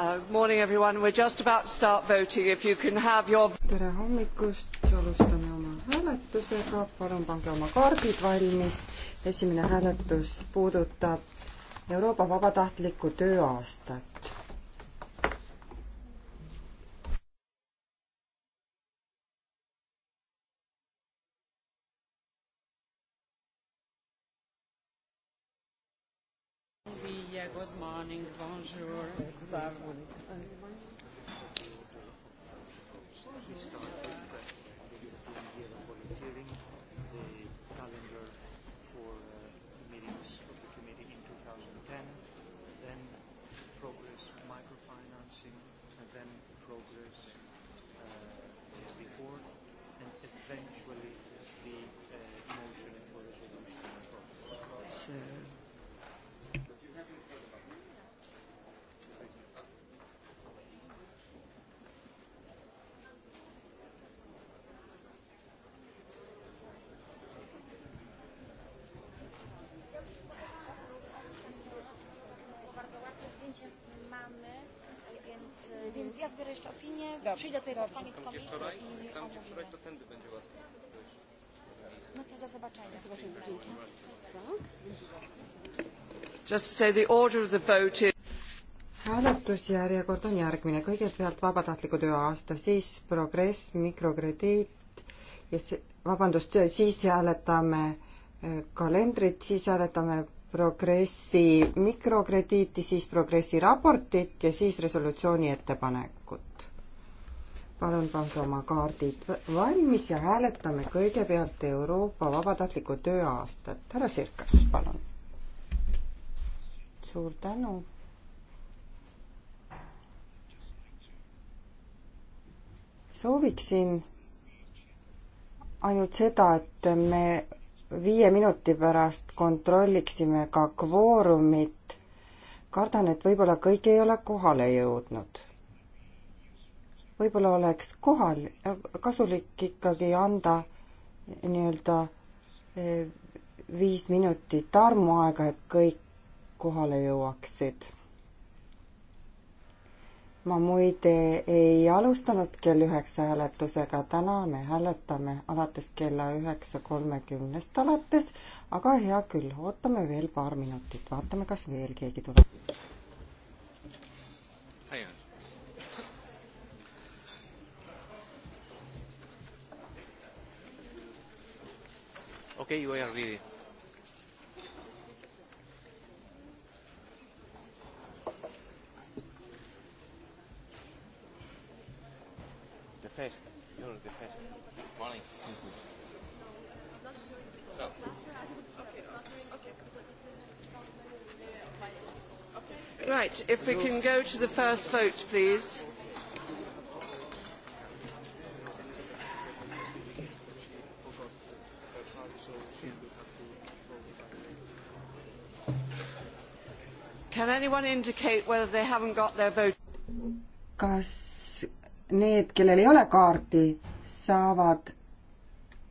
Uh, morning everyone, we are just about to start voting, if you can have your tere hommikust, alustame oma hääletusega, palun pange oma kaardid valmis. esimene hääletus puudutab Euroopa vabatahtlikku tööaastat. Yeah, good morning, bonjour. Piotr jeszcze opinię, dobrze, przyjdę tutaj pod koniec komisji wczoraj, i tam, gdzie wczoraj, to tędy będzie łatwiej. No to do zobaczenia. Do zobaczenia. Dzięki. Just say the order of the vote is hääletusjärjekord on järgmine, kõigepealt vabatahtliku töö aasta, siis progress, mikrokrediit ja see, vabandust, siis hääletame eh, kalendrit, siis hääletame progressi mikrokrediiti, siis progressi raportit ja siis resolutsiooni ettepanekut. palun pange oma kaardid valmis ja hääletame kõigepealt Euroopa vabatahtliku töö aastat. härra Sirkas, palun. suur tänu. sooviksin ainult seda, et me viie minuti pärast kontrolliksime ka kvoorumit. kardan, et võib-olla kõik ei ole kohale jõudnud. võib-olla oleks kohal, kasulik ikkagi anda nii-öelda eh, viis minutit armuaega, et kõik kohale jõuaksid ma muide ei alustanud kell üheksa hääletusega, täna me hääletame alates kella üheksa kolmekümnest alates, aga hea küll, ootame veel paar minutit, vaatame, kas veel keegi tuleb. Okay, you are ready. first. You're the first. Morning. No. Right, if we can go to the first vote, please. Can anyone indicate whether they haven't got their vote? Kas need, kellel ei ole kaarti, saavad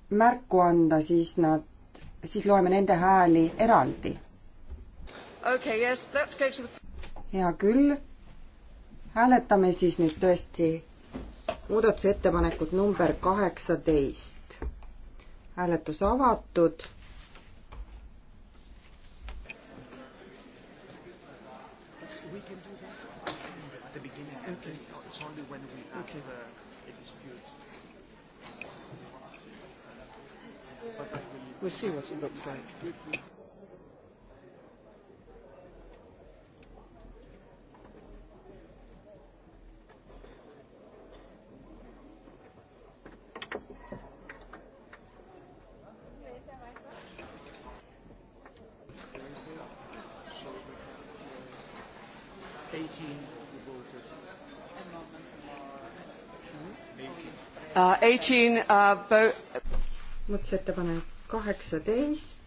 märku anda, siis nad, siis loeme nende hääli eraldi. Okay, yes, let's go to the... hea küll, hääletame siis nüüd tõesti muudatusettepanekut number kaheksateist. hääletus avatud We'll see what it looks like. Uh, uh, muudatusettepanek kaheksateist,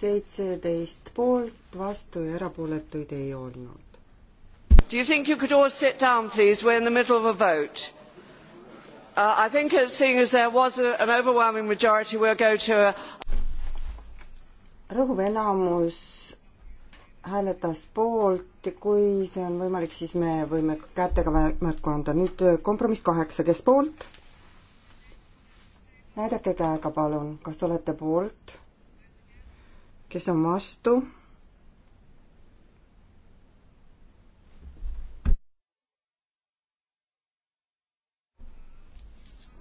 seitseteist poolt, vastu ja erapooletuid ei olnud. Do you think you could all sit down please, we are in the middle of a vote. Uh, I think as seeing as there was a, an overwhelming majority we will go to a rõhuv enamus hääletas poolt ja kui see on võimalik, siis me võime kätega märku anda. nüüd kompromiss kaheksa, kes poolt? näidake käega palun, kas te olete poolt, kes on vastu.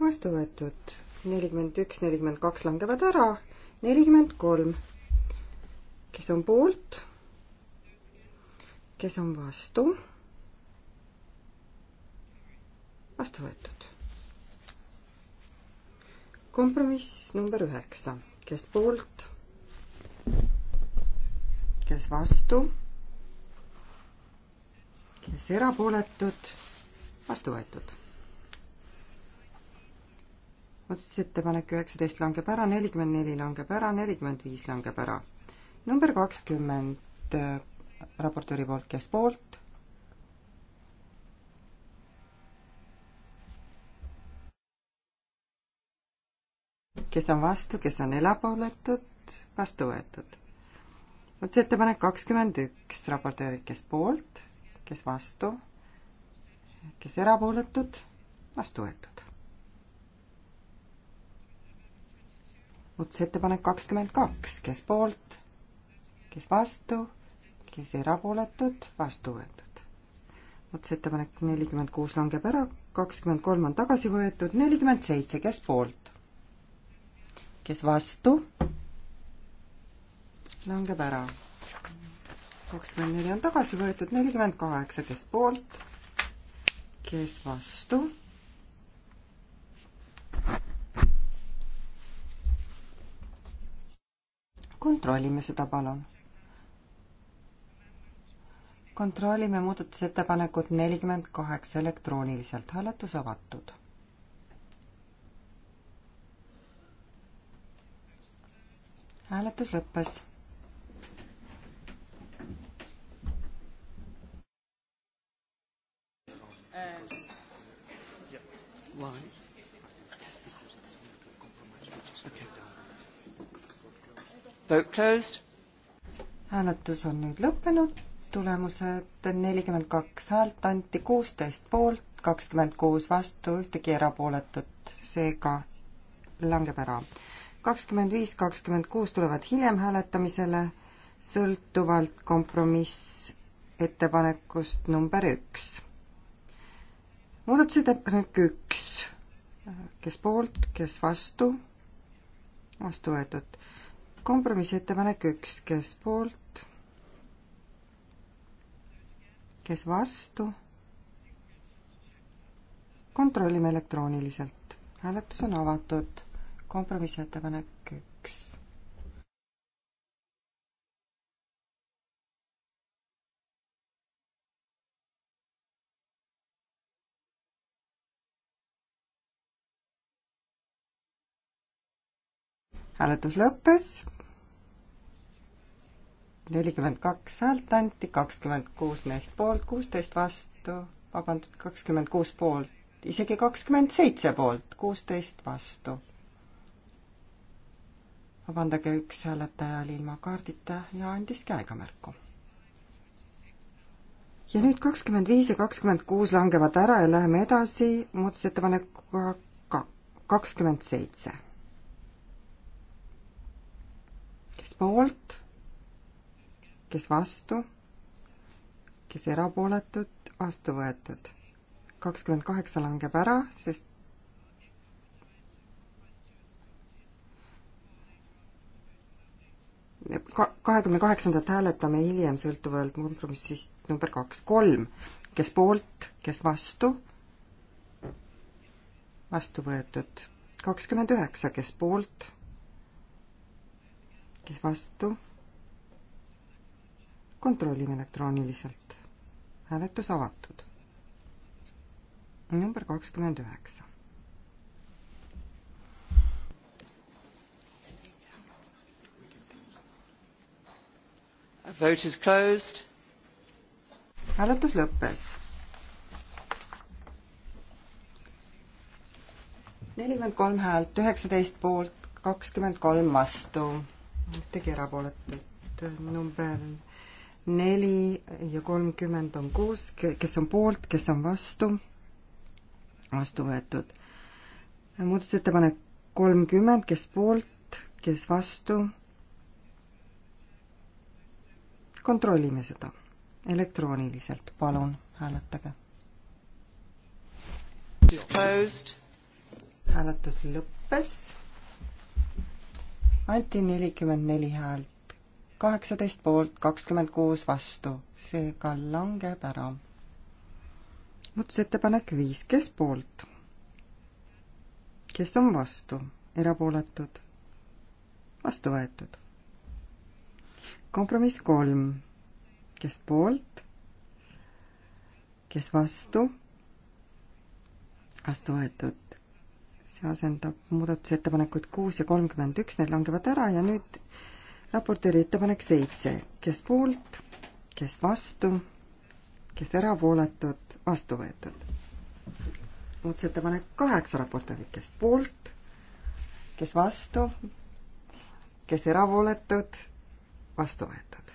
vastu võetud nelikümmend üks, nelikümmend kaks langevad ära, nelikümmend kolm. kes on poolt? kes on vastu? vastu võetud kompromiss number üheksa, kes poolt, kes vastu, kes erapooletud, vastu võetud. muudatusettepanek üheksateist langeb ära, nelikümmend neli langeb ära, nelikümmend viis langeb ära. number kakskümmend äh, raportööri poolt, kes poolt, kes on vastu, kes on erapooletud, vastu võetud. muudatusettepanek kakskümmend üks, raportöörid, kes poolt, kes vastu, kes erapooletud, vastu võetud. muudatusettepanek kakskümmend kaks, kes poolt, kes vastu, kes erapooletud, vastu võetud. muudatusettepanek nelikümmend kuus langeb ära, kakskümmend kolm on tagasi võetud, nelikümmend seitse, kes poolt? kes vastu, langeb ära. kakskümmend neli on tagasi võetud, nelikümmend kaheksa, kes poolt, kes vastu. kontrollime seda, palun. kontrollime muudatusettepanekut nelikümmend kaheksa elektrooniliselt, hääletus avatud hääletus lõppes. Line. Vote closed. hääletus on nüüd lõppenud, tulemused nelikümmend kaks häält anti, kuusteist poolt, kakskümmend kuus vastu, ühtegi erapooletut, seega langeb ära kakskümmend viis, kakskümmend kuus tulevad hiljem hääletamisele, sõltuvalt kompromissettepanekust number üks. muudatusettepanek üks, kes poolt, kes vastu, vastu võetud. kompromissettepanek üks, kes poolt, kes vastu, kontrollime elektrooniliselt. hääletus on avatud kompromissettepanek üks. hääletus lõppes. nelikümmend kaks häält anti, kakskümmend kuus neist poolt, kuusteist vastu, vabandust, kakskümmend kuus poolt, isegi kakskümmend seitse poolt, kuusteist vastu vabandage, üks hääletaja oli ilma kaardita ja andis käega märku. ja nüüd kakskümmend viis ja kakskümmend kuus langevad ära ja läheme edasi muudatusettepanekuga kakskümmend seitse. kes poolt, kes vastu, kes erapooletud, vastu võetud. kakskümmend kaheksa langeb ära, sest kahekümne kaheksandat hääletame hiljem sõltuvalt kompromissist number kaks, kolm, kes poolt, kes vastu, vastu võetud, kakskümmend üheksa, kes poolt, kes vastu, kontrollime elektrooniliselt, hääletus avatud, number kakskümmend üheksa. Vote is closed. hääletus lõppes. nelikümmend kolm häält, üheksateist poolt, kakskümmend kolm vastu. tegi erapooletut number neli ja kolmkümmend on kuus, kes on poolt, kes on vastu, vastu võetud. muudatusettepanek kolmkümmend, kes poolt, kes vastu kontrollime seda elektrooniliselt, palun hääletage. hääletus lõppes. anti nelikümmend neli häält, kaheksateist poolt, kakskümmend kuus vastu, seega langeb ära. muudatusettepanek viis, kes poolt? kes on vastu, erapooletud? vastu võetud kompromiss kolm, kes poolt, kes vastu, vastu võetud. see asendab muudatusettepanekud kuus ja kolmkümmend üks, need langevad ära ja nüüd raportööri ettepanek seitse, kes poolt, kes vastu, kes erapooletud, vastu võetud. muudatusettepanek kaheksa raportööri, kes poolt, kes vastu, kes erapooletud vastu võetud.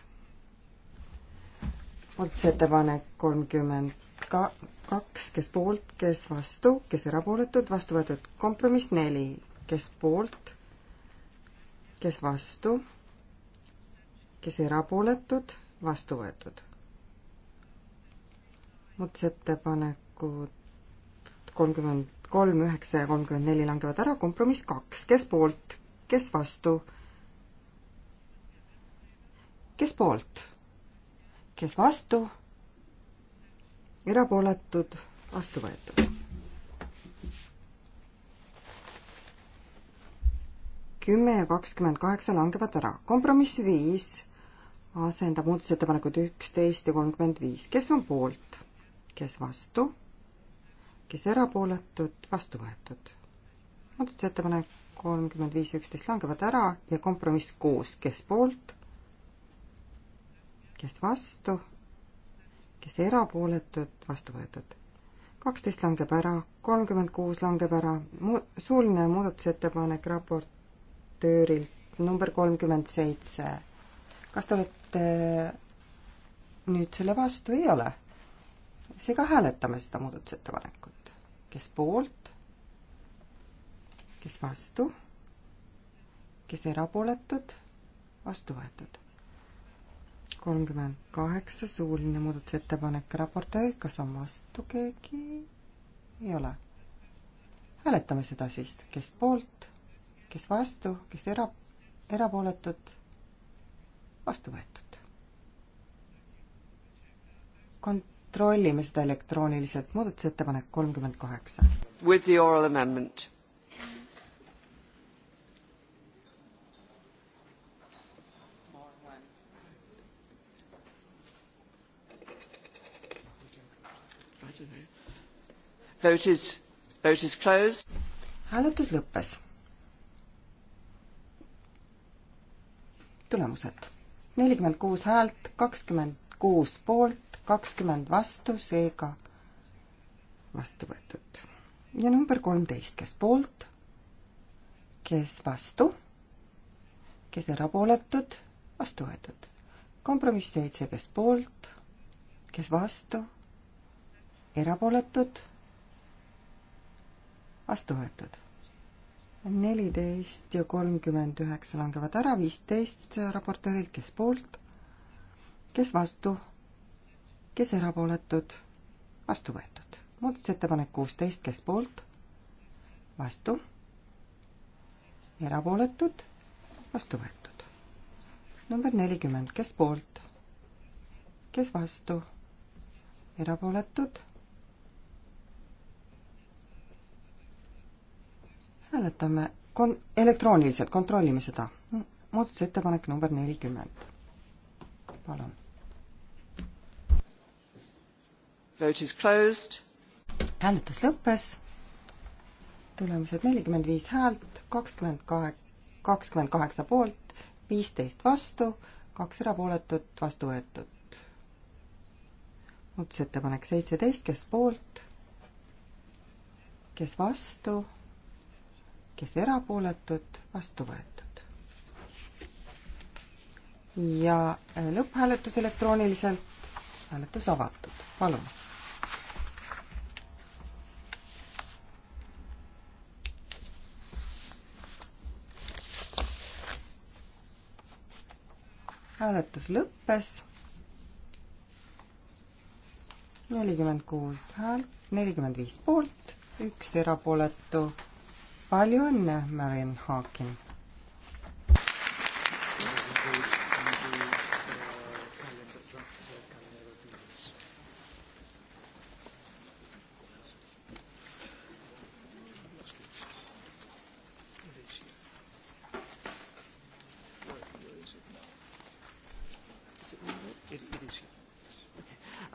muudatusettepanek kolmkümmend ka-, kaks, kes poolt, kes vastu, kes erapooletud, vastu võetud. kompromiss neli, kes poolt, kes vastu, kes erapooletud, vastu võetud. muudatusettepanekud kolmkümmend kolm, üheksa ja kolmkümmend neli langevad ära, kompromiss kaks, kes poolt, kes vastu kes poolt, kes vastu, erapooletud, vastu võetud. kümme ja kakskümmend kaheksa langevad ära, kompromiss viis asendab muudatusettepanekud üksteist ja kolmkümmend viis, kes on poolt, kes vastu, kes erapooletud, vastu võetud. muudatusettepanek kolmkümmend viis ja üksteist langevad ära ja kompromiss kuus, kes poolt, kes vastu, kes erapooletud, vastu võetud. kaksteist langeb ära, kolmkümmend kuus langeb ära, mu-, suuline muudatusettepanek raportöörilt number kolmkümmend seitse. kas te olete nüüd selle vastu, ei ole? seega hääletame seda muudatusettepanekut. kes poolt, kes vastu, kes erapooletud, vastu võetud kolmkümmend kaheksa, suuline muudatusettepanek raportöörilt, kas on vastu keegi? ei ole. hääletame seda siis, kes poolt, kes vastu, kes era, erapooletud, vastu võetud. kontrollime seda elektrooniliselt, muudatusettepanek kolmkümmend kaheksa. With the oral amendment Vote is, vote is closed. hääletus lõppes. tulemused nelikümmend kuus häält, kakskümmend kuus poolt, kakskümmend vastu, seega vastu võetud. ja number kolmteist, kes poolt, kes vastu, kes erapooletud, vastu võetud. kompromiss seitse, kes poolt, kes vastu, erapooletud vastu võetud. neliteist ja kolmkümmend üheksa langevad ära, viisteist raportöörilt, kes poolt, kes vastu, kes erapooletud, vastu võetud. muudatusettepanek kuusteist, kes poolt, vastu, erapooletud, vastu võetud. number nelikümmend, kes poolt, kes vastu, erapooletud hääletame kon-, elektrooniliselt, kontrollime seda. muudatusettepanek number nelikümmend. palun. Vote is closed. hääletus lõppes. tulemused nelikümmend viis häält, kakskümmend kaheksa, kakskümmend kaheksa poolt, viisteist vastu, kaks erapooletut, vastu võetud. muudatusettepanek seitseteist, kes poolt, kes vastu kes erapooletud, vastu võetud. ja äh, lõpphääletus elektrooniliselt, hääletus avatud, palun. hääletus lõppes nelikümmend kuus häält, nelikümmend viis poolt, üks erapooletu palju õnne, Marian Haakin!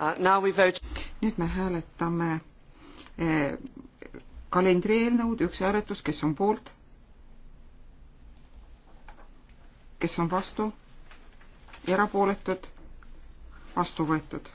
Uh, nüüd me hääletame eh, kalendrieelnõud, üks hääletus, kes on poolt, kes on vastu, erapooletud, vastu võetud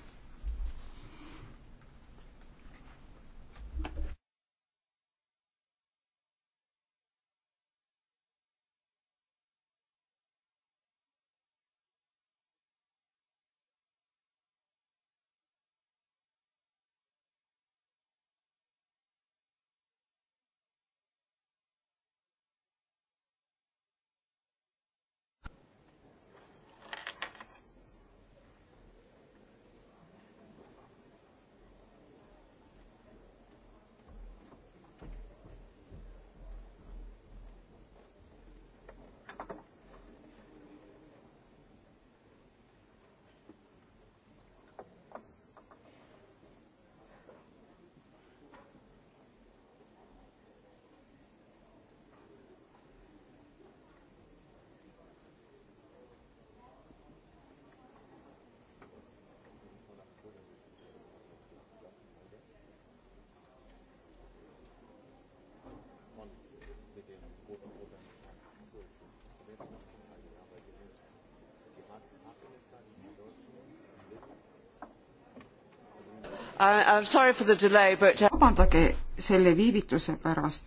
But... Uh, vabandage selle viivituse pärast,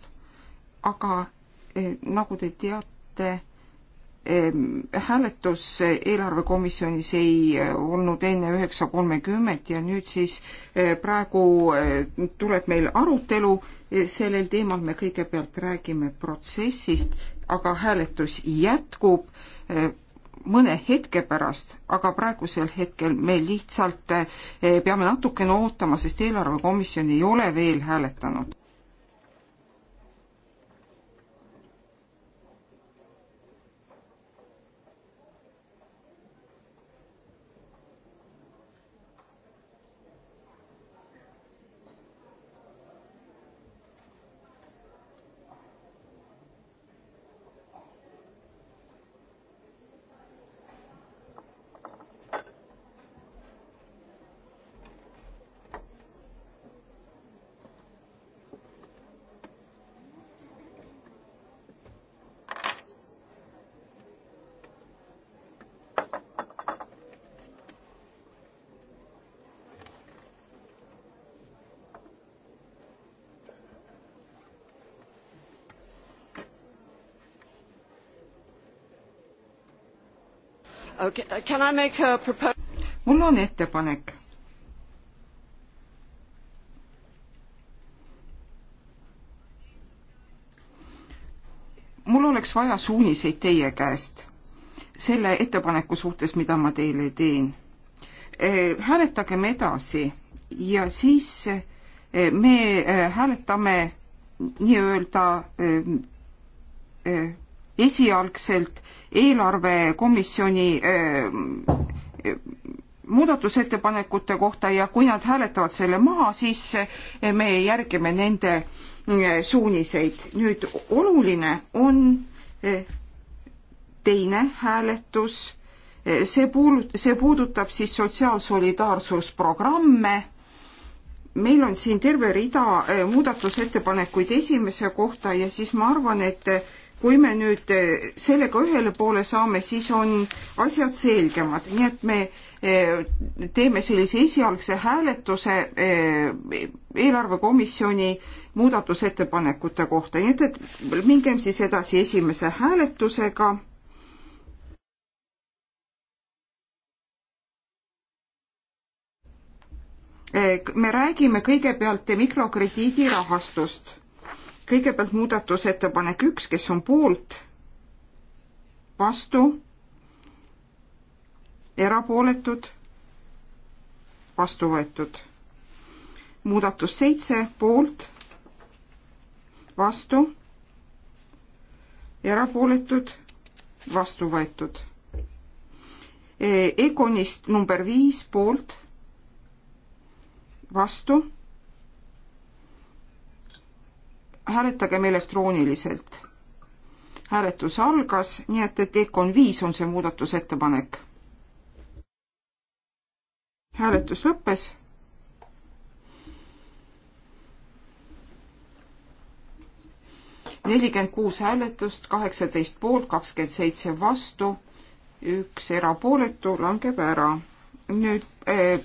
aga eh, nagu te teate eh,, hääletus eelarvekomisjonis ei eh, olnud enne üheksa kolmekümmet ja nüüd siis eh, praegu eh, tuleb meil arutelu eh, sellel teemal, me kõigepealt räägime protsessist, aga hääletus jätkub mõne hetke pärast, aga praegusel hetkel me lihtsalt eh, peame natukene ootama, sest eelarvekomisjon ei ole veel hääletanud. Okay. Uh, mul on ettepanek. mul oleks vaja suuniseid teie käest selle ettepaneku suhtes, mida ma teile teen. Eh, hääletagem edasi ja siis eh, me eh, hääletame nii-öelda esialgselt eelarvekomisjoni muudatusettepanekute kohta ja kui nad hääletavad selle maha, siis me järgime nende suuniseid. nüüd oluline on teine hääletus, see puud-, see puudutab siis sotsiaalsolidaarsusprogramme meil on siin terve rida muudatusettepanekuid esimese kohta ja siis ma arvan, et kui me nüüd eh, sellega ühele poole saame, siis on asjad selgemad, nii et me eh, teeme sellise esialgse hääletuse eh, eelarvekomisjoni muudatusettepanekute kohta, nii et, et mingem siis edasi esimese hääletusega. me räägime kõigepealt mikrokrediidirahastust kõigepealt muudatusettepanek üks, kes on poolt, vastu, erapooletud, vastu võetud. muudatus seitse, poolt, vastu, erapooletud, vastu võetud. E-, Egonist number viis poolt, vastu hääletagem elektrooniliselt. hääletus algas, nii et, et EKOn viis on see muudatusettepanek. hääletus lõppes. nelikümmend kuus hääletust, kaheksateist poolt, kakskümmend seitse vastu, üks erapooletu langeb ära. nüüd äh,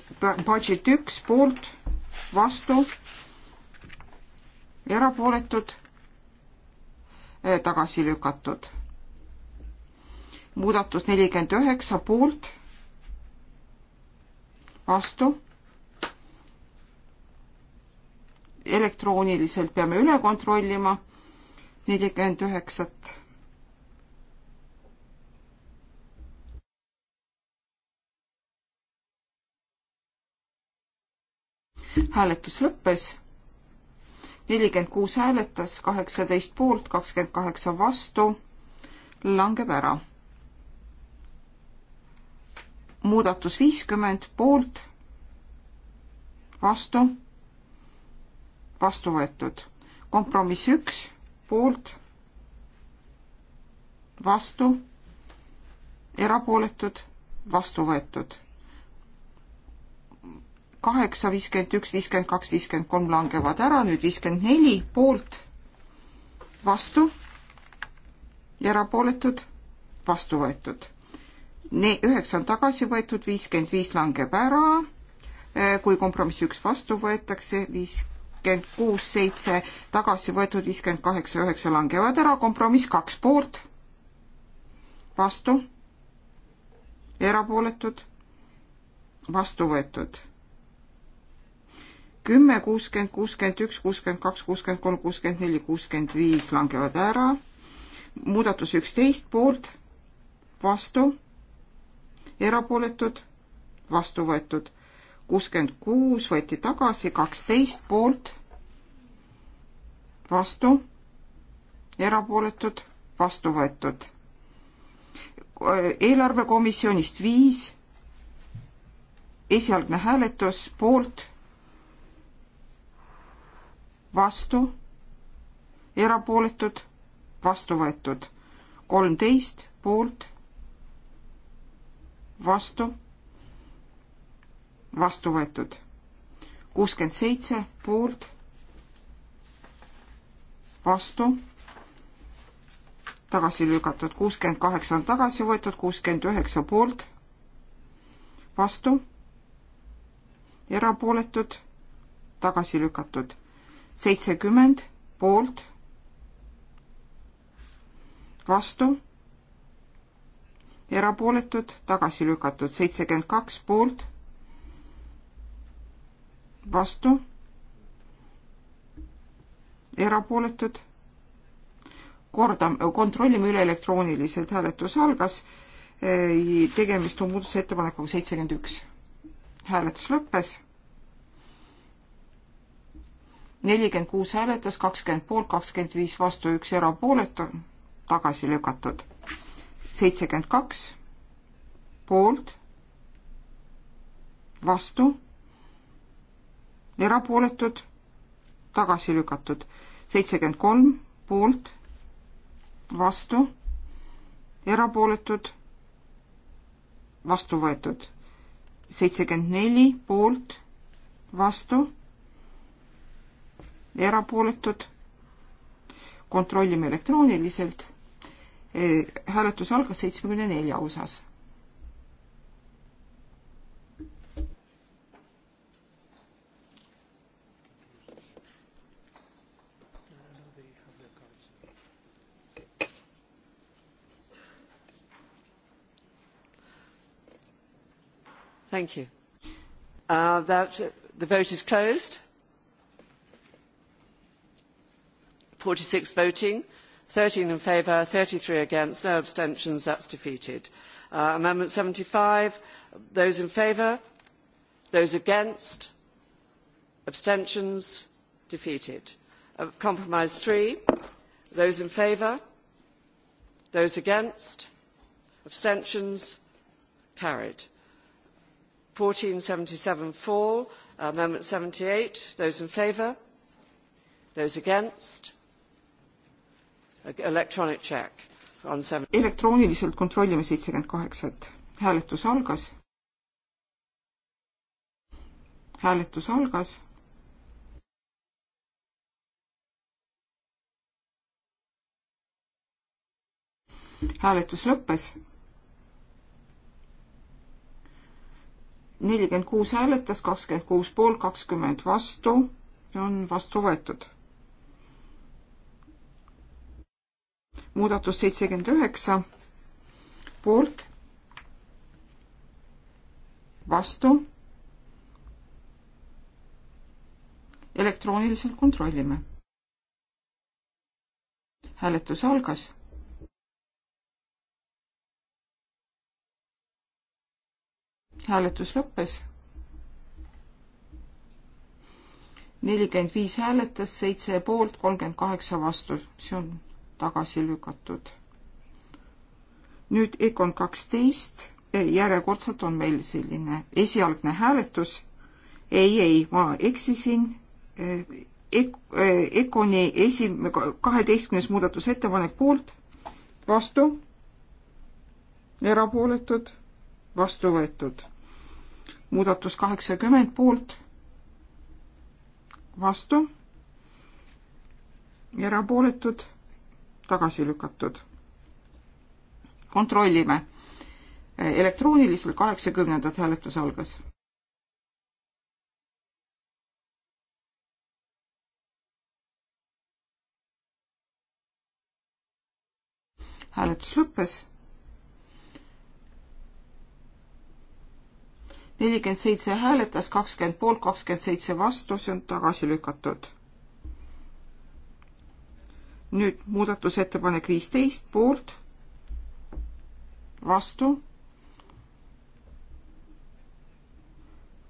budget üks poolt, vastu erapooletud, äh, tagasi lükatud. muudatus nelikümmend üheksa poolt, vastu. elektrooniliselt peame üle kontrollima nelikümmend üheksat. hääletus lõppes nelikümmend kuus hääletas, kaheksateist poolt, kakskümmend kaheksa vastu, langeb ära. muudatus viiskümmend poolt, vastu, vastu võetud. kompromiss üks, poolt, vastu, erapooletud, vastu võetud kaheksa, viiskümmend üks, viiskümmend kaks, viiskümmend kolm langevad ära, nüüd viiskümmend neli poolt, vastu, erapooletud, vastu võetud. Ne-, üheksa on tagasi võetud, viiskümmend viis langeb ära, eh, kui kompromiss üks vastu võetakse, viiskümmend kuus, seitse tagasi võetud, viiskümmend kaheksa, üheksa langevad ära, kompromiss kaks poolt, vastu, erapooletud, vastu võetud kümme, kuuskümmend, kuuskümmend üks, kuuskümmend kaks, kuuskümmend kolm, kuuskümmend neli, kuuskümmend viis langevad ära. muudatus üksteist poolt, vastu, erapooletud, vastu võetud. kuuskümmend kuus võeti tagasi, kaksteist poolt, vastu, erapooletud, vastu võetud. eelarvekomisjonist viis, esialgne hääletus poolt vastu, erapooletud, vastu võetud. kolmteist poolt, vastu, vastu võetud. kuuskümmend seitse poolt, vastu, tagasi lükatud. kuuskümmend kaheksa on tagasi võetud, kuuskümmend üheksa poolt, vastu, erapooletud, tagasi lükatud seitsekümmend poolt, vastu, erapooletud, tagasi lükatud, seitsekümmend kaks poolt, vastu, erapooletud, kordame, kontrollime üle elektrooniliselt, hääletus algas, tegemist on muudatusettepanekuga seitsekümmend üks. hääletus lõppes nelikümmend kuus hääletas, kakskümmend poolt, kakskümmend viis vastu, üks erapooletu, tagasi lükatud. seitsekümmend kaks poolt, vastu, erapooletud, tagasi lükatud. seitsekümmend kolm poolt, vastu, erapooletud, vastu võetud. seitsekümmend neli poolt, vastu erapooletud. kontrollime elektrooniliselt. E, hääletus algas seitsmekümne nelja osas. Thank you. Uh, that, the vote is closed forty six voting thirteen in favour thirty three against no abstentions that is defeated. Uh, amendment seventy five those in favour those against abstentions defeated. Uh, compromise three those in favour those against abstentions carried. fourteen seventy seven fall amendment seventy eight those in favour those against elektrooniliselt kontrollime seitsekümmend kaheksat. hääletus algas. hääletus algas. hääletus lõppes. nelikümmend kuus hääletas, kakskümmend kuus poolt, kakskümmend vastu on vastu võetud muudatus seitsekümmend üheksa poolt, vastu. elektrooniliselt kontrollime. hääletus algas hääletus lõppes. nelikümmend viis hääletas, seitse poolt, kolmkümmend kaheksa vastu, see on tagasi lükatud. nüüd Econ kaksteist, järjekordselt on meil selline esialgne hääletus. ei, ei, ma eksisin. Eh, eh, Econi esi-, kaheteistkümnes muudatusettepanek poolt, vastu, erapooletud, vastu võetud. muudatus kaheksakümmend poolt, vastu erapooletud, tagasi lükatud. kontrollime. elektrooniliselt kaheksakümnendat hääletus algas. hääletus lõppes. nelikümmend seitse hääletas, kakskümmend poolt, kakskümmend seitse vastu, see on tagasi lükatud nüüd muudatusettepanek viisteist poolt, vastu.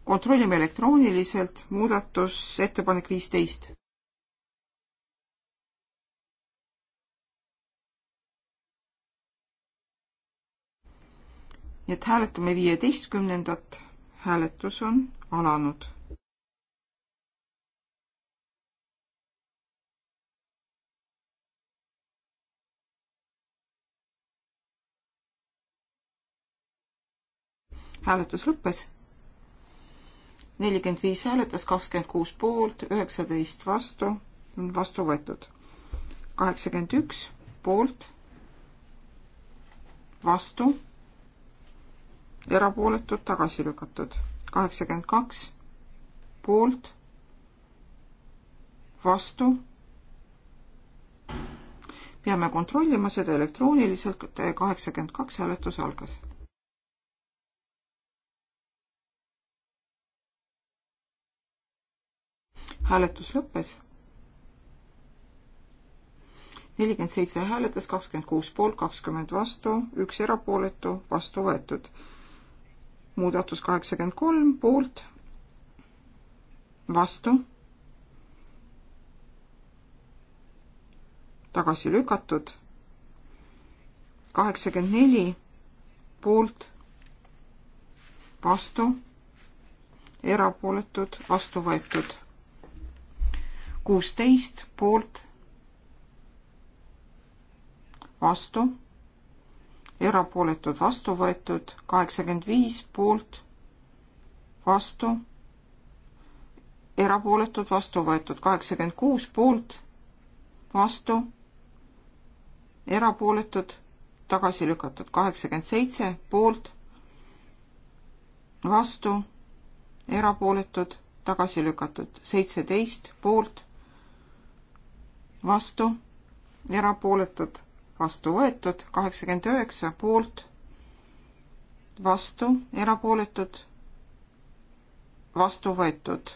kontrollime elektrooniliselt muudatusettepanek viisteist. nii et hääletame viieteistkümnendat, hääletus on alanud hääletus lõppes. nelikümmend viis hääletas, kakskümmend kuus poolt, üheksateist vastu, vastu võetud. kaheksakümmend üks poolt, vastu, erapooletud, tagasi lükatud. kaheksakümmend kaks poolt, vastu, peame kontrollima seda elektrooniliselt, kaheksakümmend kaks hääletus algas hääletus lõppes. nelikümmend seitse hääletas, kakskümmend kuus poolt, kakskümmend vastu, üks erapooletu, vastu võetud. muudatus kaheksakümmend kolm poolt, vastu, tagasi lükatud, kaheksakümmend neli poolt, vastu, erapooletud, vastu võetud kuusteist poolt, vastu, erapooletud vastu võetud, kaheksakümmend viis poolt, vastu, erapooletud vastu võetud, kaheksakümmend kuus poolt, vastu, erapooletud, tagasi lükatud, kaheksakümmend seitse poolt, vastu, erapooletud, tagasi lükatud, seitseteist poolt, vastu, erapooletud, vastu võetud, kaheksakümmend üheksa poolt, vastu, erapooletud, vastu võetud,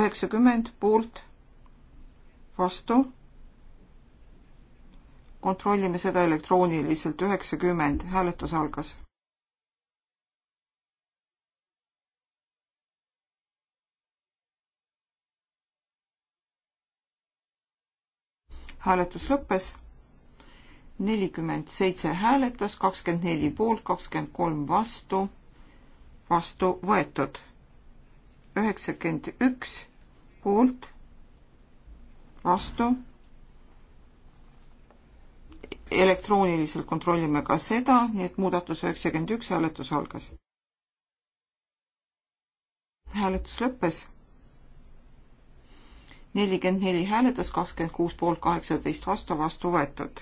üheksakümmend poolt, vastu. kontrollime seda elektrooniliselt, üheksakümmend, hääletus algas. hääletus lõppes. nelikümmend seitse hääletas, kakskümmend neli poolt, kakskümmend kolm vastu, vastu võetud. üheksakümmend üks poolt, vastu. elektrooniliselt kontrollime ka seda, nii et muudatus üheksakümmend üks hääletus algas. hääletus lõppes nelikümmend neli hääletas, kakskümmend kuus poolt, kaheksateist vastu, vastu võetud.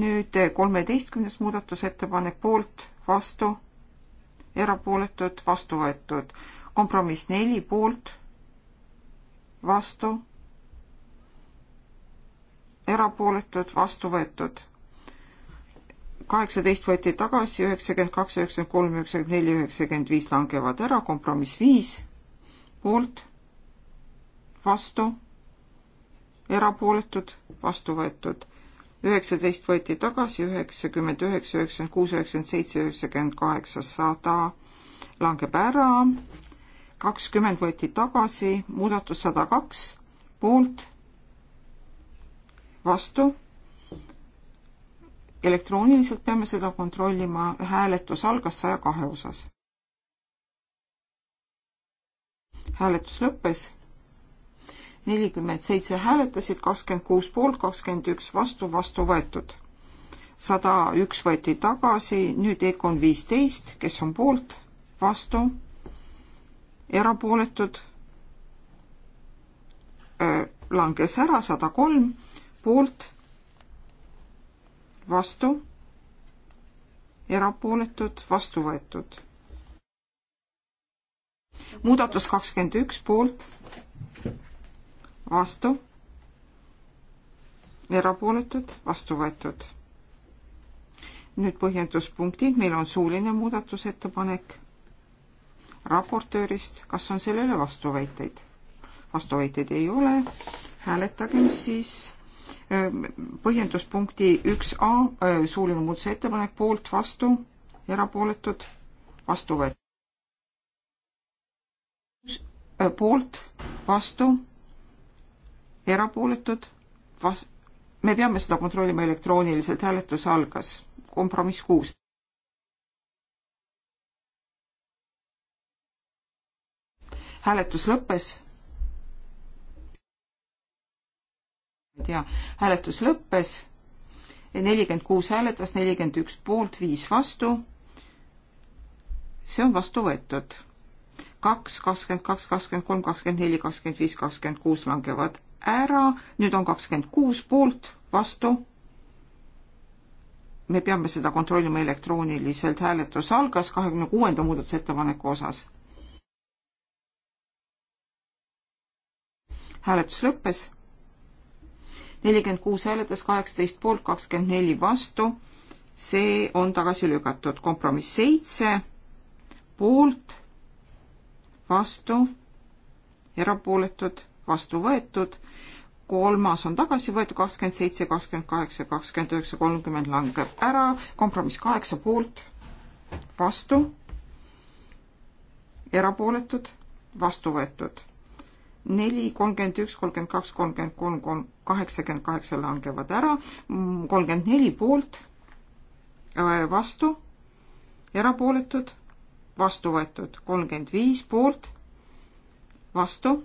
nüüd kolmeteistkümnes muudatusettepanek poolt, vastu, erapooletud, vastu võetud. kompromiss neli poolt, vastu, erapooletud, vastu võetud. kaheksateist võeti tagasi, üheksakümmend kaks, üheksakümmend kolm, üheksakümmend neli, üheksakümmend viis langevad ära, kompromiss viis poolt vastu, erapooletud, vastu võetud. üheksateist võeti tagasi, üheksakümmend üheksa, üheksakümmend kuus, üheksakümmend seitse, üheksakümmend kaheksa, sada langeb ära. kakskümmend võeti tagasi, muudatus sada kaks, poolt, vastu. elektrooniliselt peame seda kontrollima, hääletus algas saja kahe osas hääletus lõppes nelikümmend seitse hääletasid, kakskümmend kuus poolt, kakskümmend üks vastu, vastu võetud. sada üks võeti tagasi, nüüd Econ viisteist, kes on poolt, vastu, erapooletud, langes ära, sada kolm, poolt, vastu, erapooletud, vastu võetud. muudatus kakskümmend üks, poolt, vastu, erapooletud, vastu võetud. nüüd põhjenduspunktid, meil on suuline muudatusettepanek raportöörist, kas on sellele vastuväiteid? vastuväiteid ei ole, hääletagem siis põhjenduspunkti üks A suuline muudatusettepanek poolt, vastu, erapooletud, vastu võetud. poolt, vastu erapooletud, me peame seda kontrollima elektrooniliselt, hääletus algas, kompromiss kuus. hääletus lõppes. ma ei tea, hääletus lõppes, nelikümmend kuus hääletas, nelikümmend üks poolt, viis vastu. see on vastu võetud kaks, kakskümmend kaks, kakskümmend kolm, kakskümmend neli, kakskümmend viis, kakskümmend kuus langevad ära, nüüd on kakskümmend kuus poolt, vastu. me peame seda kontrollima elektrooniliselt, hääletus algas kahekümne kuuenda muudatusettepaneku osas. hääletus lõppes. nelikümmend kuus hääletas, kaheksateist poolt, kakskümmend neli vastu. see on tagasi lükatud, kompromiss seitse poolt, vastu, erapooletud vastu võetud, kolmas on tagasi võetud, kakskümmend seitse, kakskümmend kaheksa, kakskümmend üheksa, kolmkümmend langeb ära, kompromiss kaheksa poolt, vastu, erapooletud, vastu võetud. neli, kolmkümmend üks, kolmkümmend kaks, kolmkümmend kolm, kolm, kaheksakümmend kaheksa langevad ära, kolmkümmend neli poolt, äh, vastu, erapooletud, vastu võetud, kolmkümmend viis poolt, vastu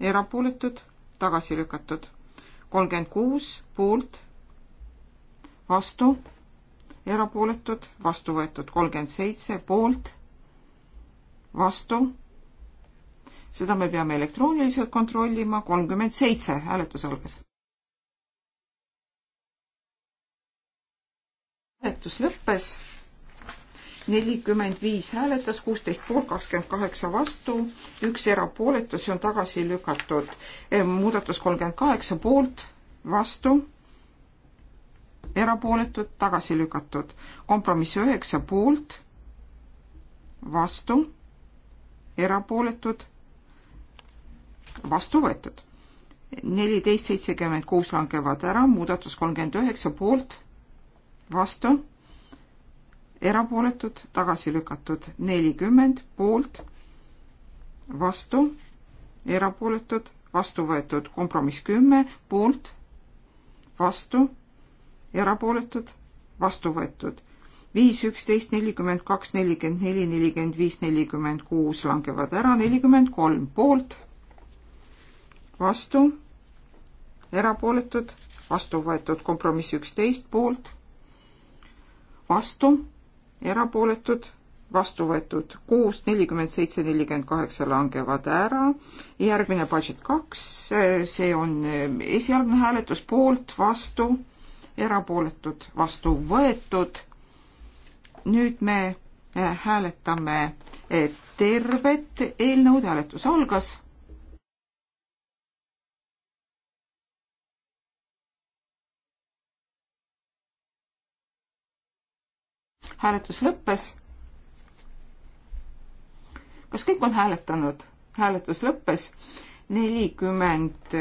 erapooletud, tagasi lükatud. kolmkümmend kuus poolt, vastu, erapooletud, vastu võetud. kolmkümmend seitse poolt, vastu. seda me peame elektrooniliselt kontrollima. kolmkümmend seitse, hääletus algas. hääletus lõppes nelikümmend viis hääletas, kuusteist poolt, kakskümmend kaheksa vastu, üks erapooletu, see on tagasi lükatud. muudatus kolmkümmend kaheksa poolt, vastu, erapooletud, tagasi lükatud. kompromiss üheksa poolt, vastu, erapooletud, vastu võetud. neliteist seitsekümmend kuus langevad ära, muudatus kolmkümmend üheksa poolt, vastu erapooletud, tagasi lükatud nelikümmend poolt, vastu, erapooletud, vastu võetud kompromiss kümme poolt, vastu, erapooletud, vastu võetud viis, üksteist, nelikümmend kaks, nelikümmend neli, nelikümmend viis, nelikümmend kuus langevad ära, nelikümmend kolm poolt, vastu, erapooletud, vastu võetud kompromiss üksteist poolt, vastu erapooletud, vastu võetud kuus, nelikümmend seitse, nelikümmend kaheksa langevad ära. järgmine budget kaks, see on eh, esialgne hääletus poolt, vastu, erapooletud, vastu võetud. nüüd me eh, hääletame eh, tervet eelnõud, hääletus algas hääletus lõppes. kas kõik on hääletanud? hääletus lõppes nelikümmend,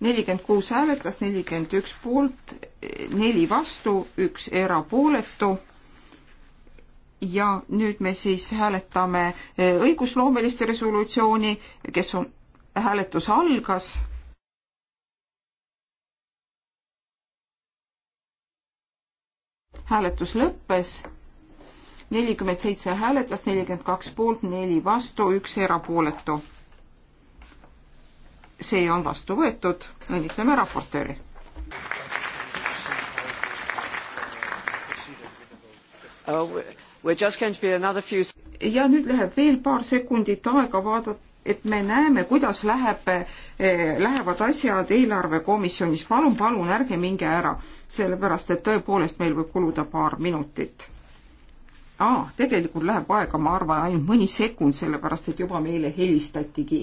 nelikümmend kuus hääletas, nelikümmend üks poolt, neli vastu, üks erapooletu ja nüüd me siis hääletame õigusloomelist resolutsiooni, kes on, hääletus algas. hääletus lõppes. nelikümmend seitse hääletas, nelikümmend kaks poolt, neli vastu, üks erapooletu. see on vastu võetud, õnnitleme raportööri. Oh, ja nüüd läheb veel paar sekundit aega vaadata et me näeme, kuidas läheb, eh, lähevad asjad eelarvekomisjonis. palun, palun ärge minge ära, sellepärast et tõepoolest meil võib kuluda paar minutit. aa, tegelikult läheb aega, ma arvan, ainult mõni sekund, sellepärast et juba meile helistatigi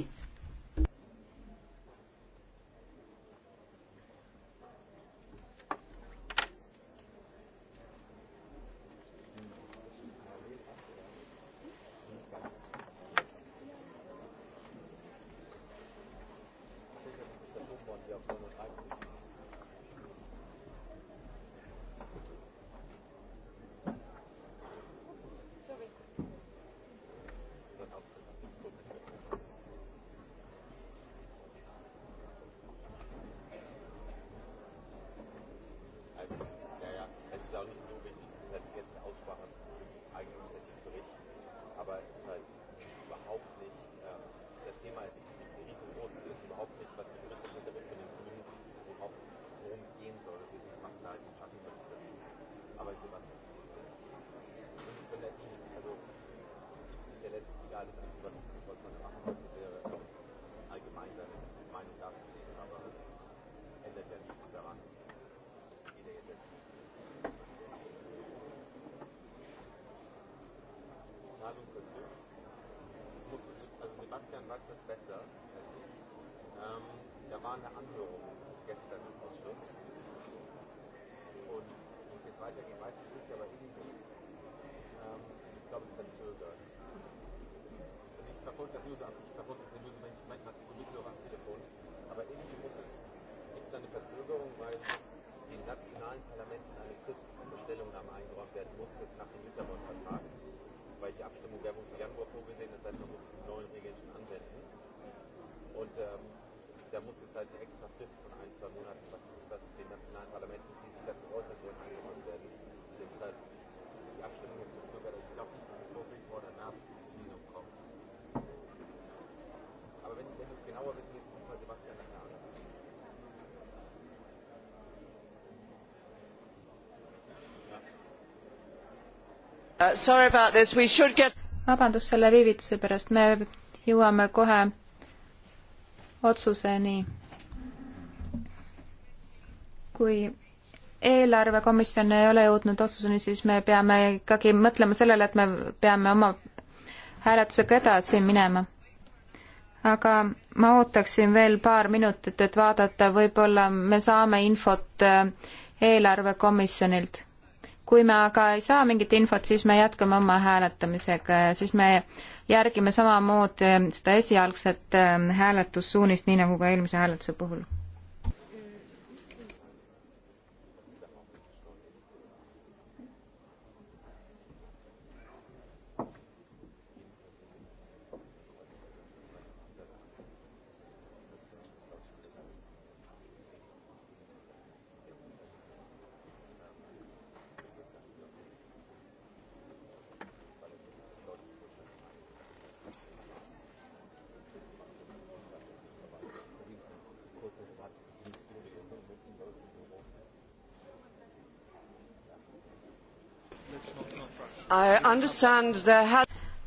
Zahlungsverzug. Das musste, also Sebastian weiß das besser als ich. Ähm, da war eine Anhörung gestern im Ausschuss. Und wie es jetzt weitergeht, weiß ich nicht, aber irgendwie ähm, ist es, glaube ich, verzögert. Also ich verfolge das nur so, ich verfolge das nur so, wenn ich manchmal sowieso am Telefon. Aber irgendwie muss es, gibt es eine Verzögerung, weil den nationalen Parlamenten eine Frist zur Stellungnahme eingeräumt werden muss, jetzt nach dem Lissabon-Vertrag weil die Abstimmung wäre wohl für Januar vorgesehen, das heißt, man muss diese neuen Regeln schon anwenden. Und ähm, da muss jetzt halt eine extra Frist von ein, zwei Monaten, was, was den nationalen Parlamenten dieses Jahr zu äußern wollen, angewandt werden. Jetzt halt die Abstimmung jetzt verzögert. Also ich glaube nicht, Uh, get... vabandust selle viivituse pärast, me jõuame kohe otsuseni. kui eelarvekomisjon ei ole jõudnud otsuseni, siis me peame ikkagi mõtlema sellele, et me peame oma hääletusega edasi minema. aga ma ootaksin veel paar minutit, et vaadata, võib-olla me saame infot äh, eelarvekomisjonilt kui me aga ei saa mingit infot, siis me jätkame oma hääletamisega ja siis me järgime samamoodi seda esialgset ähm, hääletussuunist, nii nagu ka eelmise hääletuse puhul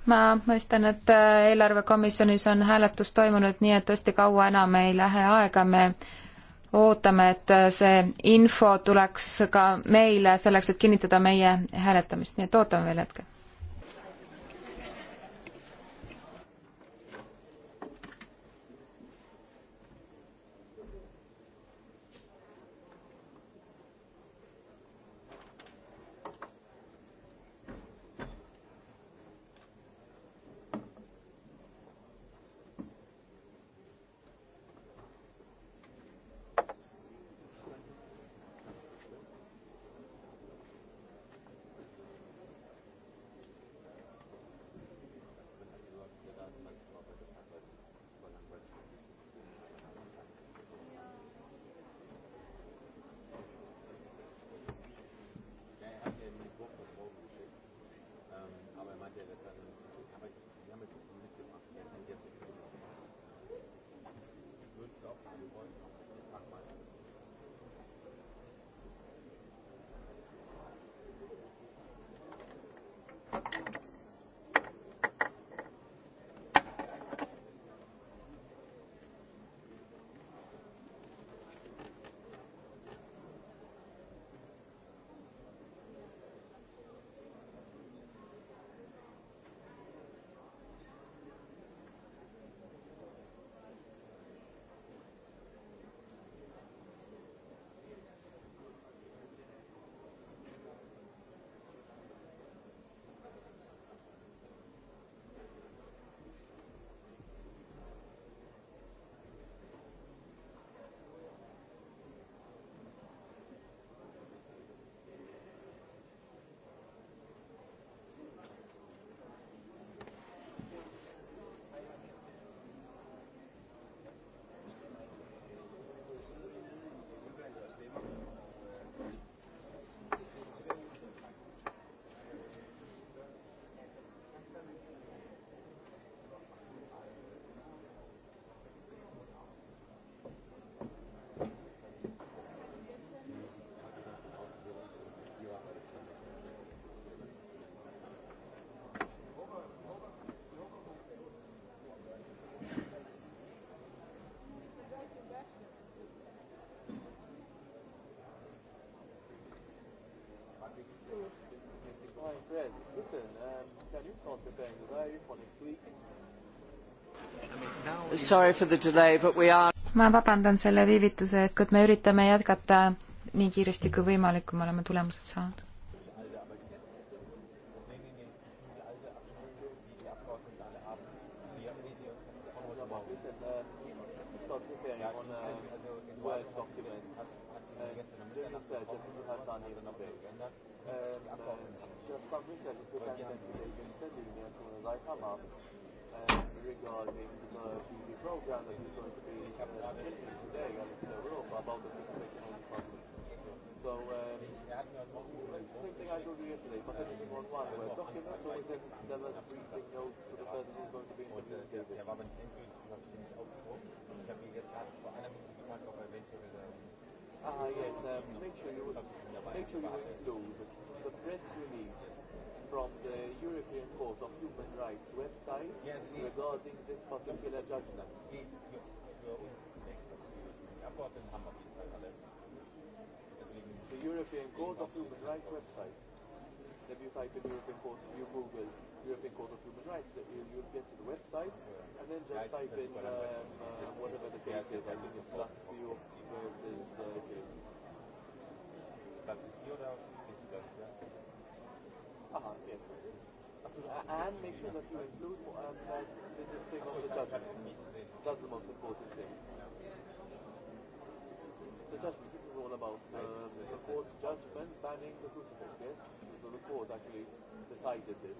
ma mõistan, et äh, eelarvekomisjonis on hääletus toimunud nii, et tõesti kaua enam ei lähe aega, me ootame, et äh, see info tuleks ka meile selleks, et kinnitada meie hääletamist, nii et ootame veel hetke. Fred, listen, um, can you sort the thing away for next week? Sorry for the delay, but we are ma vabandan selle viivituse eest, kuid me üritame jätkata nii kiiresti kui võimalik, kui me oleme tulemused saanud. Äh, just submission, it depends on the extending the as I come up uh, regarding the TV program that is going to be uh, today and in Europa about the situation on public. So, um, same thing I told you yesterday, but everything on one web document, so we send them as briefing notes to the person who's going to be äh, interviewed. Der war aber nicht endgültig, das habe ich nicht ausgedruckt. Ich habe ihn jetzt gerade vor einer Minute gefragt, ob er eventuell... Ähm, ah, yes, um, make sure you, make sure you include press release from the European Court of Human Rights website yes, yes. regarding this particular judgment. Yes, yes. The European Court of Human Rights website. If you type in European Court, you Google European Court of Human Rights, uh, you'll get to the website, and then just type in um, uh, whatever the case is. I think it's Lazio versus uh, Lazio. Uh-huh, yes. So, and make sure that you include um, that uh, the, this thing of the judgment. That's the most important thing. The judgment, this is all about um, the court's judgment banning the crucifix, yes? The report actually decided this.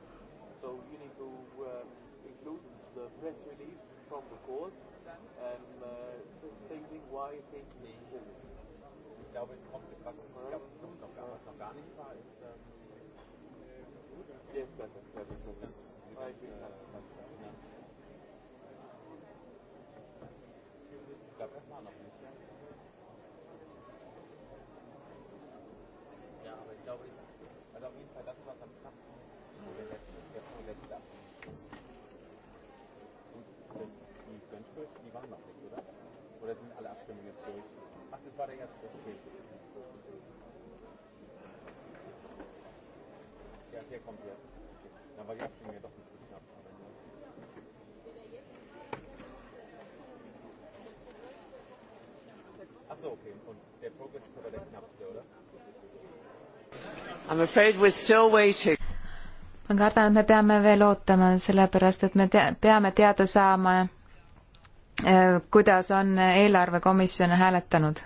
So you need to um, include the press release from the court and um, uh, stating why it came to Ich glaube, es kommt, was, ich glaube, was, noch, was noch gar nicht war, ist... Ähm Jest better, better, better. I think that's much better. Da weiß man noch nicht. Ja, aber ich glaube, ich, also auf jeden Fall das, was am knappsten ist, ist der letzte, ist der vorletzte Abschnitt. Und das, die Benchbridge, die waren noch nicht, oder? Oder sind alle Abstimmungen jetzt durch? Ach, das war der erste, das okay. der kommt jetzt. Okay. Na, war jetzt mir doch nicht so knapp. Aber nur. Achso, okay. Und der Progress ist aber der knappste, oder? I am afraid we are still waiting. ma kardan, et me peame veel ootama, sellepärast et me te peame teada saama, eh, kuidas on eelarvekomisjon hääletanud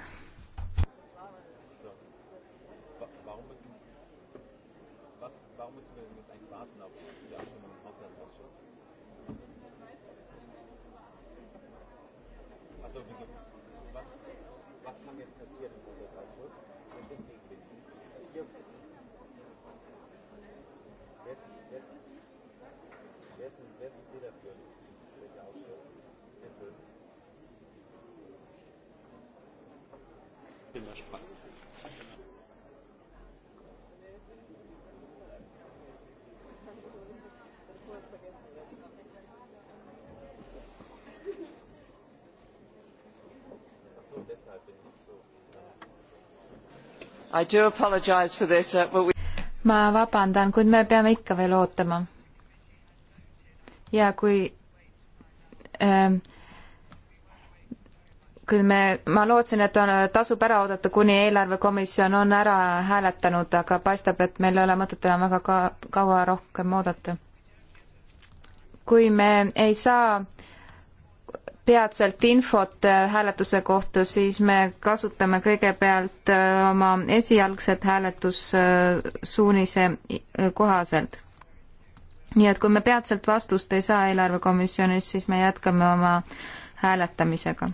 This, uh, we... ma vabandan, kuid me peame ikka veel ootama. ja kui ähm, kui me, ma lootsin, et on, tasub ära oodata, kuni eelarvekomisjon on ära hääletanud, aga paistab, et meil ei ole mõtet enam väga ka, kaua rohkem oodata. kui me ei saa peatselt infot äh, hääletuse kohta, siis me kasutame kõigepealt äh, oma esialgset hääletussuunise äh, kohaselt. nii et kui me peatselt vastust ei saa eelarvekomisjonis, siis me jätkame oma hääletamisega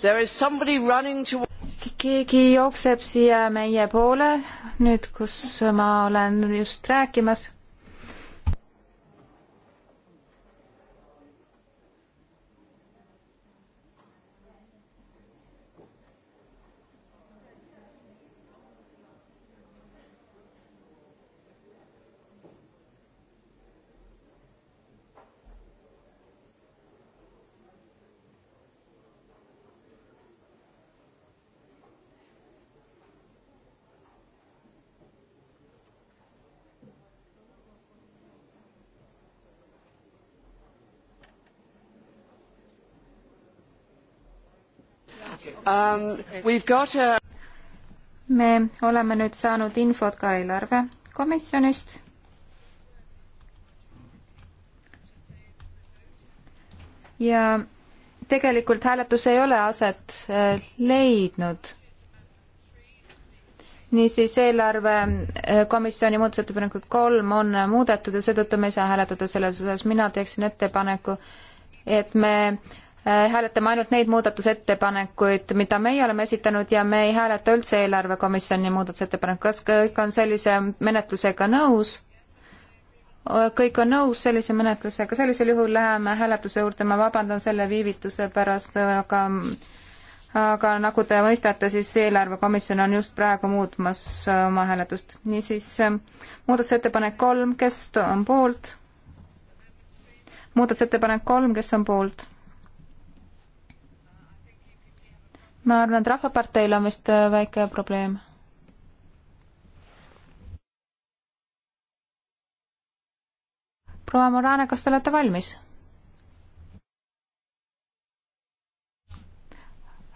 There is somebody running to keegi jookseb siia meie poole, nüüd kus ma olen just rääkimas um,. A... me oleme nüüd saanud infot ka eelarvekomisjonist. ja tegelikult hääletus ei ole aset äh, leidnud. niisiis eelarvekomisjoni muudatusettepanekut kolm on muudetud ja seetõttu me ei saa hääletada selles osas. mina teeksin ettepaneku, et me äh, Äh, hääletame ainult neid muudatusettepanekuid, mida meie oleme esitanud ja me ei hääleta üldse eelarvekomisjoni muudatusettepanekut. kas kõik on sellise menetlusega nõus? kõik on nõus sellise menetlusega, sellisel juhul läheme hääletuse juurde, ma vabandan selle viivituse pärast, aga aga nagu te mõistate, siis eelarvekomisjon on just praegu muutmas oma hääletust. niisiis muudatusettepanek kolm, kes on poolt? muudatusettepanek kolm, kes on poolt? ma arvan, et Rahvaparteil on vist äh, väike probleem. proua Morane, kas te olete valmis?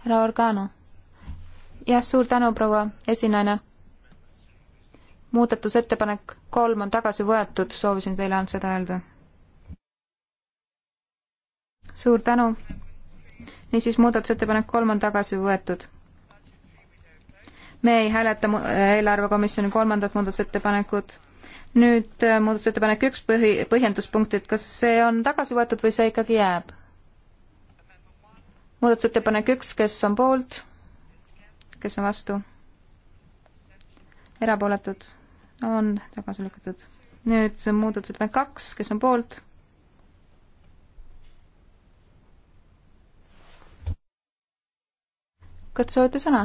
härra Organo. jah, suur tänu, proua esinaine. muudatusettepanek kolm on tagasi võetud, soovisin teile ainult seda öelda. suur tänu niisiis muudatusettepanek kolm on tagasi võetud. me ei hääleta eelarvekomisjoni kolmandat muudatusettepanekut. nüüd äh, muudatusettepanek üks põhi, põhjenduspunktid, kas see on tagasi võetud või see ikkagi jääb? muudatusettepanek üks, kes on poolt, kes on vastu? erapooletud on tagasi lükatud. nüüd see muudatusettepanek kaks, kes on poolt kas soovite sõna?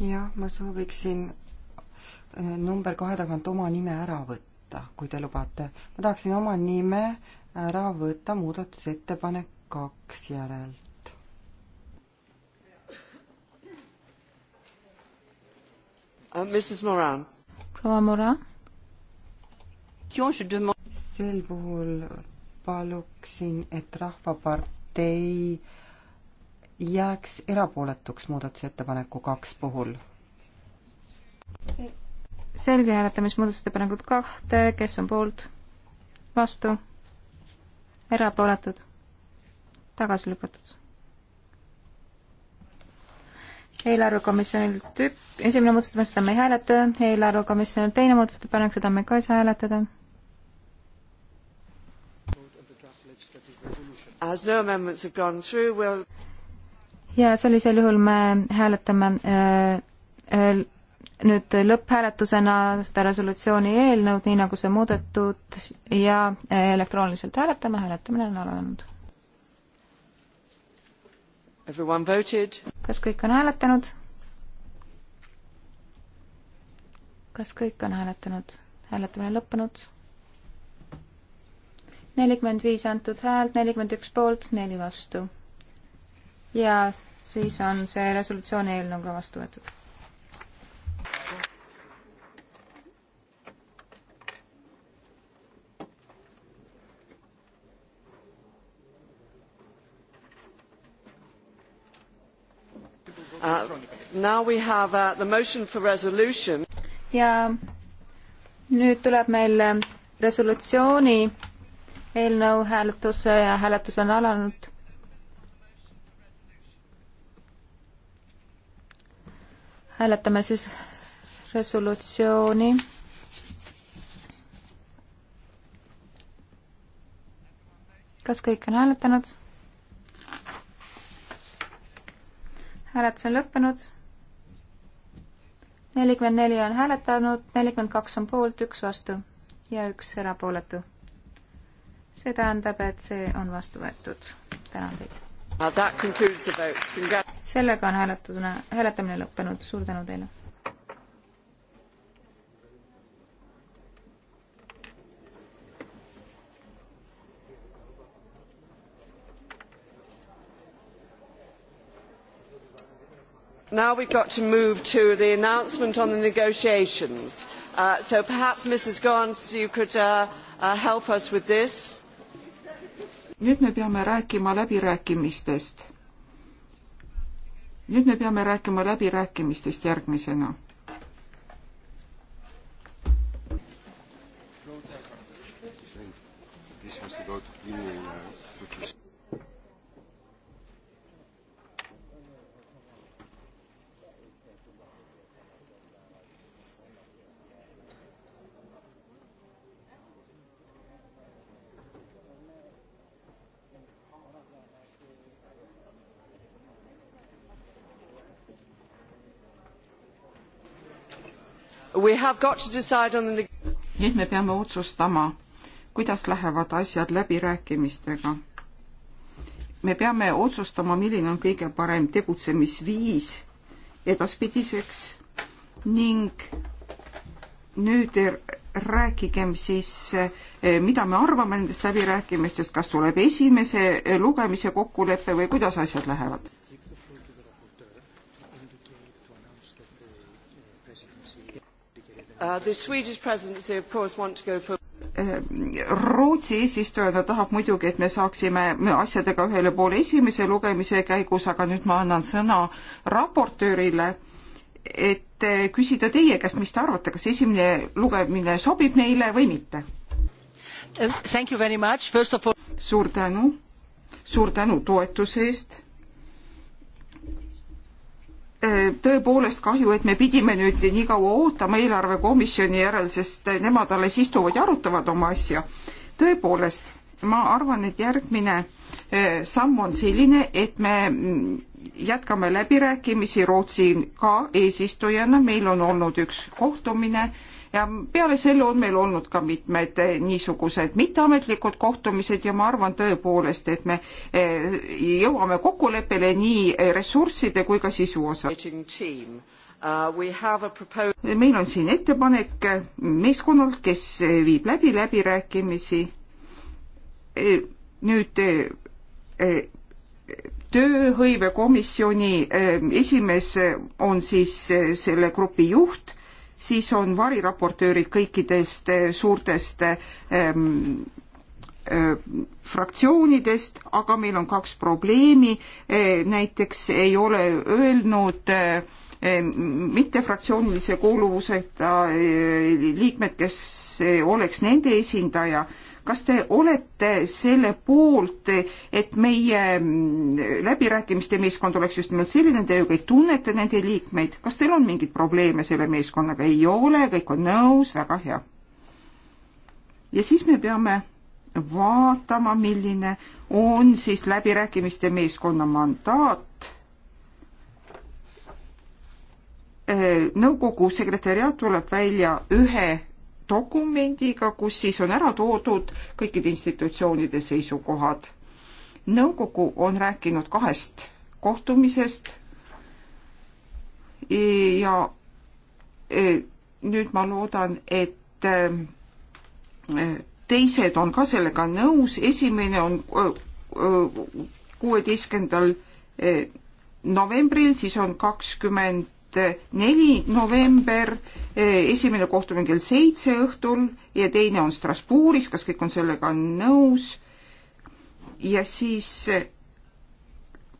jah, ma sooviksin äh, number kahe tagant oma nime ära võtta, kui te lubate. ma tahaksin oma nime ära võtta muudatusettepanek kaks järelt. Uh, proua Moran. sel puhul paluksin, et Rahvapartei äh, jääks erapooletuks muudatusettepaneku kaks puhul. selge, hääletame siis muudatusettepanekut kahte, kes on poolt, vastu, erapooletud, tagasi lükatud. eelarvekomisjonilt ük-, esimene muudatusettepanek, seda me ei hääleta, eelarvekomisjonilt teine muudatusettepanek, seda me ka ei saa hääletada as no amendments have gone through, we'll ja sellisel juhul me hääletame äh, äh, nüüd lõpphääletusena seda resolutsiooni eelnõud, nii nagu see muudetud ja äh, elektrooniliselt hääletame, hääletamine on alanud. kas kõik on hääletanud? kas kõik on hääletanud? hääletamine lõppenud. nelikümmend viis antud häält, nelikümmend üks poolt, neli vastu ja siis on see resolutsiooni eelnõu ka vastu võetud. Uh, now we have uh, the motion for resolution. ja nüüd tuleb meil uh, resolutsiooni eelnõu hääletus ja hääletus on alanud hääletame siis resolutsiooni. kas kõik on hääletanud? hääletus on lõppenud. nelikümmend neli on hääletanud, nelikümmend kaks on poolt, üks vastu ja üks erapooletu. see tähendab, et see on vastu võetud. tänan teid Uh, sellega on hääletamine, hääletamine lõppenud, suur tänu teile! now we have got to move to the announcement on the negotiations uh, so perhaps ms gncz you could uh, uh, help us with this nüüd me peame rääkima läbirääkimistest. nüüd me peame rääkima läbirääkimistest järgmisena The... nüüd me peame otsustama, kuidas lähevad asjad läbirääkimistega. me peame otsustama, milline on kõige parem tegutsemisviis edaspidiseks ning nüüd rääkigem siis, eh, mida me arvame nendest läbirääkimistest, kas tuleb esimese lugemise kokkulepe või kuidas asjad lähevad Uh, the Swedish presidency of course want to go for Rootsi eesistujana tahab muidugi, et me saaksime asjadega ühele poole esimese lugemise käigus, aga nüüd ma annan sõna raportöörile, et eh, küsida teie käest, mis te arvate, kas esimene lugemine sobib meile või mitte? suur tänu, suur tänu toetuse eest Äh, tõepoolest kahju, et me pidime nüüd nii kaua ootama eelarvekomisjoni järel, sest nemad alles istuvad ja arutavad oma asja. tõepoolest, ma arvan, et järgmine äh, samm on selline, et me mm, jätkame läbirääkimisi Rootsi ka eesistujana, meil on olnud üks kohtumine ja peale selle on meil olnud ka mitmed eh, niisugused mitteametlikud kohtumised ja ma arvan tõepoolest, et me eh, jõuame kokkuleppele nii ressursside kui ka sisu osas. Uh, meil on siin ettepanek meeskonnalt, kes viib läbi läbirääkimisi. Eh, nüüd tööhõivekomisjoni esimees on siis selle grupi juht siis on variraportöörid kõikidest eh, suurtest ähm, fraktsioonidest, aga meil on kaks probleemi, eh, näiteks ei ole öelnud mittefraktsioonilise kuuluvuseta liikmed, kes oleks nende esindaja kas te olete selle poolt, et meie läbirääkimiste meeskond oleks just nimelt selline, te ju kõik tunnete nende liikmeid, kas teil on mingeid probleeme selle meeskonnaga? ei ole, kõik on nõus, väga hea. ja siis me peame vaatama, milline on siis läbirääkimiste meeskonna mandaat. nõukogu sekretäriaat tuleb välja ühe dokumendiga, kus siis on ära toodud kõikide institutsioonide seisukohad. nõukogu on rääkinud kahest kohtumisest e, ja e, nüüd ma loodan, et e, teised on ka sellega nõus, esimene on kuueteistkümnendal novembril, siis on kakskümmend Eh, neli november, eh, esimene kohtumine kell seitse õhtul ja teine on Strasbourgis, kas kõik on sellega nõus? ja siis, eh,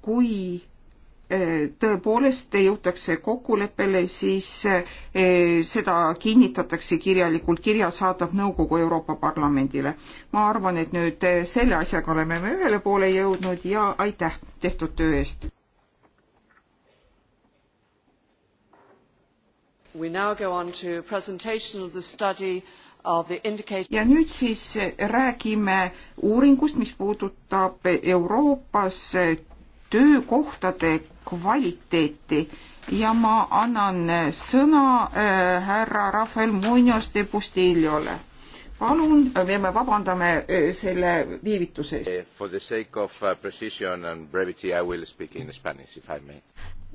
kui tõepoolest jõutakse kokkuleppele, siis seda kinnitatakse kirjalikult, kirja saadab nõukogu Euroopa Parlamendile. ma arvan, et nüüd selle asjaga oleme me ühele poole jõudnud ja aitäh tehtud töö eest! ja nüüd siis eh, räägime uuringust, mis puudutab Euroopas eh, töökohtade kvaliteeti ja ma annan eh, sõna äh, härra Rafael Munoz de Pustillole. palun, me vabandame äh, selle viivituse eest. For the sake of uh, precision and brevity I will speak in spanish if I may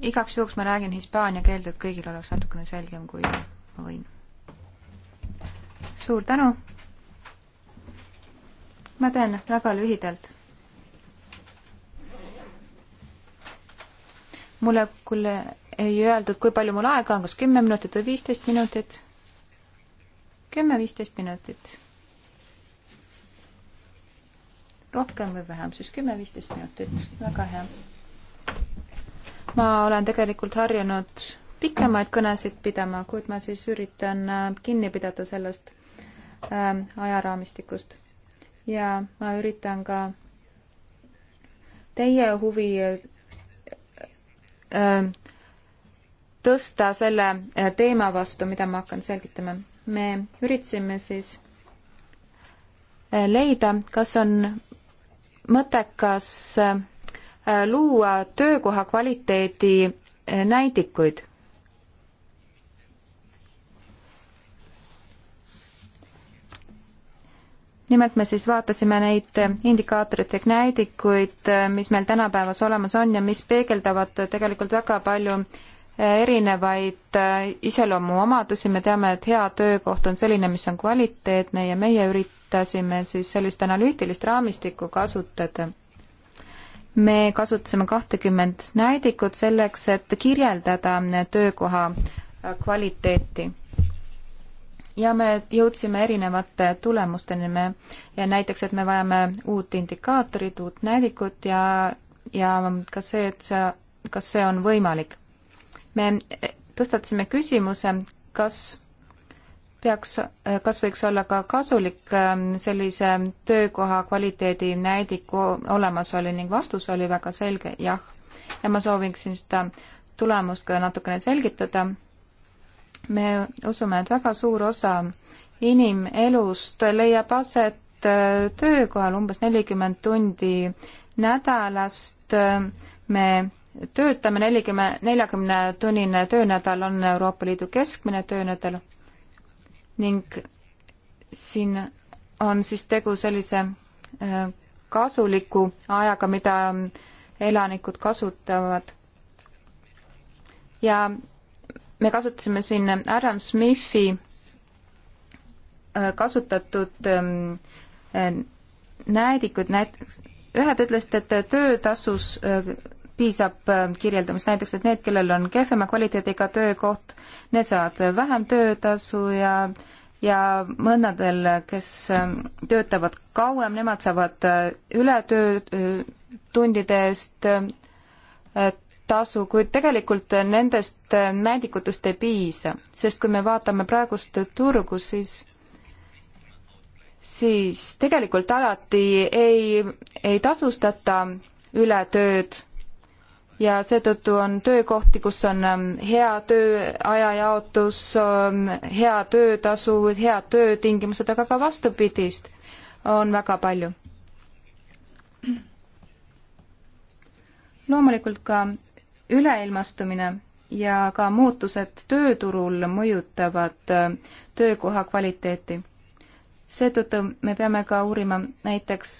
igaks juhuks ma räägin hispaania keelt, et kõigil oleks natukene selgem, kui ma võin. suur tänu! ma teen väga lühidalt. mulle küll ei öeldud, kui palju mul aega on, kas kümme minutit või viisteist minutit. kümme, viisteist minutit. rohkem või vähem, siis kümme, viisteist minutit, väga hea ma olen tegelikult harjunud pikemaid kõnesid pidama, kuid ma siis üritan äh, kinni pidada sellest äh, ajaraamistikust. ja ma üritan ka teie huvi äh, tõsta selle äh, teema vastu, mida ma hakkan selgitama. me üritasime siis äh, leida, kas on mõttekas äh, Äh, luua töökoha kvaliteedi äh, näidikuid. nimelt me siis vaatasime neid äh, indikaatorid ehk näidikuid, mis meil tänapäevas olemas on ja mis peegeldavad tegelikult väga palju erinevaid iseloomuomadusi, me teame, et hea töökoht on selline, mis on kvaliteetne ja meie üritasime siis sellist analüütilist raamistikku kasutada me kasutasime kahtekümmend näidikut selleks, et kirjeldada töökoha kvaliteeti. ja me jõudsime erinevate tulemusteni, me, ja näiteks, et me vajame uut indikaatorit, uut näidikut ja, ja ka see, et see, kas see on võimalik. me tõstatasime küsimuse, kas peaks, kas võiks olla ka kasulik ähm, sellise töökoha kvaliteedi näidiku olemasolu ning vastus oli väga selge jah. ja ma sooviksin seda tulemust ka natukene selgitada. me usume, et väga suur osa inimelust leiab aset äh, töökohal umbes nelikümmend tundi nädalast. me töötame nelikümmend, neljakümne tunnine töönädal on Euroopa Liidu keskmine töönädal ning siin on siis tegu sellise äh, kasuliku ajaga, mida elanikud kasutavad. ja me kasutasime siin Adam Smithi äh, kasutatud ähm, äh, näidikud, näiteks ühed ütlesid, et töötasus piisab ähm, kirjeldamist, näiteks et need, kellel on kehvema kvaliteediga töökoht, need saavad vähem töötasu ja ja mõnedel, kes ähm, töötavad kauem, nemad saavad äh, ületöötundide äh, eest ähm, äh, tasu, kuid tegelikult nendest näidikutest ei piisa, sest kui me vaatame praegust turgu, siis siis tegelikult alati ei, ei tasustata ületööd ja seetõttu on töökohti, kus on ähm, hea tööaja jaotus, ähm, hea töötasu, head töötingimused, aga ka vastupidist on väga palju. loomulikult ka üleilmastumine ja ka muutused tööturul mõjutavad äh, töökoha kvaliteeti. seetõttu me peame ka uurima näiteks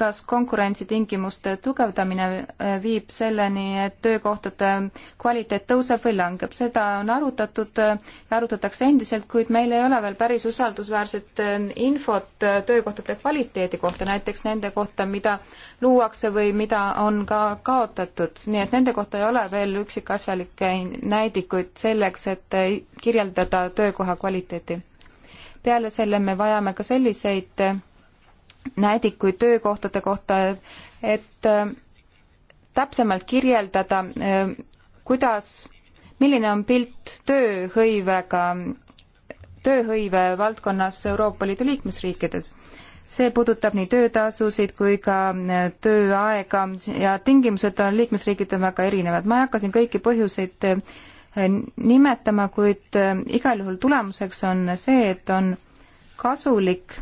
kas konkurentsitingimuste tugevdamine äh, viib selleni, et töökohtade kvaliteet tõuseb või langeb, seda on arutatud ja äh, arutatakse endiselt, kuid meil ei ole veel päris usaldusväärset äh, infot töökohtade kvaliteedi kohta, näiteks nende kohta, mida luuakse või mida on ka kaotatud, nii et nende kohta ei ole veel üksikasjalikke näidikuid selleks, et kirjeldada töökoha kvaliteeti. peale selle me vajame ka selliseid näidikuid töökohtade kohta, et äh, täpsemalt kirjeldada, äh, kuidas, milline on pilt tööhõivega, tööhõive valdkonnas Euroopa Liidu liikmesriikides. see puudutab nii töötasusid kui ka äh, tööaega ja tingimused on liikmesriigid on väga erinevad. ma ei hakka siin kõiki põhjuseid nimetama, kuid igal juhul tulemuseks on see, et on kasulik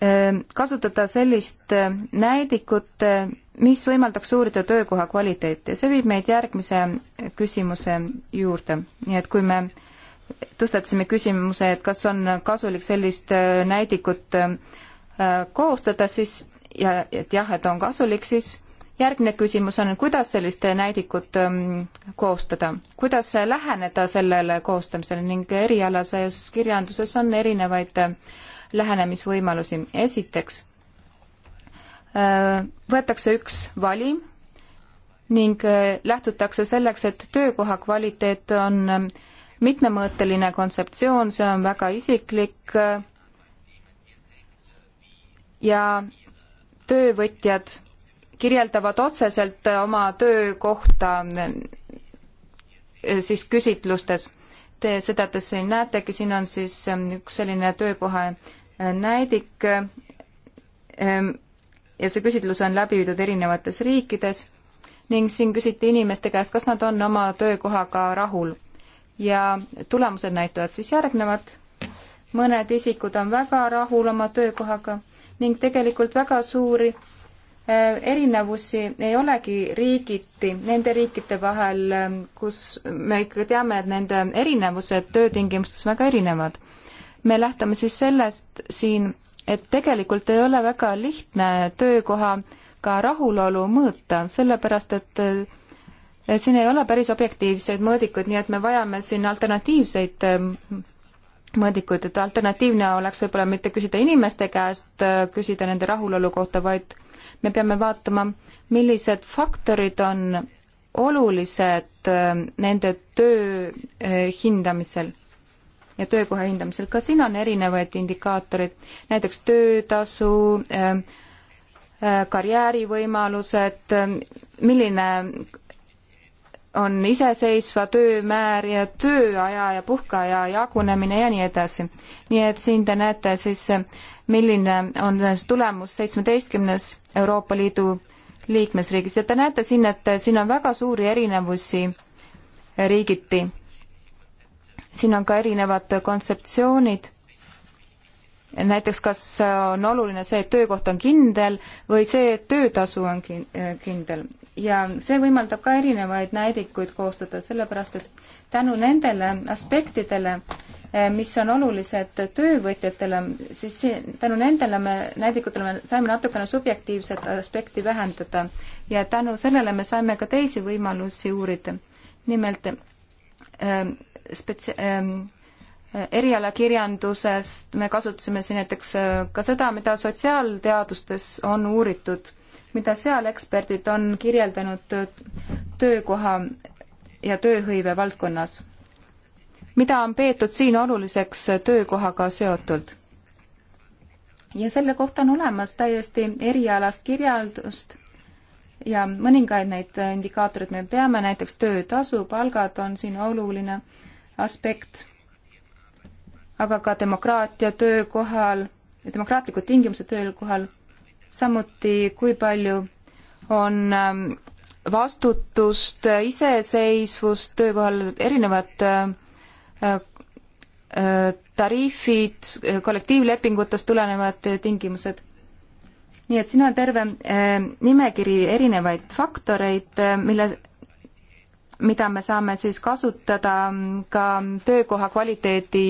Ehm, kasutada sellist ehm, näidikut, ehm, mis võimaldaks uurida töökoha kvaliteeti ja see viib meid järgmise küsimuse juurde, nii et kui me tõstatasime küsimuse, et kas on kasulik sellist näidikut koostada, siis ja et jah, et on kasulik, siis järgmine küsimus on, kuidas sellist näidikut koostada, kuidas läheneda sellele koostamisele ning erialases kirjanduses on erinevaid äh, lähenemisvõimalusi. esiteks äh, võetakse üks valim ning äh, lähtutakse selleks, et töökoha kvaliteet on äh, mitmemõõteline kontseptsioon, see on väga isiklik ja töövõtjad kirjeldavad otseselt oma töökohta siis küsitlustes. Te seda te siin näetegi, siin on siis üks selline töökoha näidik ähm, ja see küsitlus on läbi viidud erinevates riikides ning siin küsiti inimeste käest, kas nad on oma töökohaga rahul. ja tulemused näitavad siis järgnevat. mõned isikud on väga rahul oma töökohaga ning tegelikult väga suuri äh, erinevusi ei olegi riigiti nende riikide vahel, ähm, kus me ikka teame, et nende erinevused töötingimustes väga erinevad me lähtume siis sellest siin, et tegelikult ei ole väga lihtne töökohaga rahulolu mõõta, sellepärast et eh, siin ei ole päris objektiivseid mõõdikuid, nii et me vajame siin alternatiivseid eh, mõõdikuid, et alternatiivne oleks võib-olla mitte küsida inimeste käest, eh, küsida nende rahulolu kohta, vaid me peame vaatama, millised faktorid on olulised nende töö hindamisel ja töökoha hindamisel. ka siin on erinevaid indikaatoreid, näiteks töötasu, ähm, äh, karjäärivõimalused, ähm, milline on iseseisva töömäär ja tööaja ja puhkeaja jagunemine ja nii edasi. nii et siin te näete siis, milline on tulemus seitsmeteistkümnes Euroopa Liidu liikmesriigis ja te näete siin, et siin on väga suuri erinevusi riigiti siin on ka erinevad kontseptsioonid, näiteks kas on oluline see, et töökoht on kindel või see, et töötasu on kindel. ja see võimaldab ka erinevaid näidikuid koostada, sellepärast et tänu nendele aspektidele, mis on olulised töövõtjatele, siis tänu nendele me, näidikutele me saime natukene subjektiivset aspekti vähendada ja tänu sellele me saime ka teisi võimalusi uurida. nimelt spetsia-, ähm, erialakirjandusest me kasutasime siin näiteks äh, ka seda, mida sotsiaalteadustes on uuritud, mida seal eksperdid on kirjeldanud töökoha ja tööhõive valdkonnas. mida on peetud siin oluliseks töökohaga seotult? ja selle kohta on olemas täiesti erialast kirjeldust ja mõningaid neid indikaatoreid me teame, näiteks töötasu, palgad on siin oluline aspekt, aga ka demokraatia töökohal, demokraatlikud tingimused töökohal, samuti kui palju on ähm, vastutust, äh, iseseisvust töökohal, erinevad äh, äh, tariifid, kollektiivlepingutest tulenevad tingimused. nii et siin on terve nimekiri erinevaid faktoreid, mille mida me saame siis kasutada ka töökoha kvaliteedi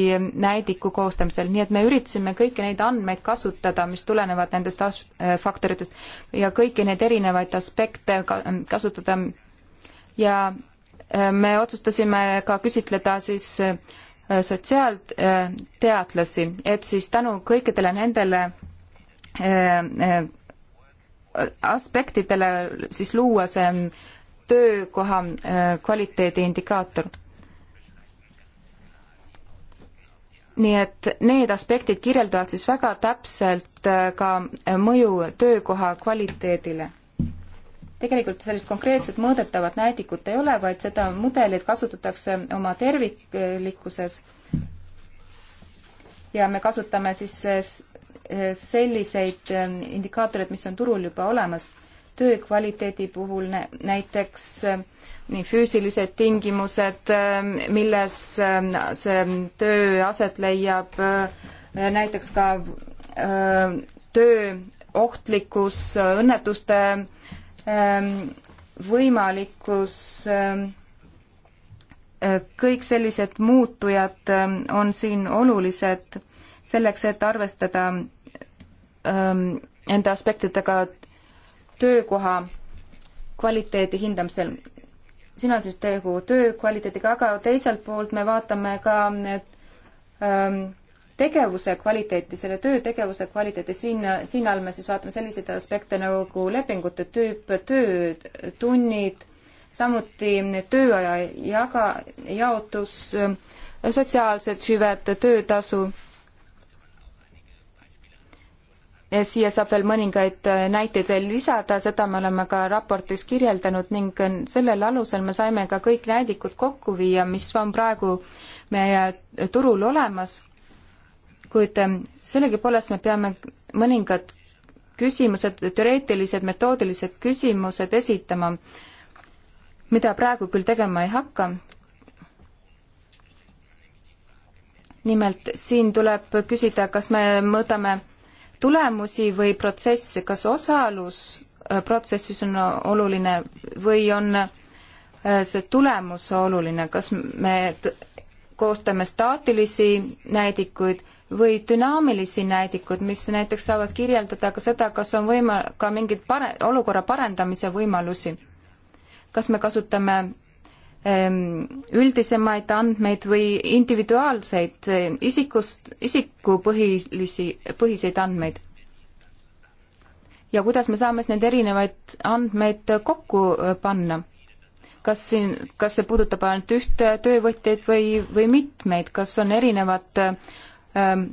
näidiku koostamisel, nii et me üritasime kõiki neid andmeid kasutada, mis tulenevad nendest as-, äh, faktoritest ja kõiki neid erinevaid aspekte ka-, kasutada ja äh, me otsustasime ka küsitleda siis äh, sotsiaalteadlasi, et siis tänu kõikidele nendele aspektidele siis luua see töökoha äh, kvaliteedi indikaator. nii et need aspektid kirjeldavad siis väga täpselt äh, ka äh, mõju töökoha kvaliteedile. tegelikult sellist konkreetset mõõdetavat näidikut ei ole, vaid seda mudelit kasutatakse oma terviklikkuses. ja me kasutame siis selliseid indikaatoreid, mis on turul juba olemas töö kvaliteedi puhul näiteks äh, nii füüsilised tingimused, äh, milles äh, see töö aset leiab, näiteks ka töö ohtlikkus, õnnetuste ähm, võimalikkus, ähm, kõik sellised muutujad ähm, on siin olulised selleks, et arvestada nende aspektidega töökoha kvaliteedi hindamisel. siin on siis tegu töö kvaliteediga, aga teiselt poolt me vaatame ka ähm, tegevuse kvaliteeti, selle töötegevuse kvaliteeti, siin, siin all me siis vaatame selliseid aspekte nagu lepingute tüüp, töötunnid, samuti tööaja jaga, jaotus, sotsiaalsed hüved, töötasu Eh, siia saab veel mõningaid eh, näiteid veel lisada, seda me oleme ka raportis kirjeldanud ning eh, sellel alusel me saime ka kõik näidikud kokku viia, mis on praegu meie turul olemas. kuid sellegipoolest me peame mõningad küsimused, teoreetilised, metoodilised küsimused esitama, mida praegu küll tegema ei hakka. nimelt siin tuleb küsida, kas me mõõdame tulemusi või protsesse, kas osalus äh, protsessis on oluline või on äh, see tulemus oluline, kas me koostame staatilisi näidikuid või dünaamilisi näidikuid, mis näiteks saavad kirjeldada ka seda, kas on võima-, ka mingeid pare-, olukorra parendamise võimalusi. kas me kasutame Ähm, üldisemaid andmeid või individuaalseid äh, isikust, isikupõhilisi, põhiseid andmeid. ja kuidas me saame siis neid erinevaid andmeid kokku äh, panna? kas siin, kas see puudutab ainult ühte töövõtjaid või, või mitmeid, kas on erinevad ähm,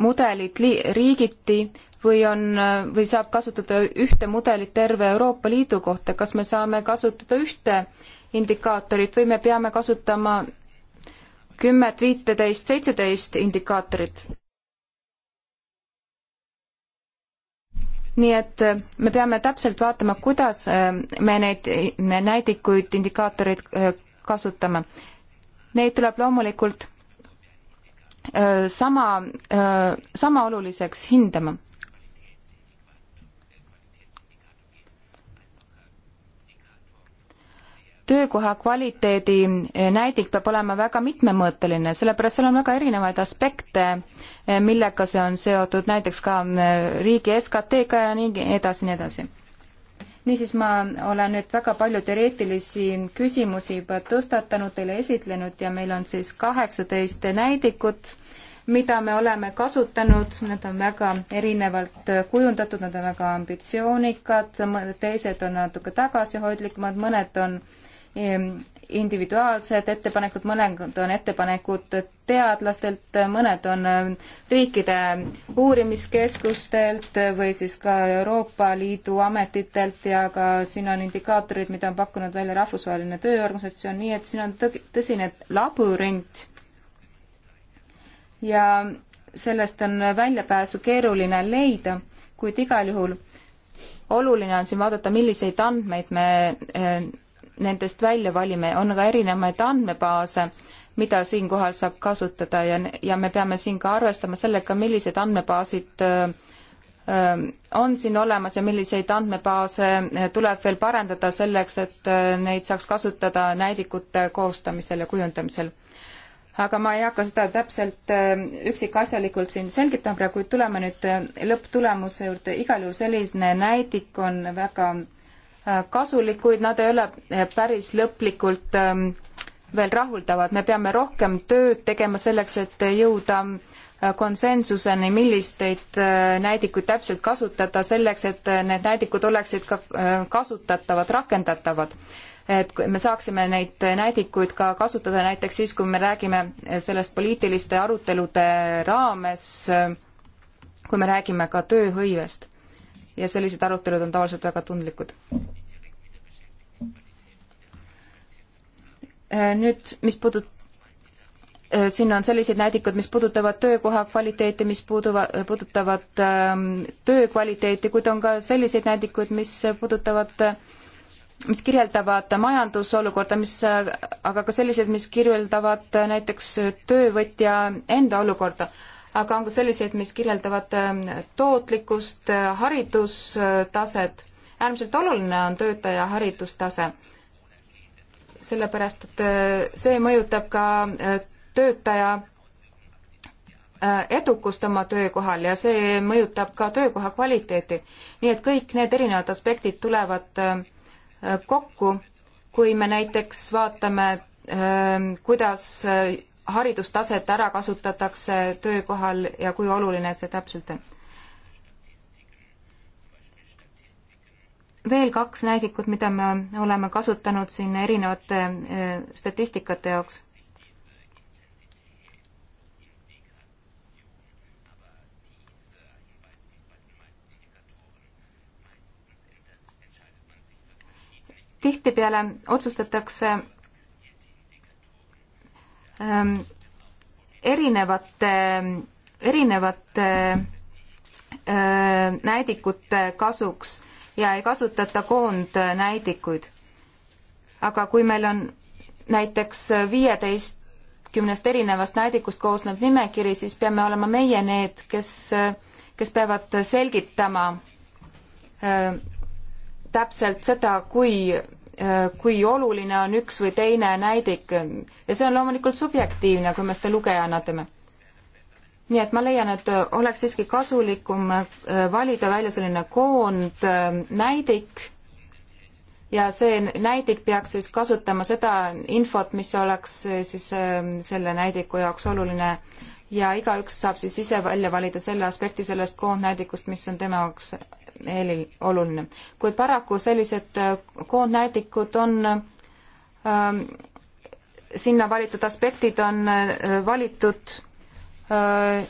mudelid li-, riigiti või on, äh, või saab kasutada ühte mudelit terve Euroopa Liidu kohta, kas me saame kasutada ühte äh, indikaatorit või me peame kasutama kümmet, viiteist, seitseteist indikaatorit. nii et äh, me peame täpselt vaatama, kuidas äh, me neid äh, näidikuid, indikaatoreid kasutame. Neid tuleb loomulikult sama, sama oluliseks hindama töökoha kvaliteedi eh, näidik peab olema väga mitmemõõteline, sellepärast seal on väga erinevaid aspekte, eh, millega see on seotud, näiteks ka eh, riigi SKT-ga ja nii edasi, nii edasi. niisiis, ma olen nüüd väga palju teoreetilisi küsimusi juba tõstatanud, teile esitlenud ja meil on siis kaheksateist näidikut, mida me oleme kasutanud, need on väga erinevalt kujundatud, nad on väga ambitsioonikad, teised on natuke tagasihoidlikumad, mõned on äh, Ehm, individuaalsed ettepanekud, mõned on ettepanekud teadlastelt, mõned on ehm, riikide uurimiskeskustelt või siis ka Euroopa Liidu ametitelt ja ka siin on indikaatorid, mida on pakkunud välja Rahvusvaheline Tööorganisatsioon, nii et siin on tõ-, tõsine labürint. ja sellest on väljapääsu keeruline leida, kuid igal juhul oluline on siin vaadata, milliseid andmeid me ehm, nendest välja valime, on ka erinevaid andmebaase, mida siinkohal saab kasutada ja, ja me peame siin ka arvestama sellega, millised andmebaasid öö, äh, äh, on siin olemas ja milliseid andmebaase äh, tuleb veel parendada selleks, et neid saaks kasutada näidikute koostamisel ja kujundamisel. aga ma ei hakka seda täpselt üksikasjalikult siin selgitama praegu, kuid tuleme nüüd lõpptulemuse juurde. igal juhul selline näidik on väga kasulik, kuid nad ei ole eh, päris lõplikult ehm, veel rahuldavad. me peame rohkem tööd tegema selleks, et jõuda eh, konsensuseni, millisteid eh, näidikuid täpselt kasutada selleks, et need näidikud oleksid ka kasutatavad, rakendatavad. et me saaksime neid näidikuid ka kasutada näiteks siis, kui me räägime sellest poliitiliste arutelude raames, kui me räägime ka tööhõivest. ja sellised arutelud on tavaliselt väga tundlikud. Äh, nüüd, mis puudutab äh, siin on sellised näidikud, mis puudutavad töökoha kvaliteeti, mis puuduva, puudutavad ähm, töö kvaliteeti, kuid on ka selliseid näidikuid, mis puudutavad, mis kirjeldavad majandusolukorda, mis, äh, aga ka sellised, mis kirjeldavad näiteks töövõtja enda olukorda. aga on ka selliseid, mis kirjeldavad ähm, tootlikkust, haridustaset. äärmiselt oluline on töötaja haridustase sellepärast et äh, see mõjutab ka äh, töötaja äh, edukust oma töökohal ja see mõjutab ka töökoha kvaliteeti. nii et kõik need erinevad aspektid tulevad kokku, kui me näiteks vaatame, kuidas haridustaset ära kasutatakse töökohal ja kui oluline see täpselt on. veel kaks näidikut, mida me oleme kasutanud siin erinevate eh, statistikate jaoks. tihtipeale otsustatakse ähm, erinevate, erinevate äh, näidikute kasuks ja ei kasutata koondnäidikuid. aga kui meil on näiteks viieteistkümnest erinevast näidikust koosnev nimekiri, siis peame olema meie need, kes, kes peavad selgitama äh, täpselt seda, kui äh, kui oluline on üks või teine näidik ja see on loomulikult subjektiivne, kui me seda lugejana teeme nii et ma leian, et oleks siiski kasulikum äh, valida välja selline koondnäidik äh, ja see näidik peaks siis kasutama seda infot, mis oleks äh, siis selle näidiku jaoks oluline ja igaüks saab siis ise välja valida selle aspekti sellest koondnäidikust, mis on tema jaoks eel-, oluline. kuid paraku sellised koondnäidikud on ähm, sinna valitud aspektid on valitud Äh,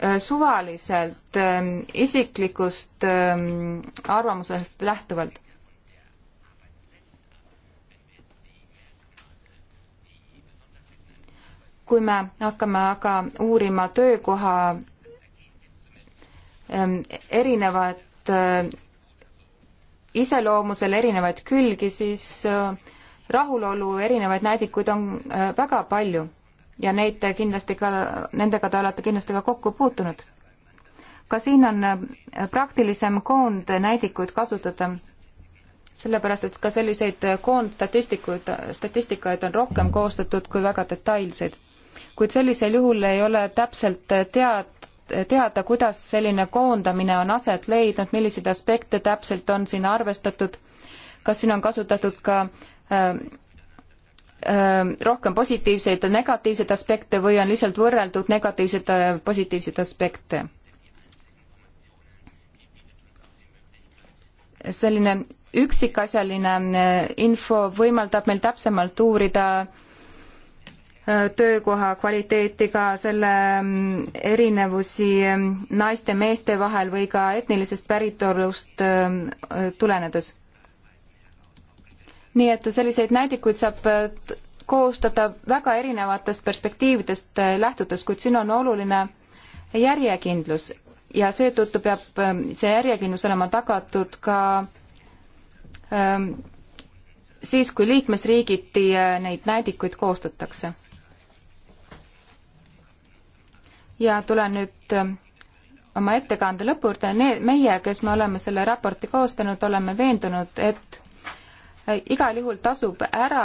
äh, suvaliselt ähm, isiklikust ähm, arvamusest lähtuvalt. kui me hakkame aga uurima töökoha ähm, erinevat äh, iseloomusel erinevaid külgi, siis rahulolu erinevaid näidikuid on väga palju ja neid te kindlasti ka, nendega te olete kindlasti ka kokku puutunud. ka siin on äh, praktilisem koondnäidikuid kasutada, sellepärast et ka selliseid äh, koondstatistikuid, statistikaid on rohkem koostatud kui väga detailseid. kuid sellisel juhul ei ole täpselt äh, tead-, teada, kuidas selline koondamine on aset leidnud, milliseid aspekte täpselt on siin arvestatud, kas siin on kasutatud ka äh, Ähm, rohkem positiivseid ja negatiivseid aspekte või on lihtsalt võrreldud negatiivseid ja positiivseid aspekte? selline üksikasjaline äh, info võimaldab meil täpsemalt uurida äh, töökoha kvaliteeti, ka selle mm, erinevusi äh, naiste-meeste vahel või ka etnilisest päritolust tulenedes nii et selliseid näidikuid saab äh, koostada väga erinevatest perspektiividest äh, lähtudes, kuid siin on oluline järjekindlus ja seetõttu peab ähm, see järjekindlus olema tagatud ka ähm, siis, kui liikmesriigiti äh, neid näidikuid koostatakse. ja tulen nüüd ähm, oma ettekande lõpu juurde, meie, kes me oleme selle raporti koostanud, oleme veendunud, et Äh, igal juhul tasub ära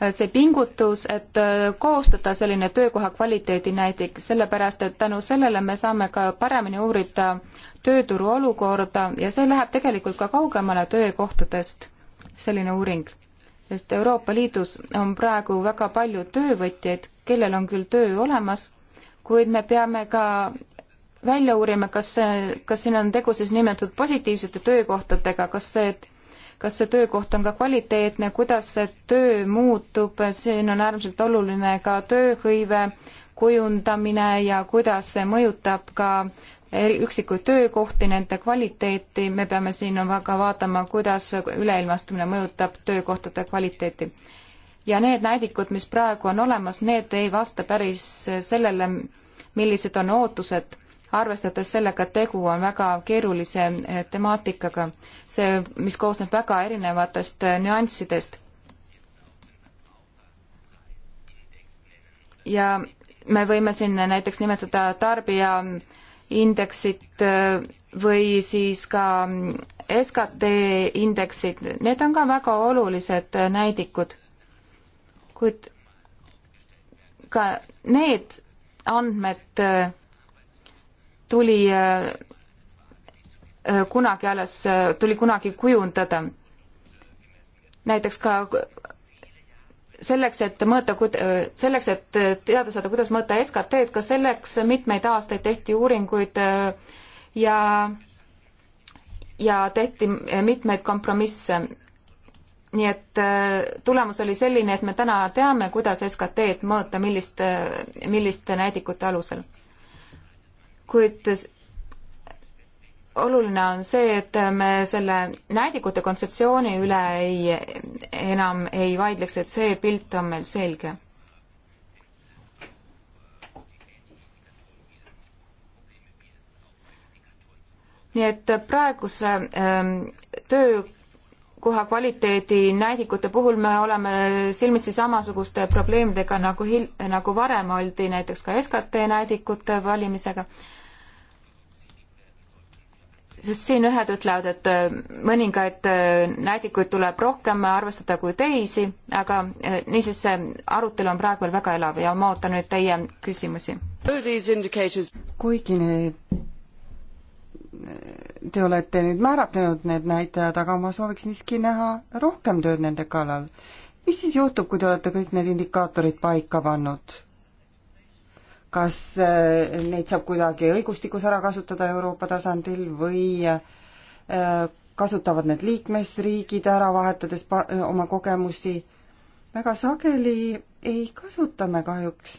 äh, see pingutus, et äh, koostada selline töökoha kvaliteedinäidik, sellepärast et tänu sellele me saame ka paremini uurida tööturu olukorda ja see läheb tegelikult ka kaugemale töökohtadest, selline uuring. sest Euroopa Liidus on praegu väga palju töövõtjaid, kellel on küll töö olemas, kuid me peame ka välja uurima, kas, kas siin on tegu siis nimetatud positiivsete töökohtadega, kas see, et kas see töökoht on ka kvaliteetne, kuidas see töö muutub, siin on äärmiselt oluline ka tööhõive kujundamine ja kuidas see mõjutab ka üksikuid töökohti, nende kvaliteeti, me peame siin ka vaatama, kuidas üleilmastumine mõjutab töökohtade kvaliteeti. ja need näidikud, mis praegu on olemas, need ei vasta päris sellele, millised on ootused arvestades sellega, et tegu on väga keerulise eh, temaatikaga, see, mis koosneb väga erinevatest eh, nüanssidest. ja me võime siin näiteks nimetada tarbijaindeksit eh, või siis ka mm, SKT indeksid, need on ka väga olulised näidikud. kuid ka need andmed tuli äh, kunagi alles, äh, tuli kunagi kujundada. näiteks ka selleks, et mõõta, äh, selleks, et teada saada, kuidas mõõta SKT-d, ka selleks mitmeid aastaid tehti uuringuid ja, ja tehti mitmeid kompromisse. nii et tulemus oli selline, et me täna teame, kuidas SKT-d mõõta, milliste, milliste näidikute alusel kuid oluline on see, et me selle näidikute kontseptsiooni üle ei, enam ei vaidleks, et see pilt on meil selge. nii et praeguse ähm, töökoha kvaliteedi näidikute puhul me oleme silmitsi samasuguste probleemidega nagu hil-, nagu varem oldi näiteks ka SKT näidikute valimisega äh, sest siin ühed ütlevad, et äh, mõningaid äh, näidikuid tuleb rohkem arvestada kui teisi, aga äh, niisiis see arutelu on praegu veel väga elav ja ma ootan nüüd teie küsimusi. kuigi need, te olete nüüd määratlenud need näitajad, aga ma sooviks siiski näha rohkem tööd nende kallal. mis siis juhtub, kui te olete kõik need indikaatorid paika pannud? kas äh, neid saab kuidagi õigustikus ära kasutada Euroopa tasandil või äh, kasutavad need liikmesriigid ära, vahetades oma kogemusi. väga sageli ei kasuta me kahjuks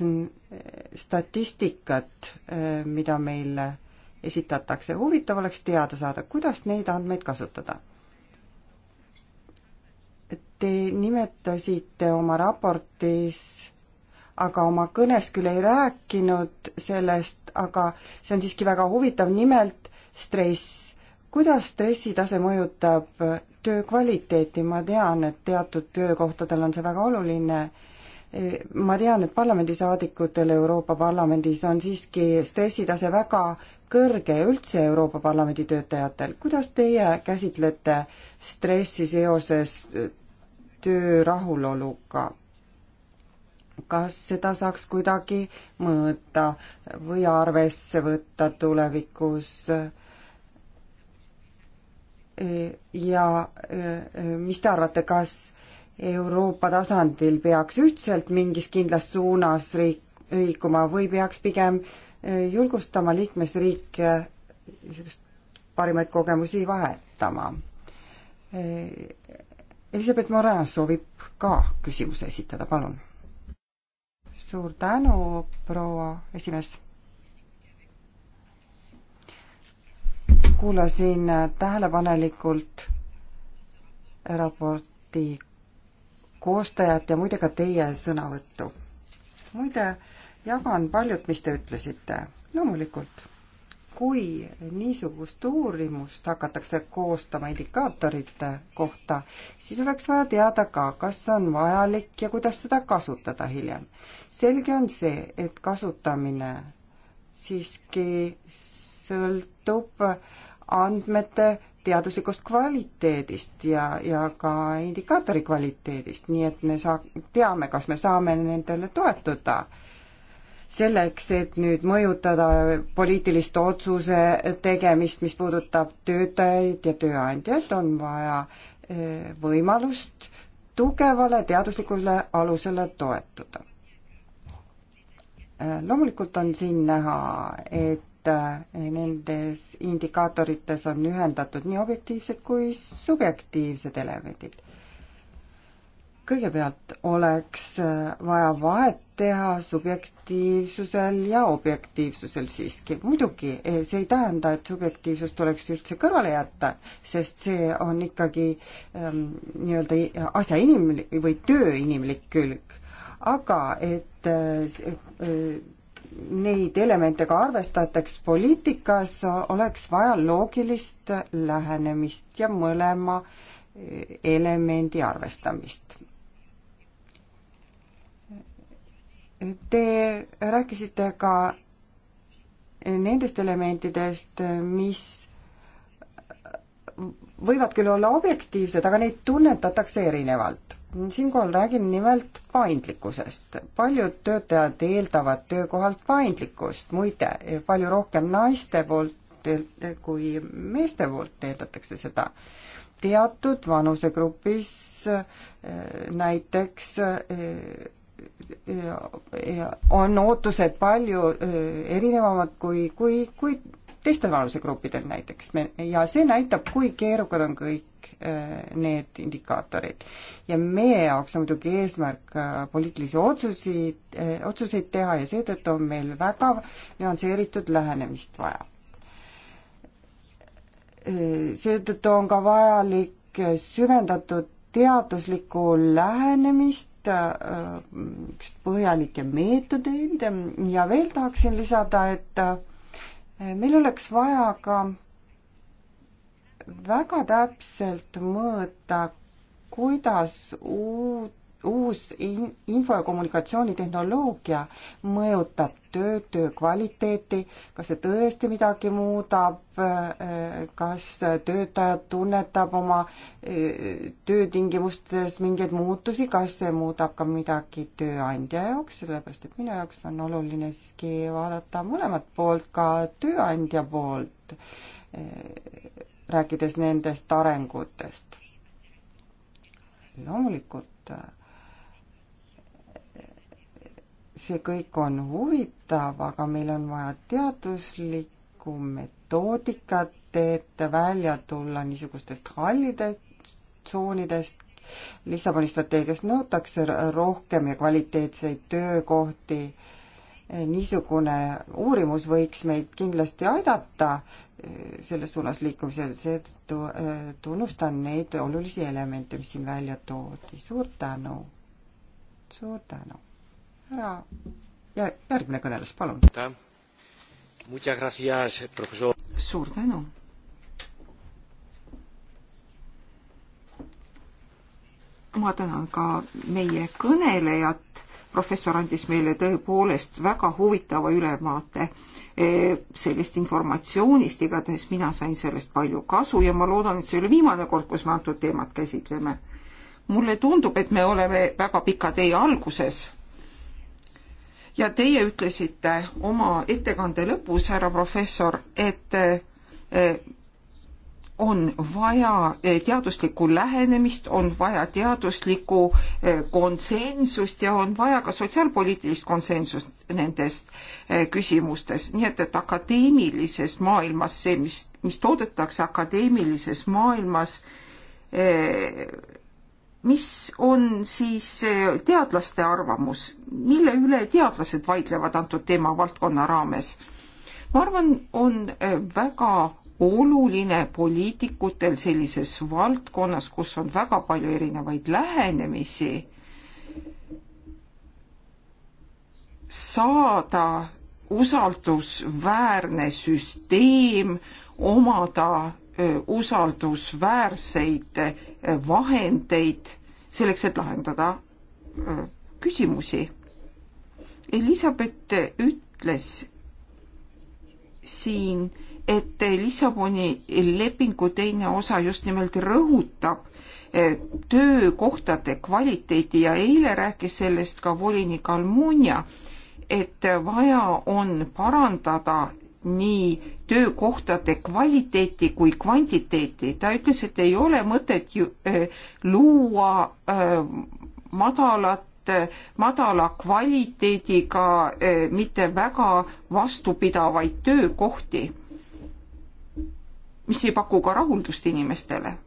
statistikat, äh, mida meile esitatakse. huvitav oleks teada saada, kuidas neid andmeid kasutada. Te nimetasite oma raportis aga oma kõnes küll ei rääkinud sellest, aga see on siiski väga huvitav, nimelt stress. kuidas stressitase mõjutab töö kvaliteeti, ma tean, et teatud töökohtadel on see väga oluline, ma tean, et parlamendisaadikutel Euroopa Parlamendis on siiski stressitase väga kõrge ja üldse Euroopa Parlamendi töötajatel. kuidas teie käsitlete stressi seoses töö rahuloluga? kas seda saaks kuidagi mõõta või arvesse võtta tulevikus? ja mis te arvate, kas Euroopa tasandil peaks ühtselt mingis kindlas suunas riik, liikuma või peaks pigem eh, julgustama liikmesriike parimaid kogemusi vahetama? Eh, Elisabeth Morin soovib ka küsimuse esitada, palun suur tänu, proua esimees. kuulasin tähelepanelikult raporti koostajat ja muide ka teie sõnavõttu. muide, jagan paljut, mis te ütlesite. loomulikult kui niisugust uurimust hakatakse koostama indikaatorite kohta, siis oleks vaja teada ka, kas see on vajalik ja kuidas seda kasutada hiljem. selge on see, et kasutamine siiski sõltub andmete teaduslikust kvaliteedist ja, ja ka indikaatori kvaliteedist, nii et me saa-, teame, kas me saame nendele toetuda selleks, et nüüd mõjutada poliitilist otsuse tegemist, mis puudutab töötajaid ja tööandjaid, on vaja eh, võimalust tugevale teaduslikule alusele toetuda. Eh, loomulikult on siin näha, et eh, nendes indikaatorites on ühendatud nii objektiivsed kui subjektiivsed elemendid kõigepealt oleks äh, vaja vahet teha subjektiivsusel ja objektiivsusel siiski. muidugi eh, see ei tähenda, et subjektiivsus tuleks üldse kõrvale jätta, sest see on ikkagi ähm, nii-öelda asja inimlik või töö inimlik külg. aga et äh, äh, neid elemente ka arvestataks poliitikas, oleks vaja loogilist lähenemist ja mõlema äh, elemendi arvestamist Te rääkisite ka nendest elementidest, mis võivad küll olla objektiivsed, aga neid tunnetatakse erinevalt. siinkohal räägin nimelt paindlikkusest. paljud töötajad eeldavad töökohalt paindlikkust, muide, palju rohkem naiste poolt kui meeste poolt eeldatakse seda. teatud vanusegrupis eh, näiteks eh, on ootused palju äh, erinevamad kui, kui, kui teistel vanusegruppidel näiteks ja see näitab, kui keerukad on kõik äh, need indikaatorid. ja meie jaoks on muidugi eesmärk äh, poliitilisi otsuseid, otsuseid teha ja seetõttu on meil väga nüansseeritud lähenemist vaja. seetõttu on ka vajalik süvendatud teaduslikku lähenemist Äh, põhjalikke meetodeid ja veel tahaksin lisada, et äh, meil oleks vaja ka väga täpselt mõõta, kuidas uut uus in-, info- ja kommunikatsioonitehnoloogia mõjutab tööd, töö kvaliteeti, kas see tõesti midagi muudab, kas töötaja tunnetab oma eh, töötingimustes mingeid muutusi, kas see muudab ka midagi tööandja jaoks, sellepärast et minu jaoks on oluline siiski vaadata mõlemat poolt, ka tööandja poolt, eh, rääkides nendest arengutest. loomulikult eh, see kõik on huvitav, aga meil on vaja teaduslikku metoodikat, et välja tulla niisugustest hallidest tsoonidest. Lissaboni strateegias nõutakse rohkem ja kvaliteetseid töökohti. niisugune uurimus võiks meid kindlasti aidata eh, selles suunas liikumisel, seetõttu eh, tunnustan neid olulisi elemente, mis siin välja toodi. suur tänu! suur tänu! härra ja järgmine kõneles, palun. suur tänu. ma tänan ka meie kõnelejat. professor andis meile tõepoolest väga huvitava ülevaate eh, sellest informatsioonist, igatahes mina sain sellest palju kasu ja ma loodan, et see ei ole viimane kord, kus me antud teemat käsitleme. mulle tundub, et me oleme väga pika tee alguses ja teie ütlesite oma ettekande lõpus, härra professor, et eh, on vaja eh, teaduslikku lähenemist, on vaja teaduslikku eh, konsensust ja on vaja ka sotsiaalpoliitilist konsensust nendest küsimustes, nii et, et akadeemilises maailmas see, mis, mis toodetakse akadeemilises maailmas, mis on siis eh, teadlaste arvamus, mille üle teadlased vaidlevad antud teemavaldkonna raames? ma arvan, on eh, väga oluline poliitikutel sellises valdkonnas, kus on väga palju erinevaid lähenemisi, saada usaldusväärne süsteem, omada usaldusväärseid vahendeid selleks, et lahendada küsimusi. Elizabeth ütles siin, et Lissaboni lepingu teine osa just nimelt rõhutab töökohtade kvaliteedi ja eile rääkis sellest ka volinik Almunia, et vaja on parandada nii töökohtade kvaliteeti kui kvantiteeti. ta ütles, et ei ole mõtet ju, äh, luua äh, madalat äh,, madala kvaliteediga äh, mitte väga vastupidavaid töökohti, mis ei paku ka rahuldust inimestele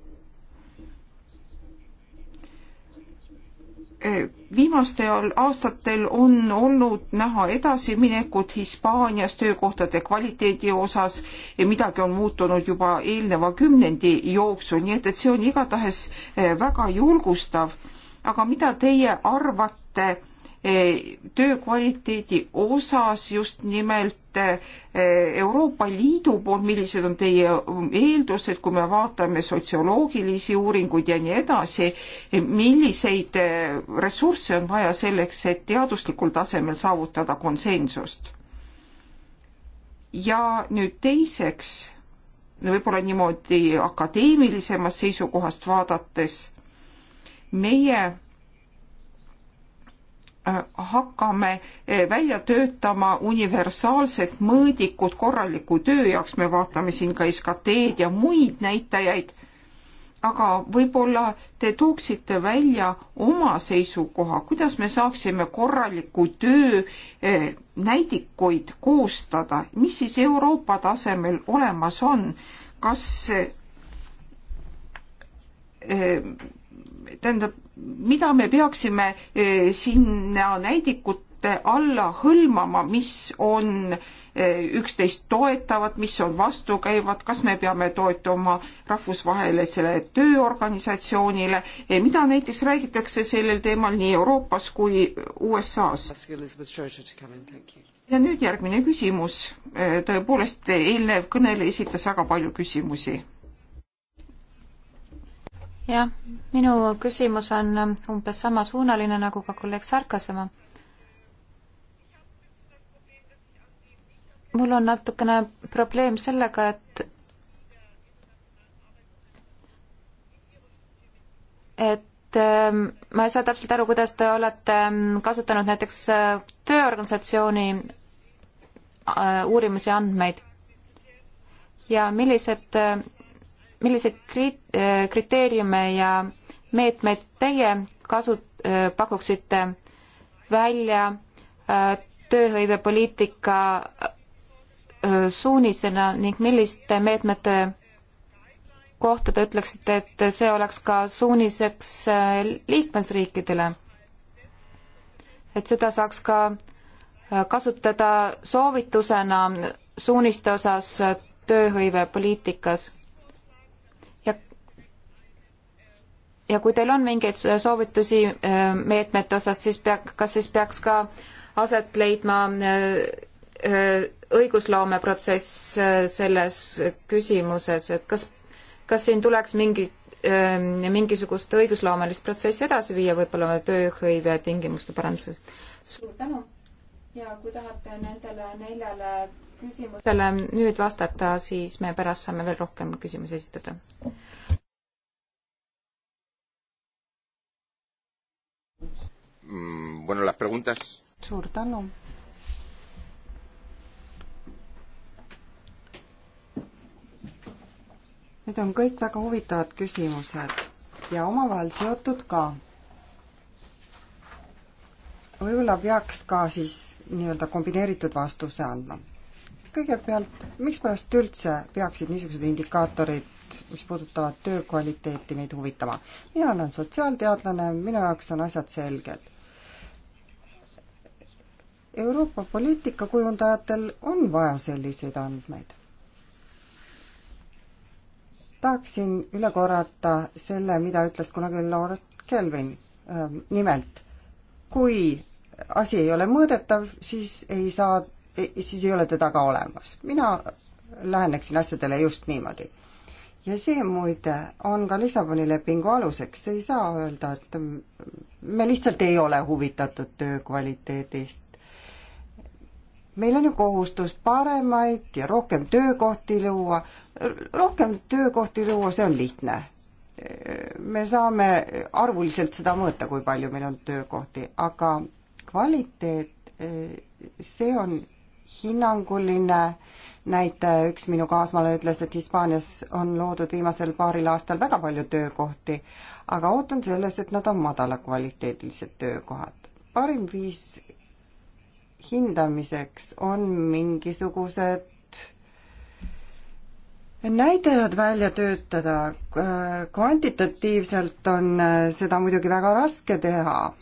Eh, viimastel aastatel on olnud näha edasiminekut Hispaanias töökohtade kvaliteedi osas ja midagi on muutunud juba eelneva kümnendi jooksul, nii et, et see on igatahes eh, väga julgustav. aga mida teie arvate E, töö kvaliteedi osas just nimelt e, Euroopa Liidu poolt, millised on teie eeldused, kui me vaatame sotsioloogilisi uuringuid ja nii edasi, e, milliseid ressursse on vaja selleks, et teaduslikul tasemel saavutada konsensust? ja nüüd teiseks, võib-olla niimoodi akadeemilisemast seisukohast vaadates, meie hakkame eh, välja töötama universaalset mõõdikut korraliku töö jaoks, me vaatame siin ka SKT-d ja muid näitajaid, aga võib-olla te tooksite välja oma seisukoha, kuidas me saaksime korraliku töö eh, näidikuid koostada, mis siis Euroopa tasemel olemas on, kas eh, tähendab, mida me peaksime eh, sinna näidikute alla hõlmama, mis on eh, üksteist toetavad, mis on vastukäivad, kas me peame toetuma rahvusvahelisele tööorganisatsioonile, eh, mida näiteks räägitakse sellel teemal nii Euroopas kui USA-s? ja nüüd järgmine küsimus. tõepoolest, eelnev kõneleja esitas väga palju küsimusi jah, minu küsimus on umbes samasuunaline nagu ka kolleeg Sarkas oma. mul on natukene probleem sellega, et et ähm, ma ei saa täpselt aru, kuidas te olete ähm, kasutanud näiteks äh, tööorganisatsiooni äh, uurimusi andmeid ja millised äh, milliseid krit-, äh, kriteeriume ja meetmeid teie kasu-, äh, pakuksite välja äh, tööhõivepoliitika suunisena ning milliste meetmete kohta te ütleksite, et see oleks ka suuniseks liikmesriikidele? et seda saaks ka kasutada soovitusena suuniste osas tööhõivepoliitikas ja kui teil on mingeid soovitusi äh, meetmete osas, siis pea, kas siis peaks ka aset leidma äh, äh, õigusloomeprotsess selles küsimuses, et kas, kas siin tuleks mingit ähm, mingisugust õigusloomelist protsessi edasi viia, võib-olla tööhõive tingimuste parandusel. suur tänu ja kui tahate nendele neljale küsimusele nüüd vastata, siis me pärast saame veel rohkem küsimusi esitada. mm, bueno, las preguntas. suur tänu. Need on kõik väga huvitavad küsimused ja omavahel seotud ka. võib-olla peaks ka siis nii-öelda kombineeritud vastuse andma. kõigepealt, mikspärast üldse peaksid niisugused indikaatorid mis puudutavad töö kvaliteeti meid huvitama. mina olen sotsiaalteadlane, minu jaoks on asjad selged. Euroopa poliitikakujundajatel on vaja selliseid andmeid. tahaksin üle korrata selle, mida ütles kunagi Lord Kelvin. Ähm, nimelt, kui asi ei ole mõõdetav, siis ei saa, siis ei ole teda ka olemas. mina läheneksin asjadele just niimoodi. ja see muide on ka Lissaboni lepingu aluseks, ei saa öelda, et me lihtsalt ei ole huvitatud töö kvaliteedist meil on ju kohustus paremaid ja rohkem töökohti luua, rohkem töökohti luua, see on lihtne. me saame arvuliselt seda mõõta, kui palju meil on töökohti, aga kvaliteet, see on hinnanguline näitaja, üks minu kaasmaalane ütles, et Hispaanias on loodud viimasel paaril aastal väga palju töökohti, aga ootan sellest, et nad on madala kvaliteedilised töökohad. parim viis hindamiseks on mingisugused näitajad välja töötada, kvantitatiivselt on seda muidugi väga raske teha.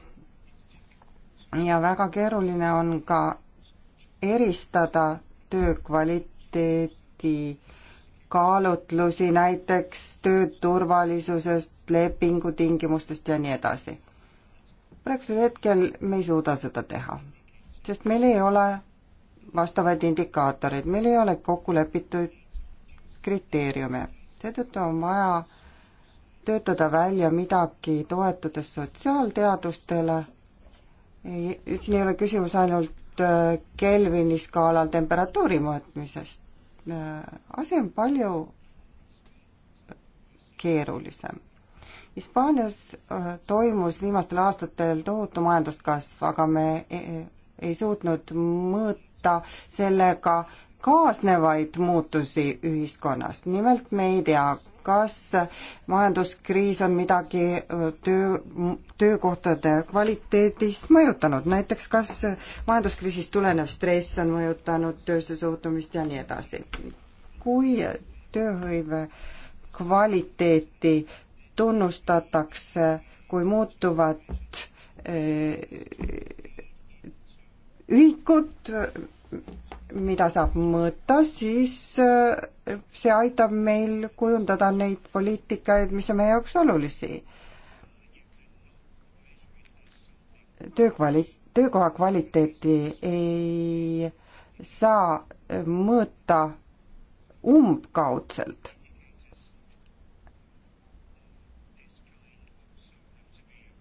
ja väga keeruline on ka eristada töö kvaliteedi kaalutlusi näiteks töö turvalisusest, lepingutingimustest ja nii edasi. praegusel hetkel me ei suuda seda teha sest meil ei ole vastavaid indikaatoreid, meil ei ole kokku lepitud kriteeriume. seetõttu on vaja töötada välja midagi, toetudes sotsiaalteadustele. siin ei ole küsimus ainult äh, Kelvini skaalal temperatuuri mõõtmisest. Äh, asi on palju keerulisem. Hispaanias äh, toimus viimastel aastatel tohutu majanduskasv, aga me e, e, ei suutnud mõõta sellega kaasnevaid muutusi ühiskonnas. nimelt me ei tea, kas majanduskriis on midagi töö, töökohtade kvaliteedis mõjutanud, näiteks kas majanduskriisist tulenev stress on mõjutanud töösse suhtumist ja nii edasi. kui tööhõive kvaliteeti tunnustatakse kui muutuvat öö, ühikut, mida saab mõõta, siis äh, see aitab meil kujundada neid poliitikaid, mis on meie jaoks olulisi. töö kvali-, töökoha kvaliteeti ei saa mõõta umbkaudselt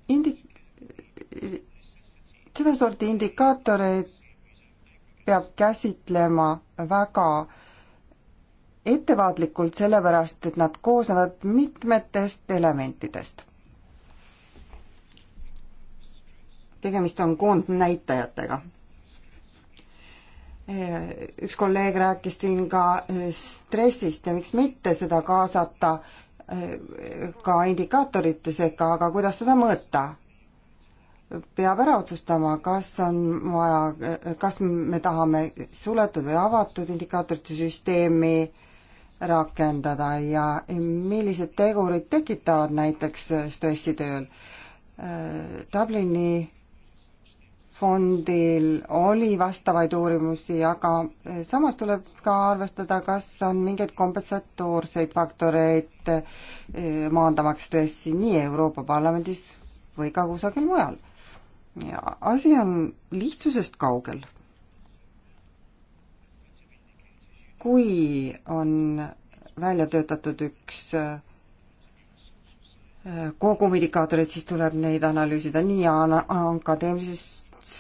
indi-, sedasorti indikaatoreid peab käsitlema väga ettevaatlikult, sellepärast et nad koosnevad mitmetest elementidest. tegemist on koondnäitajatega. üks kolleeg rääkis siin ka stressist ja miks mitte seda kaasata ka indikaatoritesse, aga kuidas seda mõõta? peab ära otsustama, kas on vaja, kas me tahame suletud või avatud indikaatorite süsteemi rakendada ja millised tegurid tekitavad näiteks stressi tööl. Dublini fondil oli vastavaid uurimusi, aga samas tuleb ka arvestada, kas on mingeid kompensatoorseid faktoreid maandamaks stressi nii Euroopa Parlamendis või ka kusagil mujal asi on lihtsusest kaugel. kui on välja töötatud üks äh, kogum indikaatoreid, siis tuleb neid analüüsida nii akadeemilisest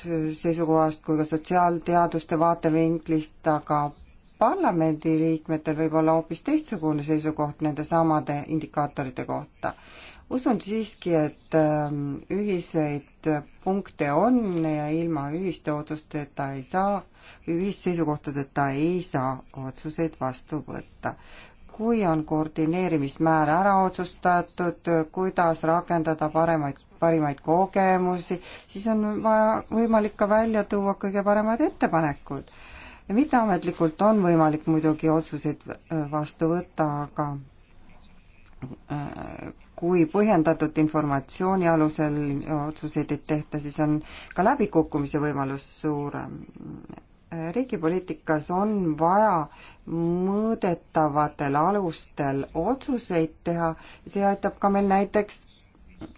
seisukohast kui ka sotsiaalteaduste vaatevinklist, aga parlamendiliikmetel võib olla hoopis teistsugune seisukoht nende samade indikaatorite kohta. usun siiski, et ähm, ühiseid punkte on ja ilma ühiste otsusteta ei saa, ühisseisukohtadeta ei saa otsuseid vastu võtta. kui on koordineerimismäär ära otsustatud, kuidas rakendada paremaid, parimaid kogemusi, siis on vaja, võimalik ka välja tuua kõige paremad ettepanekud. mitteametlikult on võimalik muidugi otsuseid äh, vastu võtta, aga äh, kui põhjendatud informatsiooni alusel otsuseid ei tehta, siis on ka läbikukkumise võimalus suurem. riigipoliitikas on vaja mõõdetavatel alustel otsuseid teha, see aitab ka meil näiteks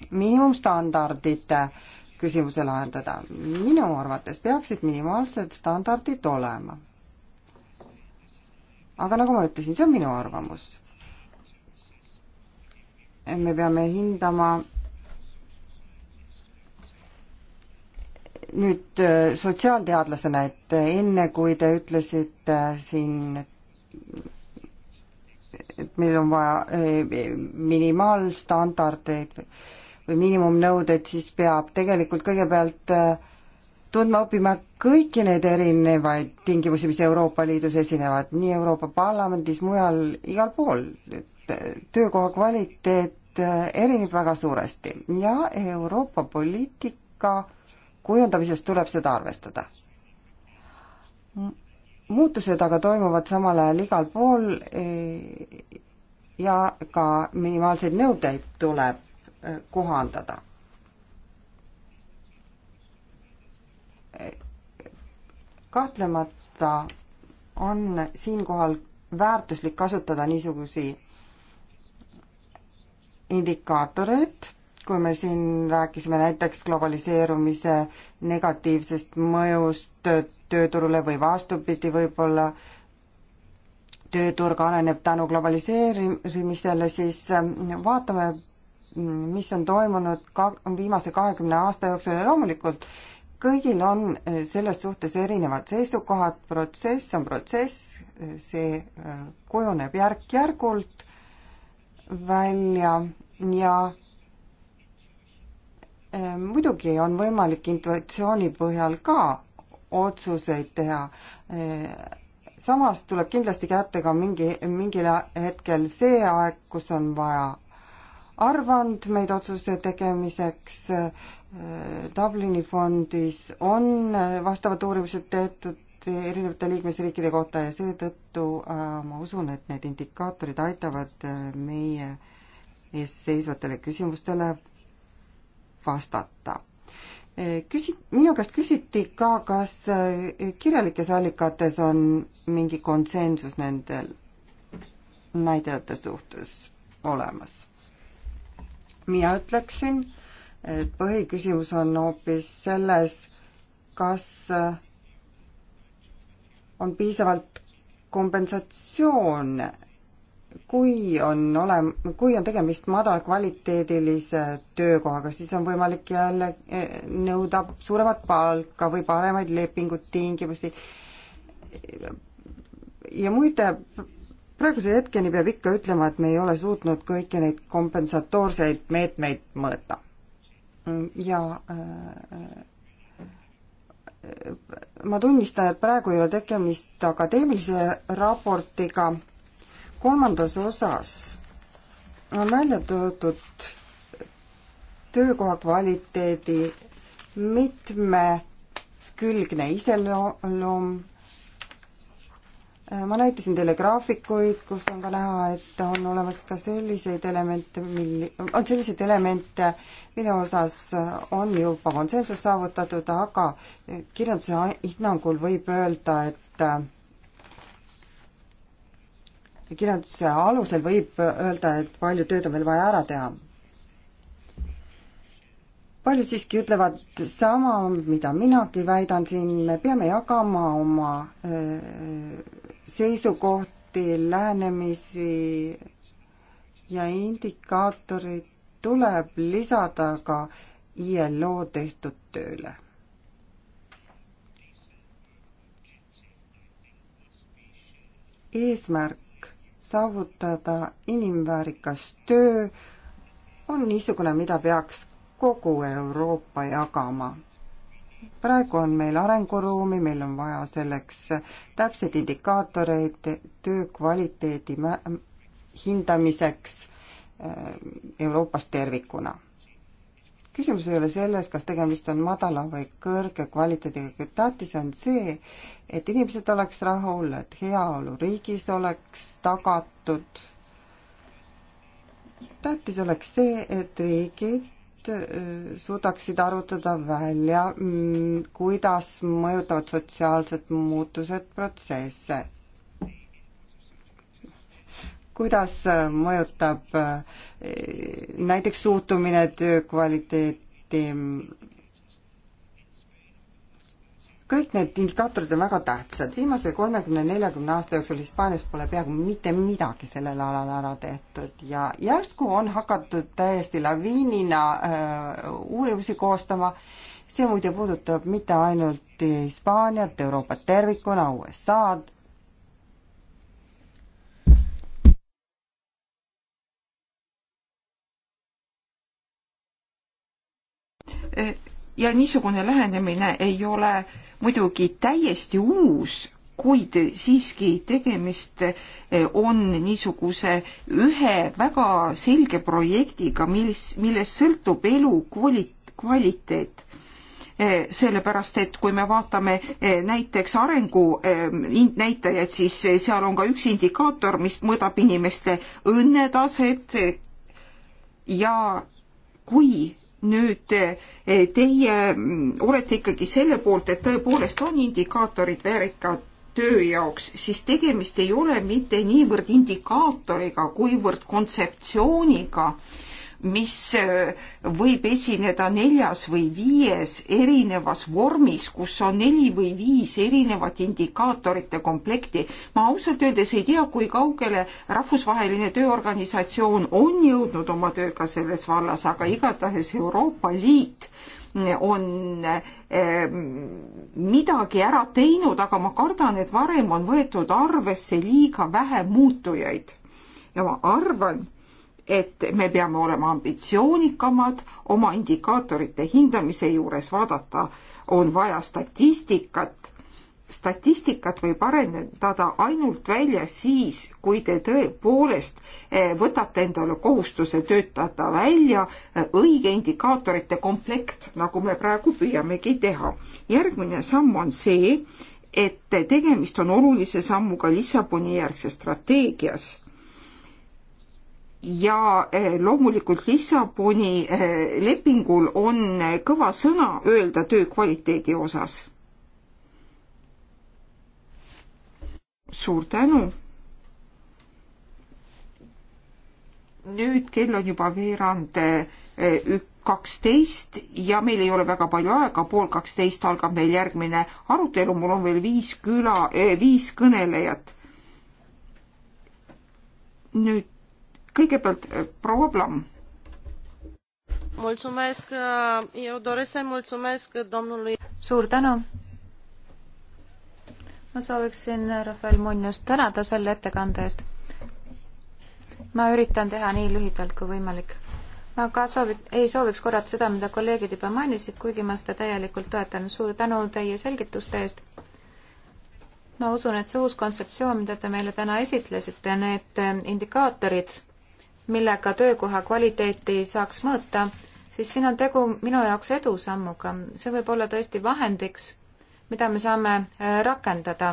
miinimumstandardite küsimuse lahendada. minu arvates peaksid minimaalsed standardid olema. aga nagu ma ütlesin, see on minu arvamus me peame hindama nüüd äh, sotsiaalteadlasena, et enne, kui te ütlesite siin, et meil on vaja äh, minimaalstandardeid või miinimumnõudeid, siis peab tegelikult kõigepealt äh, tundma õppima kõiki neid erinevaid tingimusi, mis Euroopa Liidus esinevad, nii Euroopa Parlamendis, mujal, igal pool. töökoha kvaliteet, Äh, erineb väga suuresti ja Euroopa poliitika kujundamises tuleb seda arvestada. muutused aga toimuvad samal ajal igal pool äh, ja ka minimaalseid nõudeid tuleb äh, kohandada. kahtlemata on siinkohal väärtuslik kasutada niisugusi indikaatoreid, kui me siin rääkisime näiteks globaliseerumise negatiivsest mõjust tööturule või vastupidi, võib-olla tööturg areneb tänu globaliseerimisele, siis mm, vaatame, mm, mis on toimunud ka viimase kahekümne aasta jooksul ja loomulikult kõigil on eh, selles suhtes erinevad seisukohad, protsess on protsess, see eh, kujuneb järk-järgult välja ja äh, muidugi on võimalik intuitsiooni põhjal ka otsuseid teha. Äh, samas tuleb kindlasti kätte ka mingi, mingil hetkel see aeg, kus on vaja arvandmeid otsuse tegemiseks. Äh, Dublini fondis on vastavad uurimused tehtud, erinevate liikmesriikide kohta ja seetõttu äh, ma usun, et need indikaatorid aitavad äh, meie ees seisvatele küsimustele vastata. Äh, küsi-, minu käest küsiti ka, kas äh, kirjalikes allikates on mingi konsensus nendel näidete suhtes olemas. mina ütleksin, et põhiküsimus on hoopis selles, kas äh, on piisavalt kompensatsioone, kui on olem-, kui on tegemist madalakvaliteedilise töökohaga, siis on võimalik jälle eh, nõuda suuremat palka või paremaid lepingut, tingimusi. ja muide, praeguse hetkeni peab ikka ütlema, et me ei ole suutnud kõiki neid kompensatoorseid meetmeid mõõta. ja äh, ma tunnistan, et praegu ei ole tegemist akadeemilise raportiga, kolmandas osas on välja toodud töökoha kvaliteedi mitmekülgne iseloom, Äh, ma näitasin teile graafikuid, kus on ka näha, et on olemas ka selliseid elemente, mil-, on selliseid elemente, mille osas äh, on juba konsensus saavutatud, aga äh, kirjanduse hinnangul võib öelda, et kirjanduse alusel võib öelda, et palju tööd on veel vaja ära teha. paljud siiski ütlevad sama, mida minagi väidan siin, me peame jagama oma öö, seisukohti, lähenemisi ja indikaatorid tuleb lisada ka ILO tehtud tööle. eesmärk saavutada inimväärikas töö on niisugune, mida peaks kogu Euroopa jagama praegu on meil arenguruumi, meil on vaja selleks täpseid indikaatoreid töö kvaliteedi hindamiseks äh, Euroopas tervikuna. küsimus ei ole selles, kas tegemist on madala või kõrge kvaliteediga, tähtis on see, et inimesed oleks rahul, et heaolu riigis oleks tagatud. tähtis oleks see, et riigid Äh, suudaksid arvutada välja, mm, kuidas mõjutavad sotsiaalsed muutused protsesse. kuidas äh, mõjutab äh, näiteks suhtumine töö kvaliteeti, kõik need indikaatorid on väga tähtsad, viimase kolmekümne, neljakümne aasta jooksul Hispaanias pole peaaegu mitte midagi sellel alal ära tehtud ja järsku on hakatud täiesti laviinina äh, uurimusi koostama. see muide puudutab mitte ainult Hispaaniat, Euroopat tervikuna, USA-d. Eh, ja niisugune lähenemine ei ole muidugi täiesti uus, kuid siiski tegemist eh, on niisuguse ühe väga selge projektiga, milles, millest sõltub elu kvali-, kvaliteet eh, sellepärast et kui me vaatame eh, näiteks arengunäitajaid, siis seal on ka üks indikaator, mis mõõdab inimeste õnnetaset ja kui nüüd eh, teie mm, olete ikkagi selle poolt, et tõepoolest on indikaatorid väärika töö jaoks, siis tegemist ei ole mitte niivõrd indikaatoriga, kuivõrd kontseptsiooniga äh, mis äh, võib esineda neljas või viies erinevas vormis, kus on neli või viis erinevat indikaatorite komplekti. ma ausalt öeldes ei tea, kui kaugele Rahvusvaheline Tööorganisatsioon on jõudnud oma tööga selles vallas, aga igatahes Euroopa Liit äh, on äh, midagi ära teinud, aga ma kardan, et varem on võetud arvesse liiga vähe muutujaid. ja ma arvan, et me peame olema ambitsioonikamad oma indikaatorite hindamise juures, vaadata on vaja statistikat. statistikat võib arendada ainult välja siis, kui te tõepoolest eh, võtate endale kohustuse töötada välja eh, õige indikaatorite komplekt, nagu me praegu püüamegi teha. järgmine samm on see, et tegemist on olulise sammuga Lissaboni järgses strateegias ja eh, loomulikult Lissaboni eh, lepingul on eh, kõva sõna öelda töö kvaliteedi osas. suur tänu. nüüd kell on juba veerand kaksteist ja meil ei ole väga palju aega, pool kaksteist algab meil järgmine arutelu, mul on veel viis küla, viis kõnelejat. nüüd kõigepealt eh, proua Plamm. Eh, suur tänu. ma sooviksin Rafael Munjust tänada selle ettekande eest. ma üritan teha nii lühidalt kui võimalik. ma ka soovi-, ei sooviks korrata seda, mida kolleegid juba mainisid, kuigi ma seda täielikult toetan. suur tänu teie selgituste eest ma usun, et see uus kontseptsioon, mida te meile täna esitlesite, need indikaatorid, millega töökoha kvaliteeti saaks mõõta, siis siin on tegu minu jaoks edusammuga. see võib olla tõesti vahendiks, mida me saame äh, rakendada.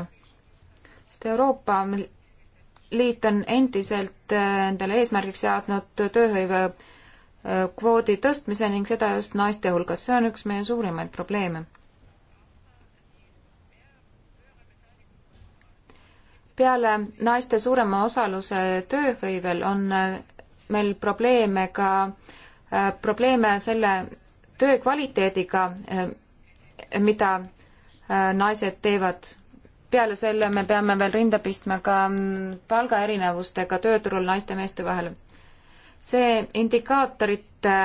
sest Euroopa Liit on endiselt äh, endale eesmärgiks seadnud tööhõive äh, kvoodi tõstmise ning seda just naiste hulgas. see on üks meie suurimaid probleeme peale naiste suurema osaluse tööhõivel on meil probleeme ka, äh, probleeme selle töö kvaliteediga, äh, mida äh, naised teevad. peale selle me peame veel rinda pistma ka mm, palgaerinevustega tööturul naiste ja meeste vahel. see indikaatorite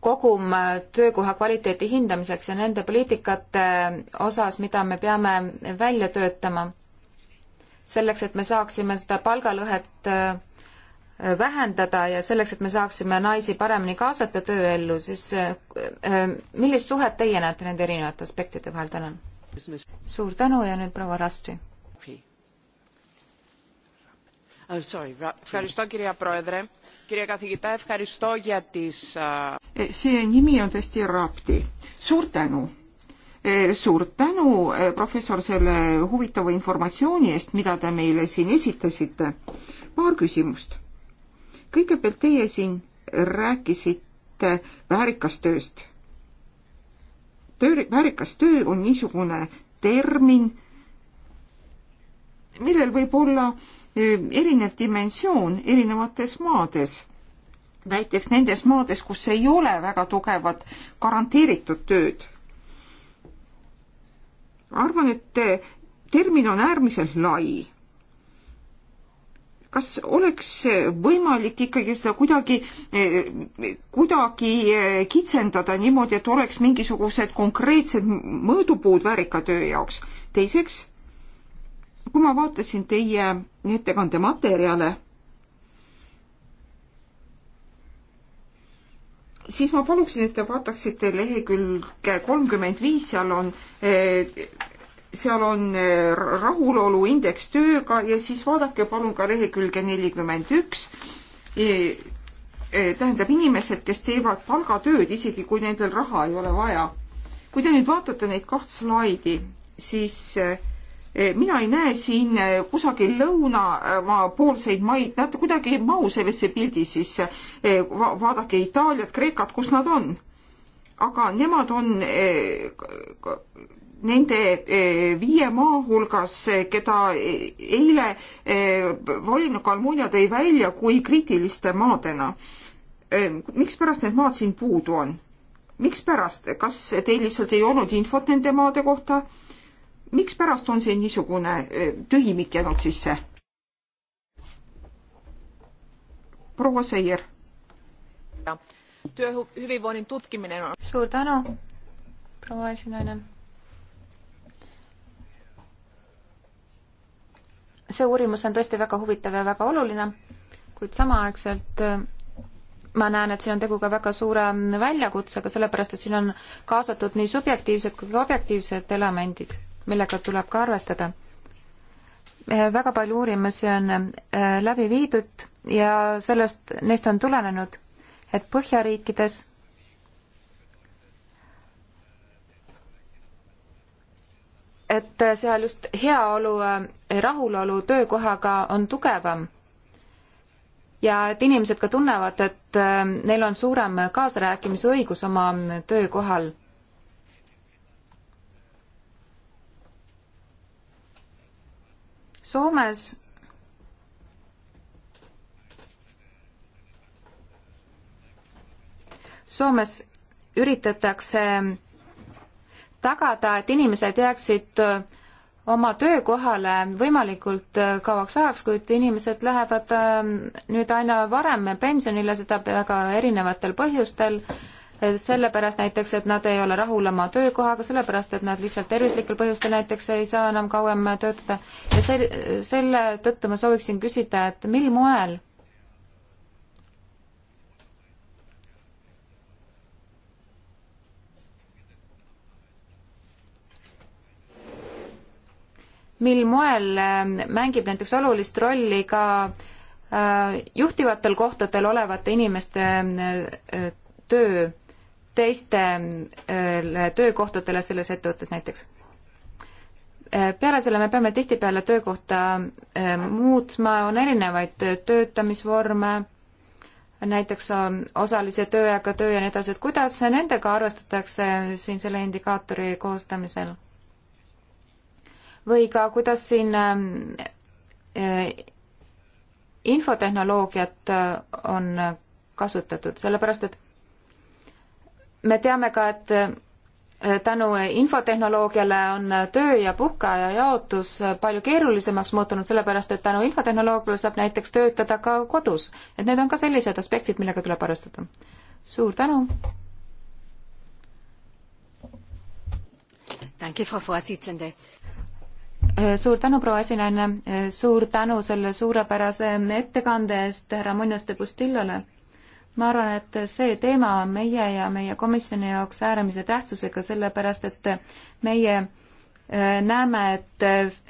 kogum töökoha kvaliteeti hindamiseks ja nende poliitikate osas, mida me peame välja töötama, selleks et me saaksime seda palgalõhet vähendada ja selleks, et me saaksime naisi paremini kaasata tööellu, siis äh, äh, millist suhet teie näete nende erinevate aspektide vahel, tänan? suur tänu ja nüüd proua Rastri. see nimi on tõesti Rapti, suur tänu suur tänu, professor, selle huvitava informatsiooni eest, mida te meile siin esitasite. paar küsimust kõigepealt teie siin rääkisite väärikast tööst. töö, väärikas töö on niisugune termin, millel võib olla e, erinev dimensioon erinevates maades. näiteks nendes maades, kus ei ole väga tugevat garanteeritud tööd. arvan, et termin on äärmiselt lai kas oleks võimalik ikkagi seda kuidagi, kuidagi eh, kitsendada niimoodi, et oleks mingisugused konkreetsed mõõdupuud väärika töö jaoks? teiseks, kui ma vaatasin teie ettekande materjale, siis ma paluksin, et te vaataksite lehekülge kolmkümmend viis, seal on eh, seal on eh, rahuloluindeks tööga ja siis vaadake palun ka lehekülge nelikümmend üks. E, e, tähendab inimesed, kes teevad palgatööd, isegi kui nendel raha ei ole vaja. kui te nüüd vaatate neid kaht slaidi, siis eh, eh, mina ei näe siin kusagil lõunamaa poolseid maid, nad kuidagi ei mahu sellesse pildi sisse. vaadake Itaaliat, Kreekat, kus nad on aga nemad on nende eh, viie maa hulgas, eh, keda eh, eile volinik Almunia tõi välja kui kriitiliste maadena. mikspärast need maad siin puudu on? mikspärast, kas teil lihtsalt ei olnud infot nende maade kohta? mikspärast on siin niisugune tühimik jäänud sisse? proua Seier. tööhyvinvoinnin tutkiminen on. suur tänu, proua esinaine see uurimus on tõesti väga huvitav ja väga oluline, kuid samaaegselt äh, ma näen, et siin on tegu ka väga suure väljakutsega, sellepärast et siin on kaasatud nii subjektiivsed kui ka objektiivsed elemendid, millega tuleb ka arvestada. Äh, väga palju uurimusi on äh, läbi viidud ja sellest, neist on tulenenud, et Põhjariikides et seal just heaolu, äh, rahulolu töökohaga on tugevam. ja et inimesed ka tunnevad, et äh, neil on suurem kaasarääkimisõigus oma töökohal. Soomes Soomes üritatakse tagada, et inimesed jääksid äh, oma töökohale võimalikult äh, kauaks ajaks, kuid inimesed lähevad ähm, nüüd aina varem pensionile, seda väga erinevatel põhjustel, äh, sellepärast näiteks, et nad ei ole rahul oma töökohaga, sellepärast et nad lihtsalt tervislikel põhjustel näiteks ei saa enam kauem töötada ja see, selle tõttu ma sooviksin küsida, et mil moel mil moel ähm, mängib näiteks olulist rolli ka äh, juhtivatel kohtadel olevate inimeste äh, äh, töö teistele töökohtadele selles ettevõttes näiteks. peale selle me peame tihtipeale töökohta muutma, on erinevaid töötamisvorme, näiteks osalise tööajaga töö ja nii edasi, et kuidas nendega arvestatakse siin selle indikaatori koostamisel? või ka kuidas siin ähm, äh, infotehnoloogiat äh, on kasutatud, sellepärast et me teame ka, et äh, tänu infotehnoloogiale on töö ja puhkeaja jaotus palju keerulisemaks muutunud, sellepärast et tänu infotehnoloogiale saab näiteks töötada ka kodus. et need on ka sellised aspektid, millega tuleb arvestada. suur tänu! Äh, suur tänu, proua esinaine, äh, suur tänu selle suurepärase ettekande eest härra Muinas de Bustillole. ma arvan, et see teema on meie ja meie komisjoni jaoks äärmise tähtsusega, sellepärast et meie äh, näeme, et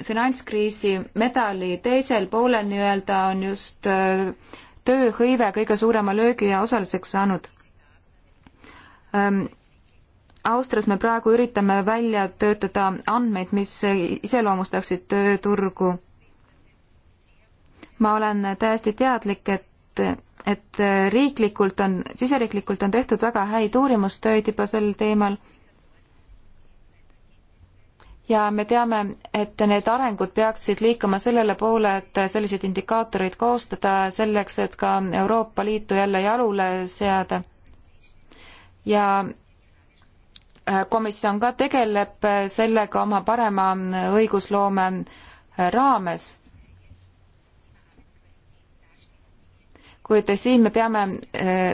finantskriisi medali teisel poolel nii-öelda on just tööhõive kõige suurema löögi ja osaliseks saanud ähm, Austrias me praegu üritame välja töötada andmeid, mis iseloomustaksid tööturgu. ma olen täiesti teadlik, et, et riiklikult on, siseriiklikult on tehtud väga häid uurimustöid juba sel teemal ja me teame, et need arengud peaksid liikuma sellele poole, et selliseid indikaatoreid koostada selleks, et ka Euroopa Liitu jälle jalule seada. ja Äh, komisjon ka tegeleb äh, sellega oma parema äh, õigusloome raames. kuid siin me peame,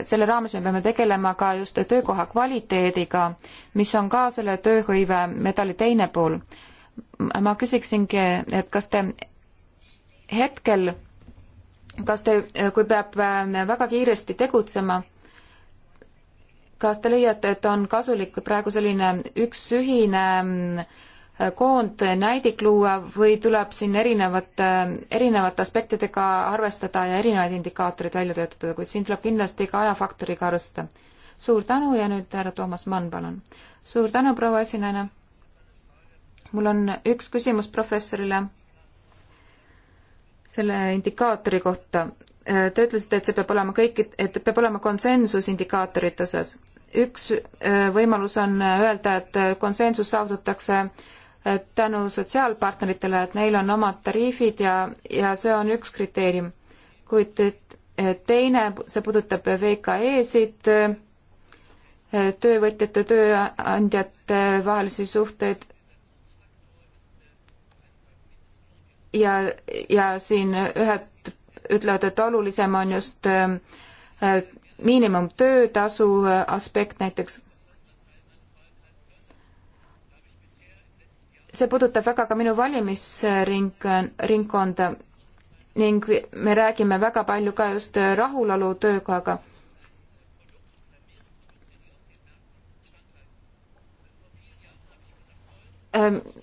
selle raames me peame tegelema ka just töökoha kvaliteediga, mis on ka selle tööhõive medali teine pool. ma küsiksingi, et kas te hetkel, kas te, kui peab väga kiiresti tegutsema, kas te leiate, et on kasulik praegu selline üks ühine mm, koondnäidik luua või tuleb siin erinevate, mm, erinevate aspektidega arvestada ja erinevaid indikaatoreid välja töötada, kuid siin tuleb kindlasti ka ajafaktoriga arvestada. suur tänu ja nüüd härra Toomas Mann, palun. suur tänu, proua esinaine. mul on üks küsimus professorile selle indikaatori kohta. Te ütlesite, et see peab olema kõik, et peab olema konsensus indikaatorite osas üks äh, võimalus on äh, öelda, et äh, konsensus saavutatakse tänu sotsiaalpartneritele, et neil on omad tariifid ja, ja see on üks kriteerium. kuid teine, see puudutab VKE-sid, töövõtjate, tööandjate vahelisi suhteid ja, ja siin ühed ütlevad, et olulisem on just miinimumtöötasu aspekt näiteks. see puudutab väga ka minu valimisring, ringkonda ning me räägime väga palju ka just rahulolu töökohaga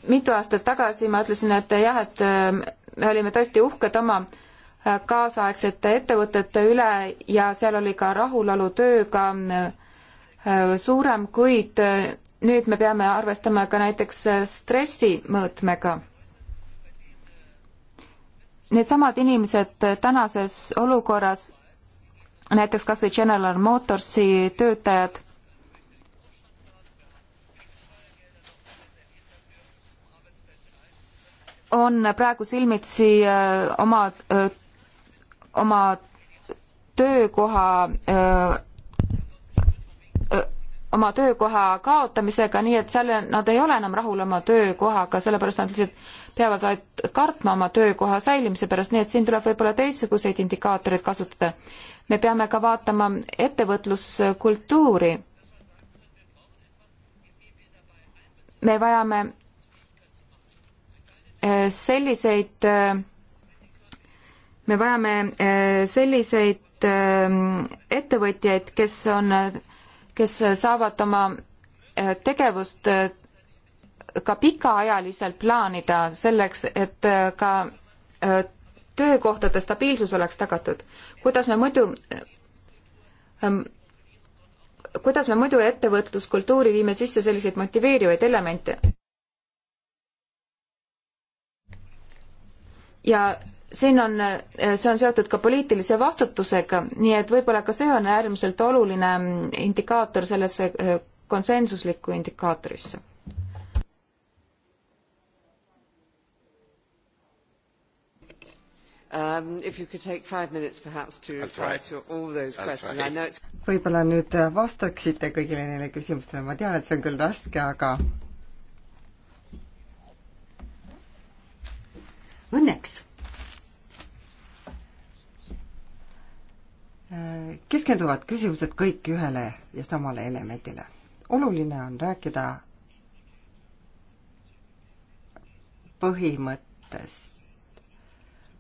mitu aastat tagasi ma ütlesin, et jah, et me olime tõesti uhked oma kaasaegsete ettevõtete üle ja seal oli ka rahulolu tööga äh, suurem, kuid äh, nüüd me peame arvestama ka näiteks äh, stressi mõõtmega. Needsamad inimesed tänases olukorras, näiteks kas või General Motorsi töötajad, on praegu silmitsi oma oma töökoha öö, oma töökoha kaotamisega, nii et seal nad ei ole enam rahul oma töökohaga, sellepärast nad lihtsalt peavad vaid kartma oma töökoha säilimise pärast, nii et siin tuleb võib-olla teistsuguseid indikaatoreid kasutada. me peame ka vaatama ettevõtluskultuuri. me vajame selliseid öö, me vajame äh, selliseid ähm, ettevõtjaid, kes on, kes saavad oma äh, tegevust äh, ka pikaajaliselt plaanida selleks, et ka töökohtade stabiilsus oleks tagatud. kuidas me muidu, ähm, kuidas me muidu ettevõtluskultuuri viime sisse selliseid motiveerivaid elemente? ja siin on, see on seotud ka poliitilise vastutusega, nii et võib-olla ka see on äärmiselt oluline indikaator sellesse eh, konsensuslikku indikaatorisse. Um, võib-olla nüüd vastaksite kõigile neile küsimustele, ma tean, et see on küll raske, aga õnneks keskenduvad küsimused kõik ühele ja samale elemendile. oluline on rääkida põhimõttest.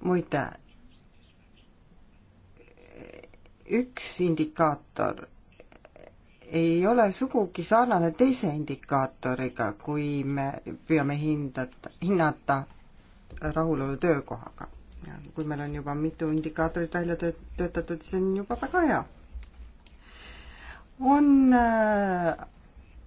muide, üks indikaator ei ole sugugi sarnane teise indikaatoriga, kui me püüame hindata, hinnata rahulolu töökohaga kui meil on juba mitu indikaatorit välja töötatud, siis on juba väga hea. on äh,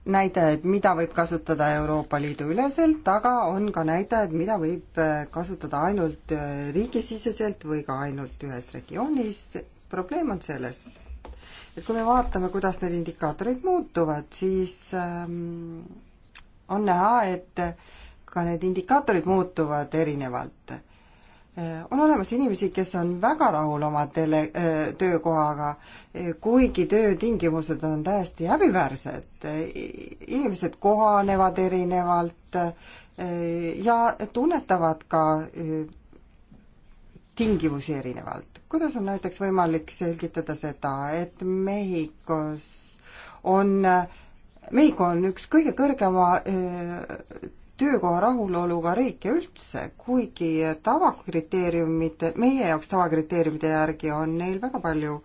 näide, et mida võib kasutada Euroopa Liidu üleselt, aga on ka näide, et mida võib äh, kasutada ainult äh, riigisiseselt või ka ainult ühes regioonis. probleem on selles, et kui me vaatame, kuidas need indikaatorid muutuvad, siis ähm, on näha, et ka need indikaatorid muutuvad erinevalt Äh, on olemas inimesi, kes on väga rahul oma tele, äh, töökohaga, äh, kuigi töötingimused on täiesti häbiväärsed. inimesed kohanevad erinevalt ja tunnetavad ka tingimusi erinevalt. kuidas on näiteks võimalik selgitada seda, et Mehhikos on Mehhiko on üks kõige kõrgema töökoha rahuloluga riik ja üldse, kuigi tavakriteeriumite, meie jaoks tavakriteeriumide järgi on neil väga palju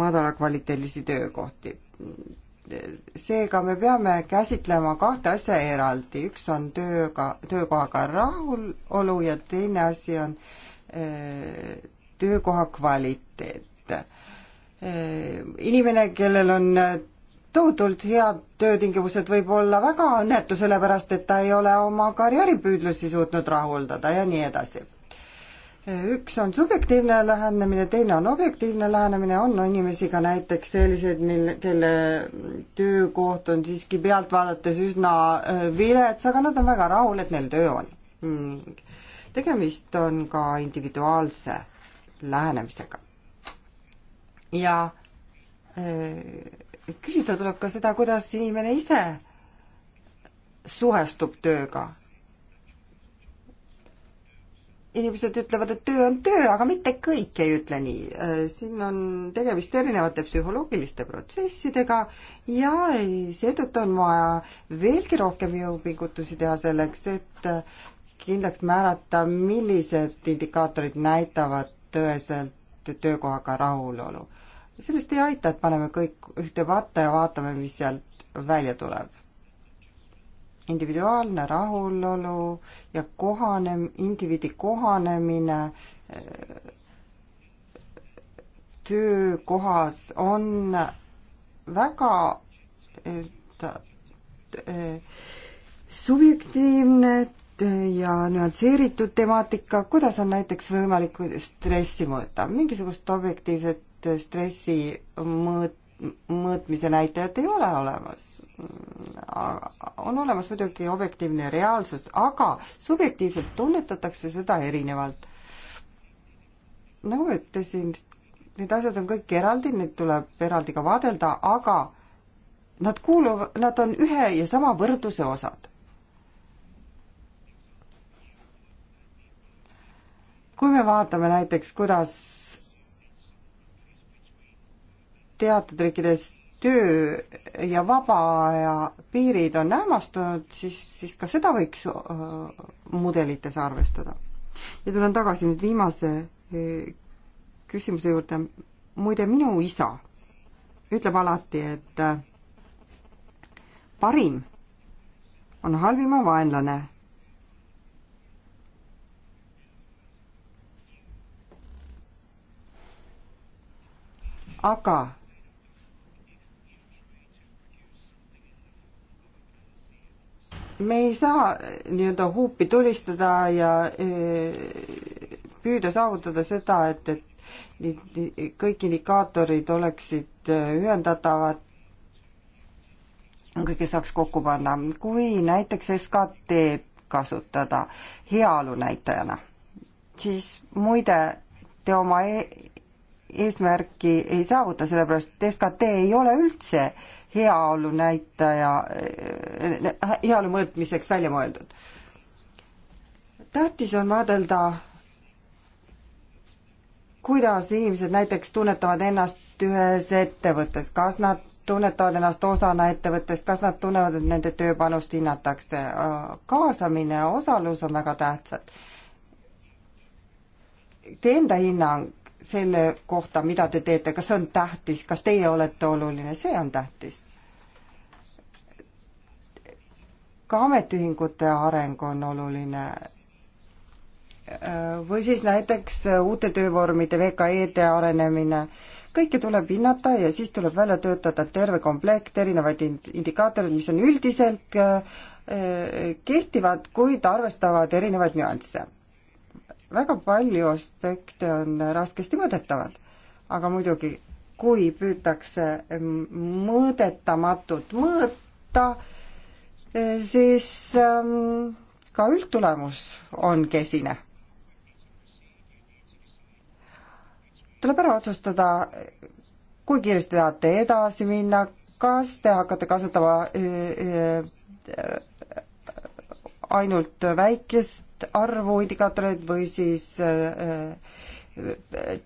madalakvaliteedilisi töökohti. seega me peame käsitlema kahte asja eraldi, üks on tööga, töökohaga rahulolu ja teine asi on öö, eh, töökoha kvaliteet. Eh, inimene, kellel on eh, tohutult head töötingimused, võib olla väga õnnetu, sellepärast et ta ei ole oma karjääripüüdlusi suutnud rahuldada ja nii edasi. üks on subjektiivne lähenemine, teine on objektiivne lähenemine, on inimesi ka näiteks selliseid, mil, kelle töökoht on siiski pealt vaadates üsna äh, vilets, aga nad on väga rahul, et neil töö on. tegemist on ka individuaalse lähenemisega. ja öö, äh, küsida tuleb ka seda, kuidas inimene ise suhestub tööga. inimesed ütlevad, et töö on töö, aga mitte kõik ei ütle nii. Äh, siin on tegemist erinevate psühholoogiliste protsessidega ja seetõttu on vaja veelgi rohkem jõupingutusi teha selleks, et äh, kindlaks määrata, millised indikaatorid näitavad tõeselt töökohaga rahulolu sellest ei aita, et paneme kõik ühte patta ja vaatame, mis sealt välja tuleb. individuaalne rahulolu ja kohane, indiviidi kohanemine eh, töökohas on väga ta, eh, subjektiivne ja nüansseeritud temaatika, kuidas on näiteks võimalik stressi mõõta, mingisugust objektiivset et stressi mõõt-, mõõtmise näitajat ei ole olemas. on olemas muidugi objektiivne reaalsus, aga subjektiivselt tunnetatakse seda erinevalt. nagu ma ütlesin, need asjad on kõik eraldi, neid tuleb eraldi ka vaadelda, aga nad kuuluvad, nad on ühe ja sama võrdluse osad. kui me vaatame näiteks, kuidas teatud riikides töö ja vaba aja piirid on hämmastunud, siis, siis ka seda võiks mudelites arvestada. ja tulen tagasi nüüd viimase küsimuse juurde. muide, minu isa ütleb alati, et parim on halvima vaenlane aga me ei saa nii-öelda huupi tulistada ja e, püüda saavutada seda, et, et kõik indikaatorid oleksid e, ühendatavad, kõike saaks kokku panna, kui näiteks SKT-d kasutada heaolu näitajana, siis muide, te oma e eesmärki ei saavuta, sellepärast et SKT ei ole üldse heaolu näitaja, heaolu mõõtmiseks välja mõeldud. tähtis on vaadelda, kuidas inimesed näiteks tunnetavad ennast ühes ettevõttes, kas nad tunnetavad ennast osana ettevõttest, kas nad tunnevad, et nende tööpanust hinnatakse. kaasamine ja osalus on väga tähtsad. Teie enda hinnang selle kohta, mida te teete, kas see on tähtis, kas teie olete oluline, see on tähtis. ka ametiühingute areng on oluline. või siis näiteks uute töövormide, VKE-de arenemine, kõike tuleb hinnata ja siis tuleb välja töötada terve komplekt erinevaid indikaatoreid, mis on üldiselt eh, kehtivad, kuid arvestavad erinevaid nüansse väga palju aspekte on raskesti mõõdetavad. aga muidugi, kui püütakse mõõdetamatut mõõta, siis ähm, ka üldtulemus on kesine. tuleb ära otsustada, kui kiiresti tahate edasi minna, kas te hakkate kasutama äh, äh, ainult väikest arvu indikaatoreid või siis äh, äh,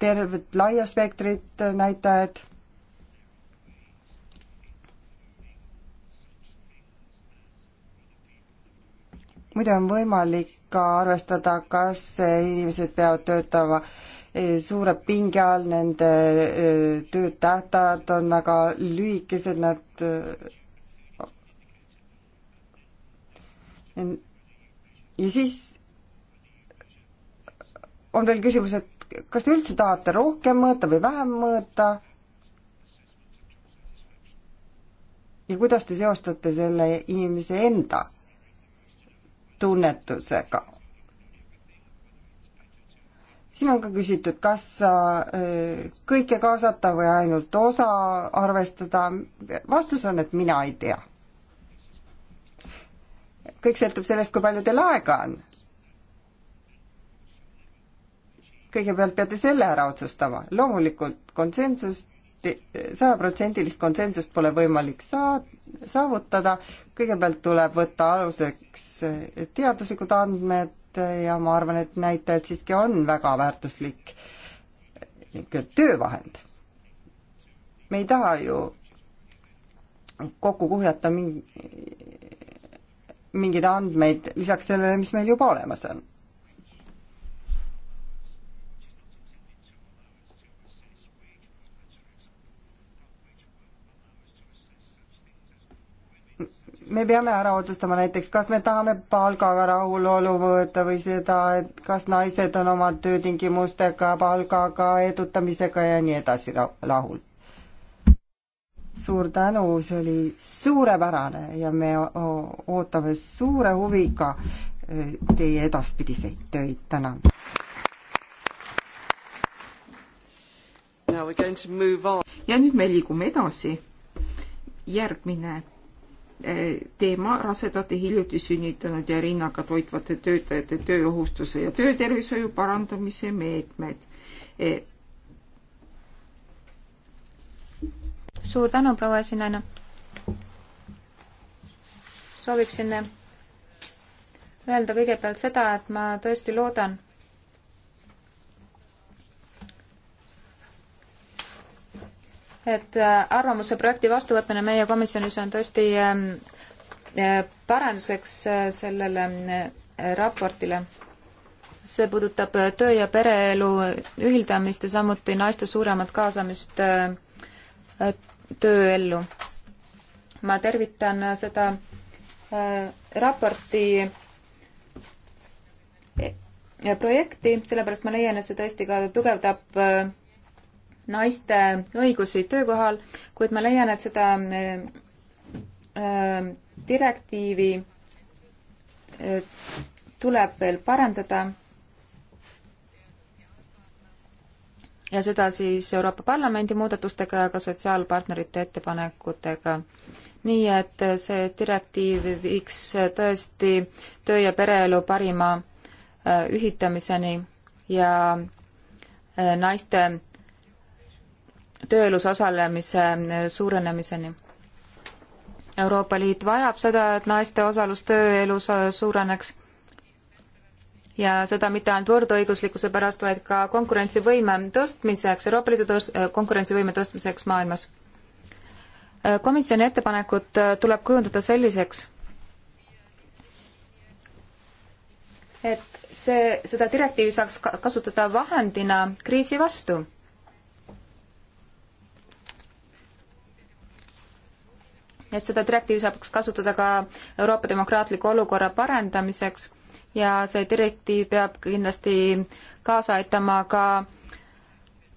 tervet laia spektrit näitajad. muide, on võimalik ka arvestada, kas inimesed peavad töötama äh, suure pinge all, nende töötähtajad on väga lühikesed, nad ja siis on veel küsimus, et kas te üldse tahate rohkem mõõta või vähem mõõta? ja kuidas te seostate selle inimese enda tunnetusega? siin on ka küsitud, kas äh, kõike kaasata või ainult osa arvestada. vastus on, et mina ei tea. kõik sõltub sellest, kui palju teil aega on kõigepealt peate selle ära otsustama. loomulikult konsensust, sajaprotsendilist konsensust pole võimalik saa-, saavutada, kõigepealt tuleb võtta aluseks eh, teaduslikud andmed ja ma arvan, et näitajad siiski on väga väärtuslik eh, niisugune töövahend. me ei taha ju kokku kuhjata mingi, mingeid andmeid lisaks sellele, mis meil juba olemas on me peame ära otsustama näiteks, kas me tahame palgaga rahulolu mõõta või seda, et kas naised on oma töötingimustega, palgaga, edutamisega ja nii edasi rahul. suur tänu, see oli suurepärane ja me ootame suure huviga eh, teie edaspidiseid töid, tänan. ja nüüd me liigume edasi. järgmine teema rasedate hiljuti sünnitanud ja rinnaga toitvate töötajate tööohutuse ja töötervishoiu parandamise meetmed. E, suur tänu, proua esinaine. sooviksin öelda kõigepealt seda, et ma tõesti loodan, et äh, arvamuse projekti vastuvõtmine meie komisjonis on tõesti ähm, äh, paranduseks äh, sellele raportile. see puudutab töö- ja pereelu ühildamist ja samuti naiste suuremat kaasamist tööellu. ma tervitan seda raporti projekti, sellepärast ma leian, et see tõesti ka tugevdab naiste õigusi töökohal, kuid ma leian, et seda äh, äh, direktiivi äh, tuleb veel parandada. ja seda siis Euroopa Parlamendi muudatustega ja ka sotsiaalpartnerite ettepanekutega. nii et see direktiiv viiks tõesti töö ja pereelu parima ühitamiseni ja naiste tööelus osalemise eh, suurenemiseni. Euroopa Liit vajab seda, et naiste osalus tööelus eh, suureneks ja seda mitte ainult võrdõiguslikkuse pärast, vaid ka konkurentsivõime tõstmiseks, Euroopa Liidu tõst-, eh, konkurentsivõime tõstmiseks maailmas. komisjoni ettepanekut tuleb kujundada selliseks, et see, seda direktiivi saaks kasutada vahendina kriisi vastu et seda direktiivi saaks kasutada ka Euroopa demokraatliku olukorra parendamiseks ja see direktiiv peab kindlasti kaasa aitama ka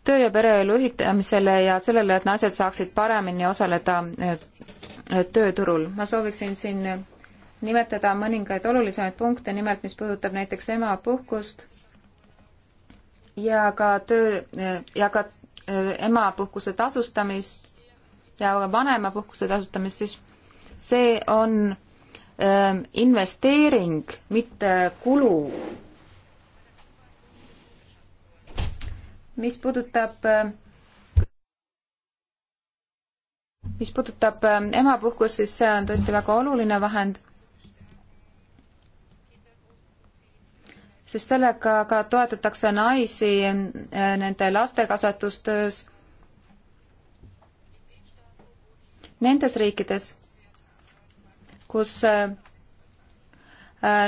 töö- ja pereelu ühitamisele ja sellele, et naised saaksid paremini osaleda äh, tööturul. ma sooviksin siin nimetada mõningaid olulisemaid punkte, nimelt mis puudutab näiteks emapuhkust ja ka töö äh, ja ka äh, emapuhkuse tasustamist ja vanemapuhkuse tasutamist, siis see on ähm, investeering, mitte kulu. mis puudutab, ähm, mis puudutab ähm, emapuhkust, siis see on tõesti väga oluline vahend. sest sellega ka toetatakse naisi äh, nende laste kasvatustöös nendes riikides, kus äh,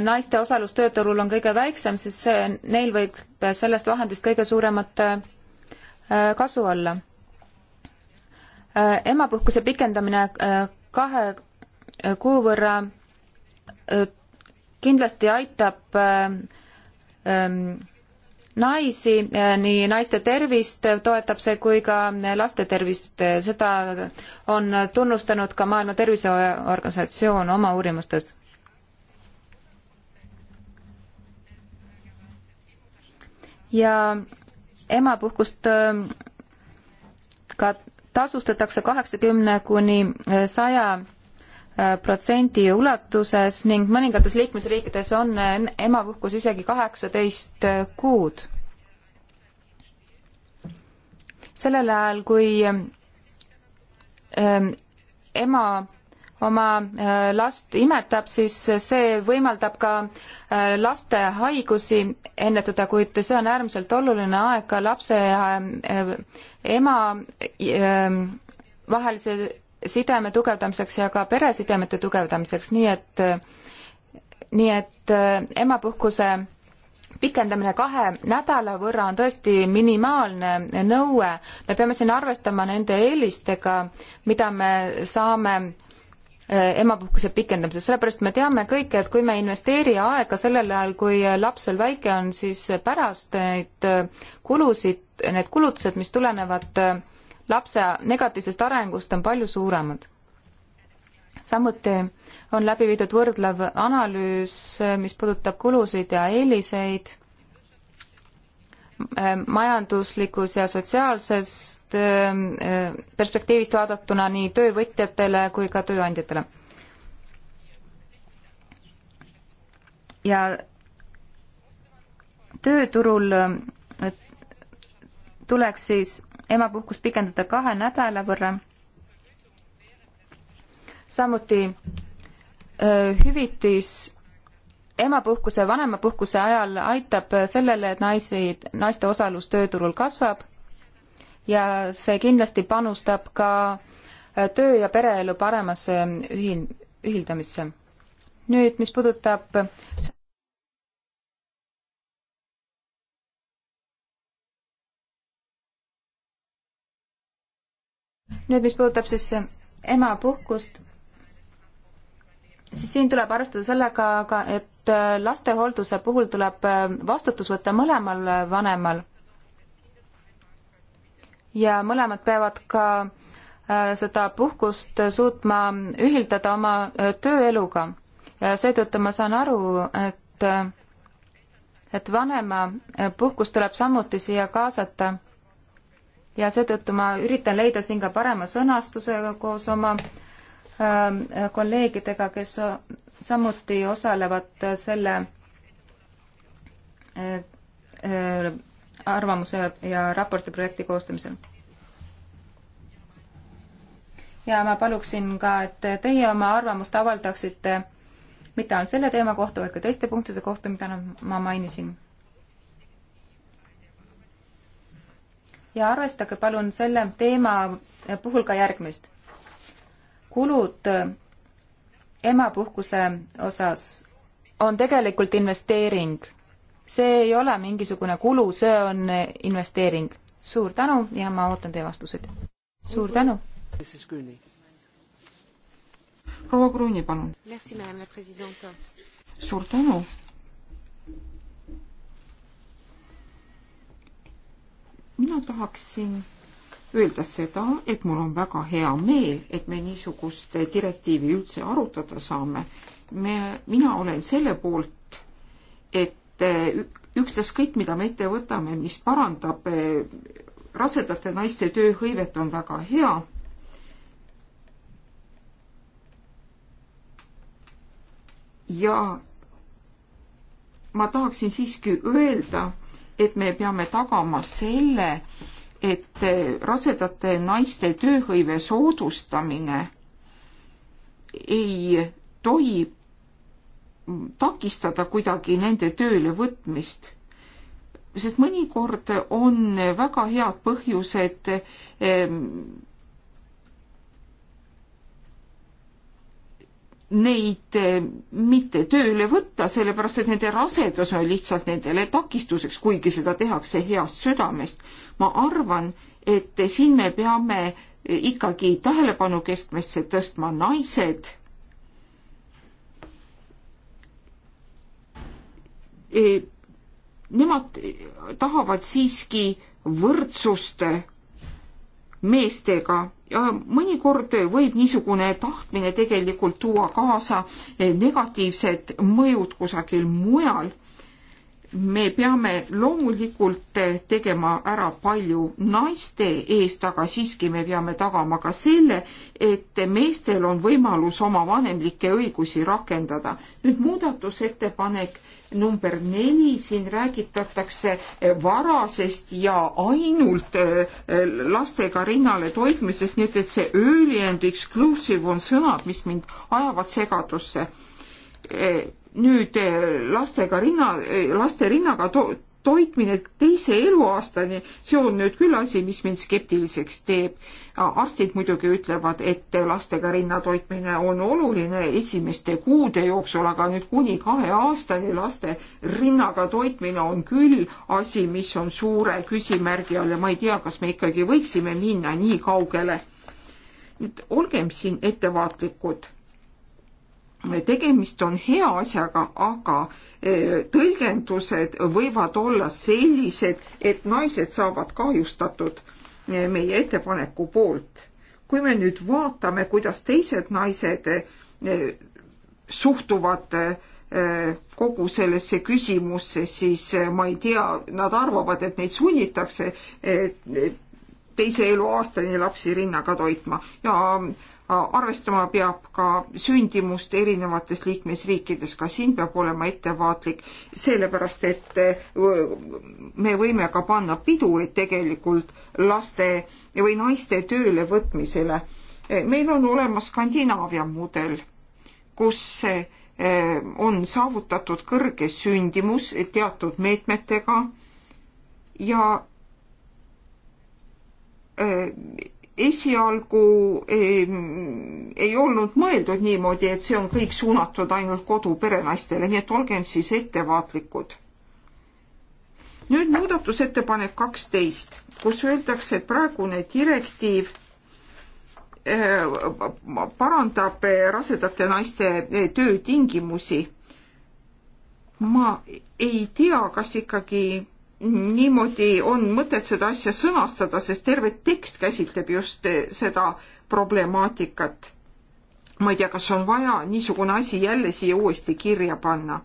naiste osalus tööturul on kõige väiksem, siis see, neil võib sellest vahendist kõige suuremat äh, kasu olla. Äh, emapuhkuse pikendamine kahe kuu võrra kindlasti aitab ähm, naisi, eh, nii naiste tervist toetab see kui ka laste tervist, seda on tunnustanud ka Maailma Terviseorganisatsioon oma uurimustes. ja emapuhkust eh, ka tasustatakse kaheksakümne kuni saja protsendi ulatuses ning mõningates liikmesriikides on emapuhkus isegi kaheksateist kuud. sellel ajal, kui ähm, ema oma äh, last imetab, siis see võimaldab ka äh, laste haigusi ennetada, kuid see on äärmiselt oluline aeg ka lapse ja äh, ema vahelise sideme tugevdamiseks ja ka peresidemete tugevdamiseks, nii et, nii et äh, emapuhkuse pikendamine kahe nädala võrra on tõesti minimaalne nõue. me peame siin arvestama nende eelistega, mida me saame äh, emapuhkuse pikendamisest, sellepärast me teame kõike, et kui me ei investeeri aega sellel ajal, kui laps veel väike on, siis pärast neid äh, kulusid, need kulutused, mis tulenevad äh, lapse negatiivsest arengust on palju suuremad. samuti on läbi viidud võrdlev analüüs, mis puudutab kulusid ja eeliseid majanduslikus ja sotsiaalsest perspektiivist vaadatuna nii töövõtjatele kui ka tööandjatele. ja tööturul tuleks siis emapuhkust pikendada kahe nädala võrra. samuti hüvitis emapuhkuse, vanemapuhkuse ajal aitab sellele, et naisi, naiste osalus tööturul kasvab ja see kindlasti panustab ka töö- ja pereelu paremasse ühil-, ühildamisse. nüüd, mis puudutab nüüd, mis puudutab siis emapuhkust, siis siin tuleb arvestada sellega ka, et äh, lastehoolduse puhul tuleb äh, vastutus võtta mõlemal vanemal. ja mõlemad peavad ka äh, seda puhkust suutma ühildada oma tööeluga. ja seetõttu ma saan aru, et, et vanema puhkus tuleb samuti siia kaasata ja seetõttu ma üritan leida siin ka parema sõnastuse koos oma ähm, kolleegidega, kes samuti osalevad selle äh, äh, arvamuse ja raporti projekti koostamisel. ja ma paluksin ka, et teie oma arvamust avaldaksite mitte ainult selle teema kohta, vaid ka teiste punktide kohta, mida ma mainisin ja arvestage palun selle teema puhul ka järgmist. kulud äh, emapuhkuse osas on tegelikult investeering. see ei ole mingisugune kulu, see on äh, investeering. suur tänu ja ma ootan teie vastuseid. suur tänu. proua Kruuni, palun. suur tänu mina tahaksin öelda seda, et mul on väga hea meel, et me niisugust direktiivi üldse arutada saame. me, mina olen selle poolt, et eh, ükstaskõik, mida me ette võtame, mis parandab eh, rasedate naiste tööhõivet, on väga hea. ja ma tahaksin siiski öelda, et me peame tagama selle, et rasedate naiste tööhõive soodustamine ei tohi takistada kuidagi nende tööle võtmist. sest mõnikord on väga head põhjused ehm, neid eh, mitte tööle võtta, sellepärast et nende rasedus on lihtsalt nendele takistuseks, kuigi seda tehakse heast südamest. ma arvan, et siin me peame eh, ikkagi tähelepanu keskmesse tõstma naised. Eh, nemad tahavad siiski võrdsust meestega ja mõnikord võib niisugune tahtmine tegelikult tuua kaasa eh, negatiivsed mõjud kusagil mujal. me peame loomulikult eh, tegema ära palju naiste eest, aga siiski me peame tagama ka selle, et meestel on võimalus oma vanemlikke õigusi rakendada. nüüd muudatusettepanek number neli, siin räägitatakse eh, varasest ja ainult eh, lastega rinnale toitmisest, nii et, et see early and exclusive on sõnad, mis mind ajavad segadusse. Eh, nüüd lastega rinna, laste rinnaga to-, toitmine teise eluaastani, see on nüüd küll asi, mis mind skeptiliseks teeb. arstid muidugi ütlevad, et lastega rinnatoitmine on oluline esimeste kuude jooksul, aga nüüd kuni kahe aastani laste rinnaga toitmine on küll asi, mis on suure küsimärgi all ja ma ei tea, kas me ikkagi võiksime minna nii kaugele. nüüd olgem siin ettevaatlikud tegemist on hea asjaga, aga eh, tõlgendused võivad olla sellised, et naised saavad kahjustatud eh, meie ettepaneku poolt. kui me nüüd vaatame, kuidas teised naised eh, suhtuvad kogu sellesse küsimusse, siis ma ei tea, nad arvavad, et neid sunnitakse teise eluaastani lapsi rinnaga toitma ja Äh, arvestama peab ka sündimust erinevates liikmesriikides, ka siin peab olema ettevaatlik, sellepärast et äh, me võime ka panna pidurid tegelikult laste või naiste tööle võtmisele. Äh, meil on olemas Skandinaavia mudel, kus on saavutatud kõrge sündimus teatud meetmetega ja esialgu ei, ei olnud mõeldud niimoodi, et see on kõik suunatud ainult koduperenaistele, nii et olgem siis ettevaatlikud. nüüd muudatusettepanek kaksteist, kus öeldakse, et praegune direktiiv eh, parandab eh, rasedate naiste eh, töötingimusi. ma ei tea, kas ikkagi niimoodi on mõtet seda asja sõnastada, sest terve tekst käsitleb just eh, seda problemaatikat. ma ei tea, kas on vaja niisugune asi jälle siia uuesti kirja panna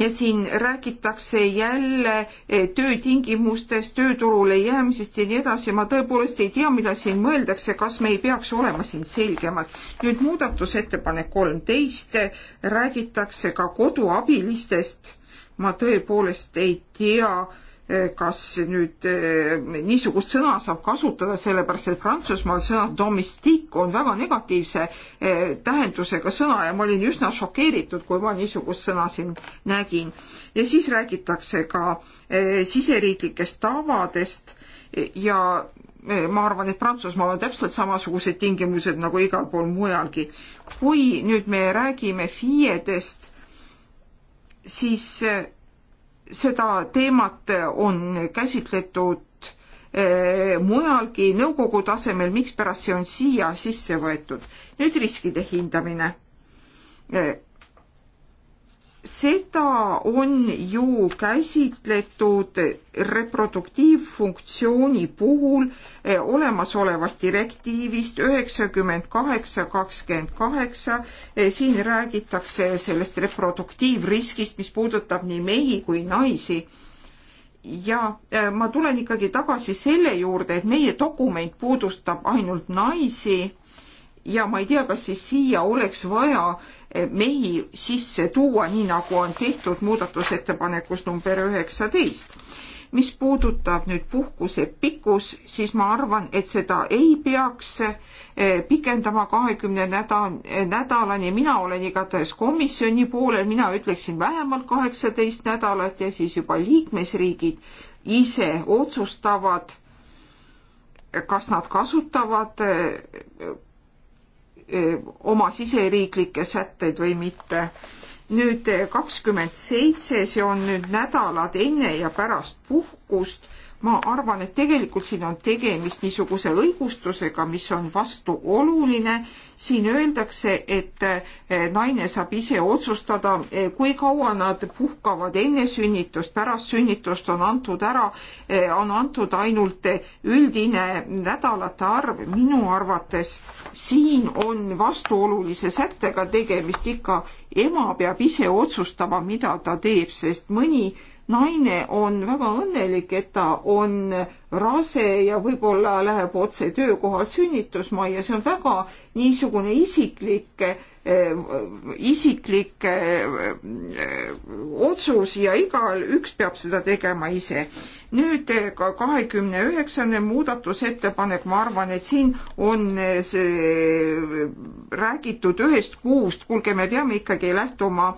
ja siin räägitakse jälle eh, töötingimustest, tööturule jäämisest ja nii edasi. ma tõepoolest ei tea, mida siin mõeldakse, kas me ei peaks olema siin selgemad. nüüd muudatusettepanek kolmteist, eh, räägitakse ka koduabilistest. ma tõepoolest ei tea kas nüüd eh, niisugust sõna saab kasutada, sellepärast et Prantsusmaal sõna domestik on väga negatiivse eh, tähendusega sõna ja ma olin üsna šokeeritud, kui ma niisugust sõna siin nägin. ja siis räägitakse ka eh, siseriiklikest tavadest ja ma arvan, et Prantsusmaal on täpselt samasugused tingimused nagu igal pool mujalgi. kui nüüd me räägime FIE-dest, siis seda teemat on käsitletud eh, mujalgi nõukogu tasemel, mikspärast see on siia sisse võetud. nüüd riskide hindamine eh, seda on ju käsitletud reproduktiivfunktsiooni puhul eh, olemasolevast direktiivist üheksakümmend kaheksa kakskümmend kaheksa. Eh, siin räägitakse sellest reproduktiivriskist, mis puudutab nii mehi kui naisi. ja eh, ma tulen ikkagi tagasi selle juurde, et meie dokument puudustab ainult naisi ja ma ei tea, kas siis siia oleks vaja äh, mehi sisse tuua, nii nagu on tehtud muudatusettepanekus number üheksateist. mis puudutab nüüd puhkuse pikkus, siis ma arvan, et seda ei peaks eh, pikendama kahekümne nädal, nädalani, mina olen igatahes komisjoni poolel, mina ütleksin vähemalt kaheksateist nädalat ja siis juba liikmesriigid ise otsustavad, kas nad kasutavad eh, Eh, oma siseriiklikke sätteid või mitte. nüüd eh, kakskümmend seitse, see on nüüd nädalad enne ja pärast puhkust ma arvan, et tegelikult siin on tegemist niisuguse õigustusega, mis on vastuoluline. siin öeldakse, et eh, naine saab ise otsustada, eh, kui kaua nad puhkavad enne sünnitust, pärast sünnitust on antud ära, eh, on antud ainult üldine nädalate arv. minu arvates siin on vastuolulise sättega tegemist ikka, ema peab ise otsustama, mida ta teeb, sest mõni naine on väga õnnelik, et ta on rase ja võib-olla läheb otse töökohalt sünnitusmajja, see on väga niisugune isiklik eh, isiklik eh, eh, otsus ja igalüks peab seda tegema ise. nüüd ka kahekümne üheksane muudatusettepanek, ma arvan, et siin on see räägitud ühest kuust, kuulge, me peame ikkagi lähtuma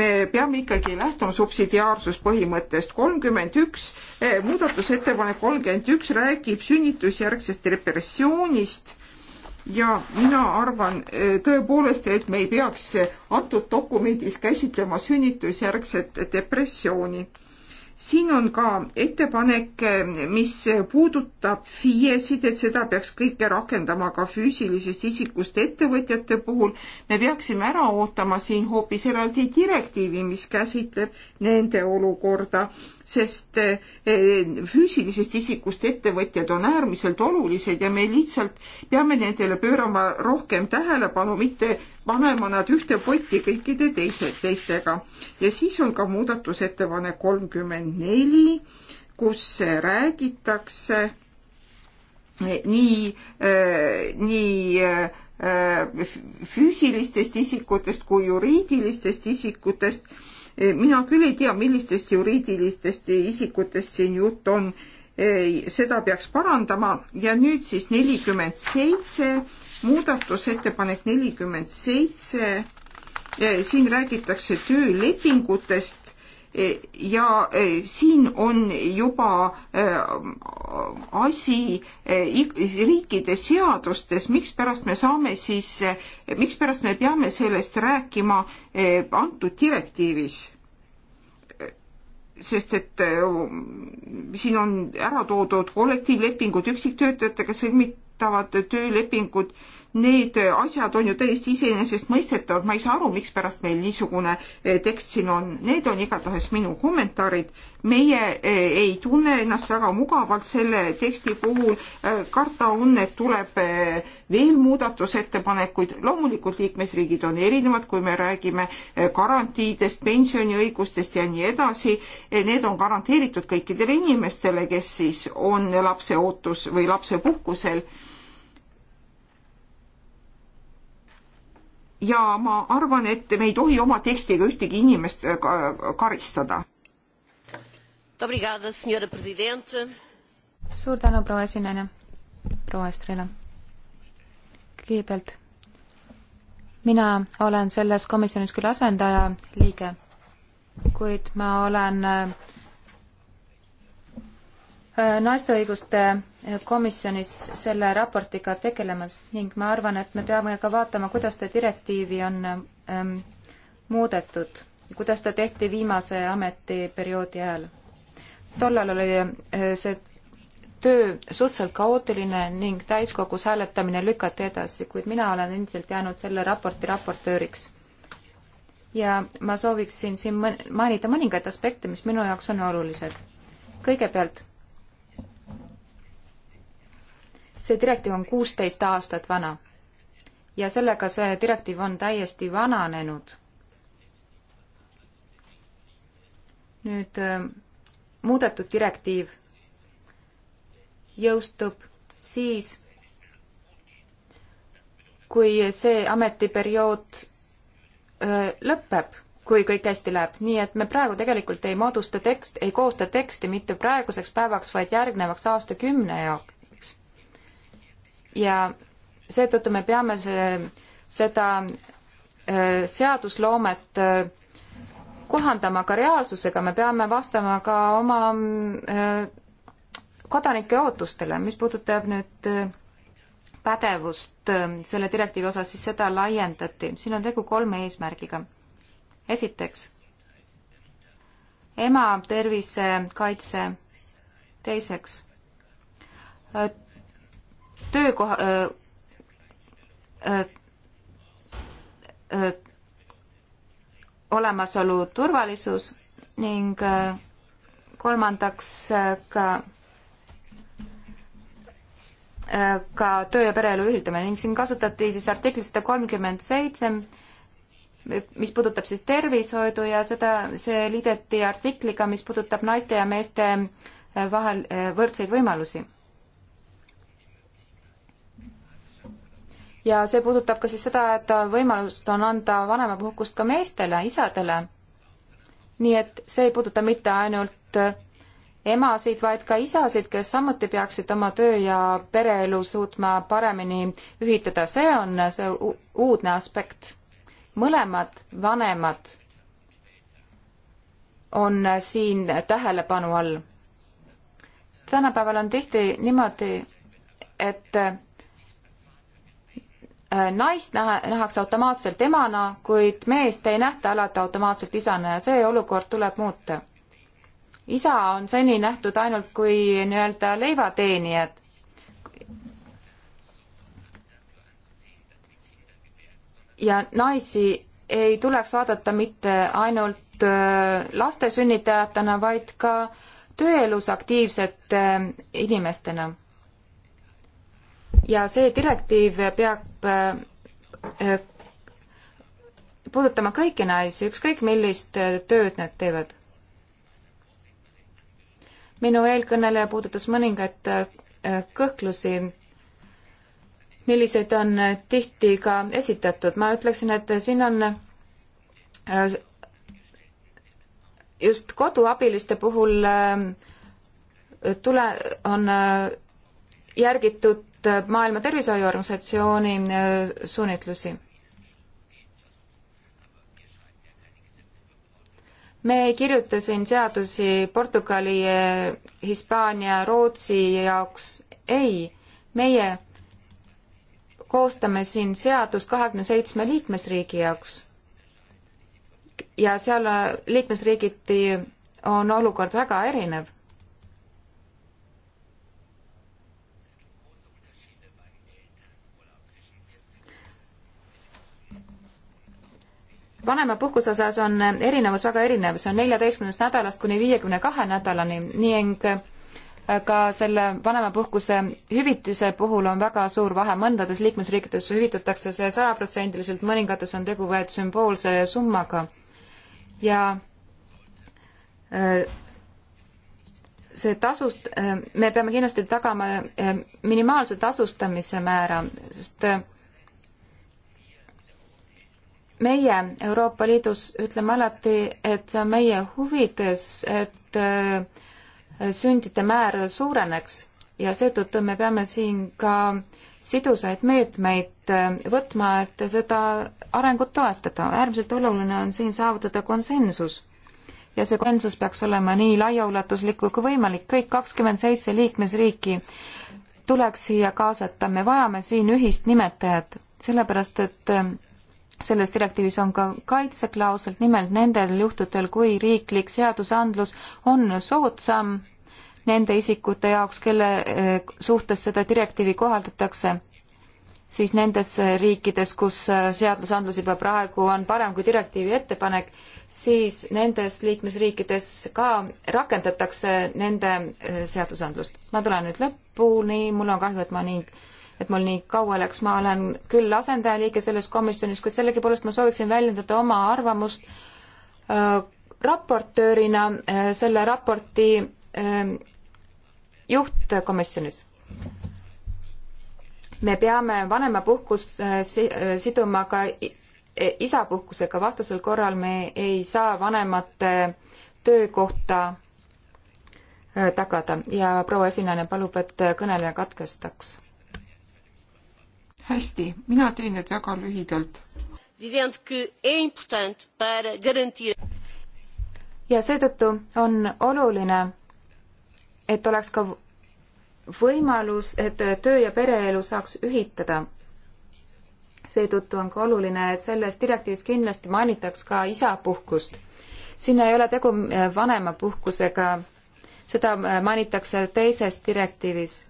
me peame ikkagi lähtuma subsidiaarsuspõhimõttest. kolmkümmend üks, eh, muudatusettepanek kolmkümmend üks räägib sünnitusjärgsest repressioonist ja mina arvan eh, tõepoolest, et me ei peaks antud dokumendis käsitlema sünnitusjärgset depressiooni siin on ka ettepanek, mis puudutab FIE-sid, et seda peaks kõike rakendama ka füüsilisest isikust ettevõtjate puhul. me peaksime ära ootama siin hoopis eraldi direktiivi, mis käsitleb nende olukorda sest eh, eh, füüsilisest isikust ettevõtjad on äärmiselt olulised ja me lihtsalt peame nendele pöörama rohkem tähelepanu, mitte panema nad ühte potti kõikide teise, teistega. ja siis on ka muudatusettepanek kolmkümmend neli, kus räägitakse nii, eh, nii füüsilistest isikutest kui juriidilistest isikutest Eh, mina küll ei tea, millistest juriidilistest isikutest siin jutt on. Eh, seda peaks parandama ja nüüd siis nelikümmend seitse, muudatusettepanek nelikümmend seitse. Eh, siin räägitakse töölepingutest ja e, siin on juba e, asi e, riikide seadustes, mikspärast me saame siis, mikspärast me peame sellest rääkima antud direktiivis? sest et siin on ära toodud kollektiivlepingud, üksiktöötajatega sõlmitavad töölepingud, need asjad on ju täiesti iseenesestmõistetavad, ma ei saa aru, mikspärast meil niisugune eh, tekst siin on, need on igatahes minu kommentaarid. meie eh, ei tunne ennast väga mugavalt selle teksti puhul, eh, karta on, et tuleb veel muudatusettepanekuid, loomulikult liikmesriigid on erinevad, kui me räägime garantiidest, pensioniõigustest ja nii edasi, need on garanteeritud kõikidele inimestele, kes siis on lapseootus või lapsepuhkusel ja ma arvan, et me ei tohi oma tekstiga ühtegi inimest äh, karistada. suur tänu, proua esinaine, proua Estrela. kõigepealt, mina olen selles komisjonis küll asendaja liige, kuid ma olen äh, Äh, naiste õiguste äh, komisjonis selle raportiga tegelemas ning ma arvan, et me peame ka vaatama, kuidas seda direktiivi on ähm, muudetud, kuidas ta tehti viimase ametiperioodi ajal. tollal oli äh, see töö suhteliselt kaootiline ning täiskogus hääletamine lükati edasi, kuid mina olen endiselt jäänud selle raporti raportööriks. ja ma sooviksin siin mainida mõningaid aspekte, mis minu jaoks on olulised. kõigepealt see direktiiv on kuusteist aastat vana ja sellega see direktiiv on täiesti vananenud. nüüd äh, muudetud direktiiv jõustub siis, kui see ametiperiood äh, lõpeb, kui kõik hästi läheb, nii et me praegu tegelikult ei moodusta tekst, ei koosta teksti mitte praeguseks päevaks, vaid järgnevaks aastakümne jaoks ja seetõttu me peame see, seda äh, seadusloomet äh, kohandama ka reaalsusega, me peame vastama ka oma äh, kodanike ootustele, mis puudutab nüüd pädevust selle direktiivi osas, siis seda laiendati. siin on tegu kolme eesmärgiga. esiteks, ema tervise kaitse. teiseks, töökoha öö, öö, olemasolu turvalisus ning kolmandaks ka ka töö ja pereelu ühildamine ning siin kasutati siis artiklis sada kolmkümmend seitse, mis puudutab siis tervishoidu ja seda, see liideti artikliga, mis puudutab naiste ja meeste vahel võrdseid võimalusi ja see puudutab ka siis seda, et võimalust on anda vanemapuhkust ka meestele, isadele. nii et see ei puuduta mitte ainult emasid, vaid ka isasid, kes samuti peaksid oma töö ja pereelu suutma paremini ühitada, see on see uudne aspekt. mõlemad vanemad on siin tähelepanu all. tänapäeval on tihti niimoodi, et Äh, naist näha, nähakse automaatselt emana, kuid meest ei nähta alati automaatselt isana ja see olukord tuleb muuta. isa on seni nähtud ainult kui nii-öelda leivateenijad. ja naisi ei tuleks vaadata mitte ainult äh, laste sünnitajatena, vaid ka tööelus aktiivsete äh, inimestena ja see direktiiv peab äh, äh, puudutama kõiki naisi, ükskõik millist äh, tööd nad teevad. minu eelkõneleja puudutas mõningaid kõhklusi, millised on tihti ka esitatud. ma ütleksin, et siin on just koduabiliste puhul tule, on järgitud tegelikult Maailma Tervishoiuorganisatsiooni äh, suunitlusi. me kirjutasin seadusi Portugali, äh, Hispaania, Rootsi jaoks, ei, meie koostame siin seadust kahekümne seitsme liikmesriigi jaoks. ja seal äh, liikmesriigiti on olukord väga erinev. vanemapuhkuse osas on erinevus väga erinev, see on neljateistkümnest nädalast kuni viiekümne kahe nädalani ning äh, ka selle vanemapuhkuse hüvitise puhul on väga suur vahe, mõndades liikmesriikides hüvitatakse see sajaprotsendiliselt, mõningates on tegu vaid sümboolse summaga. ja äh, see tasust, äh, me peame kindlasti tagama minimaalse tasustamise määra, sest meie Euroopa Liidus ütleme alati, et see on meie huvides, et äh, sündide määr suureneks ja seetõttu me peame siin ka sidusaid meetmeid äh, võtma, et seda arengut toetada. äärmiselt oluline on siin saavutada konsensus. ja see konsensus peaks olema nii laiaulatuslik kui võimalik, kõik kakskümmend seitse liikmesriiki tuleks siia kaasata, me vajame siin ühist nimetajat, sellepärast et äh, selles direktiivis on ka kaitseklauselt, nimelt nendel juhtudel, kui riiklik seadusandlus on soodsam nende isikute jaoks, kelle eh, suhtes seda direktiivi kohaldatakse, siis nendes eh, riikides, kus eh, seadusandlus juba praegu on parem kui direktiivi ettepanek, siis nendes liikmesriikides ka rakendatakse nende seadusandlust. ma tulen nüüd lõpuni, mul on kahju, et ma nii et mul nii kaua läks, ma olen küll asendajaliige selles komisjonis, kuid sellegipoolest ma sooviksin väljendada oma arvamust äh, raportöörina äh, selle raporti äh, juhtkomisjonis. me peame vanemapuhkus äh, si äh, siduma ka e-, isapuhkusega, vastasel korral me ei saa vanemate töökohta äh, tagada ja proua esinejana palub, et kõneleja katkestaks hästi, mina teen nüüd väga lühidalt. ja seetõttu on oluline, et oleks ka võimalus, et töö ja pereelu saaks ühitada. seetõttu on ka oluline, et selles direktiivis kindlasti mainitaks ka isapuhkust. siin ei ole tegu äh, vanemapuhkusega, seda äh, mainitakse teises direktiivis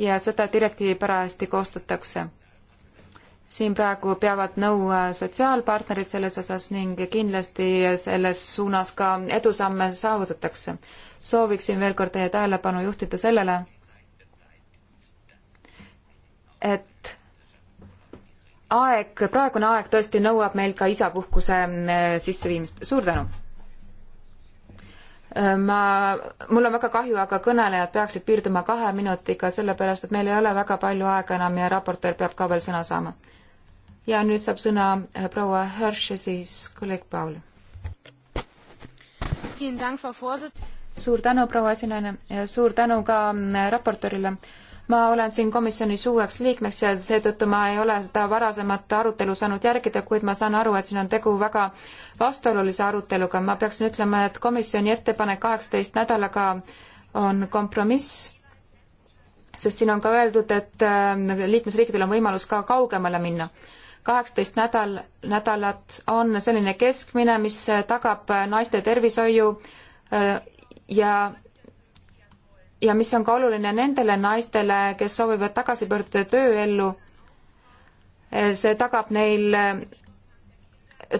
ja seda direktiivi parajasti koostatakse. siin praegu peavad nõu äh, sotsiaalpartnerid selles osas ning kindlasti selles suunas ka edusamme saavutatakse. sooviksin veel kord teie tähelepanu juhtida sellele, et aeg, praegune aeg tõesti nõuab meilt ka isapuhkuse äh, sisseviimist. suur tänu! ma, mul on väga kahju, aga kõnelejad peaksid piirduma kahe minutiga, sellepärast et meil ei ole väga palju aega enam ja raportöör peab ka veel sõna saama. ja nüüd saab sõna äh, proua Hirsch ja siis kolleeg Paul. suur tänu, proua esinaine, ja suur tänu ka äh, raportöörile ma olen siin komisjonis uueks liikmeks ja seetõttu ma ei ole seda varasemat arutelu saanud järgida, kuid ma saan aru, et siin on tegu väga vastuolulise aruteluga. ma peaksin ütlema, et komisjoni ettepanek kaheksateist nädalaga on kompromiss, sest siin on ka öeldud, et äh, liikmesriikidel on võimalus ka kaugemale minna kaheksateist nädal, nädalat on selline keskmine, mis tagab naiste tervishoiu äh, ja ja mis on ka oluline nendele naistele, kes soovivad tagasi pöörduda tööellu, eh, see tagab neil eh,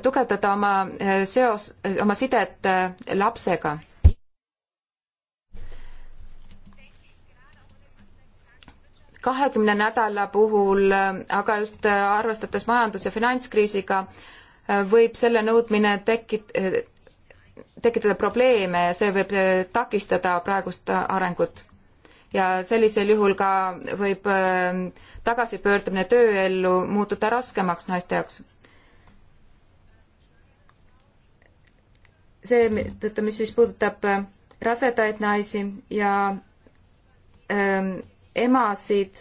tugevdada oma eh, seos, oma sidet lapsega. kahekümne nädala puhul, aga just arvestades majandus- ja finantskriisiga, võib selle nõudmine tekit-, tekitada probleeme ja see võib äh, takistada praegust arengut. ja sellisel juhul ka võib äh, tagasipöördumine tööellu muutuda raskemaks naiste jaoks. seetõttu, mis siis puudutab äh, rasedaid naisi ja ähm, emasid,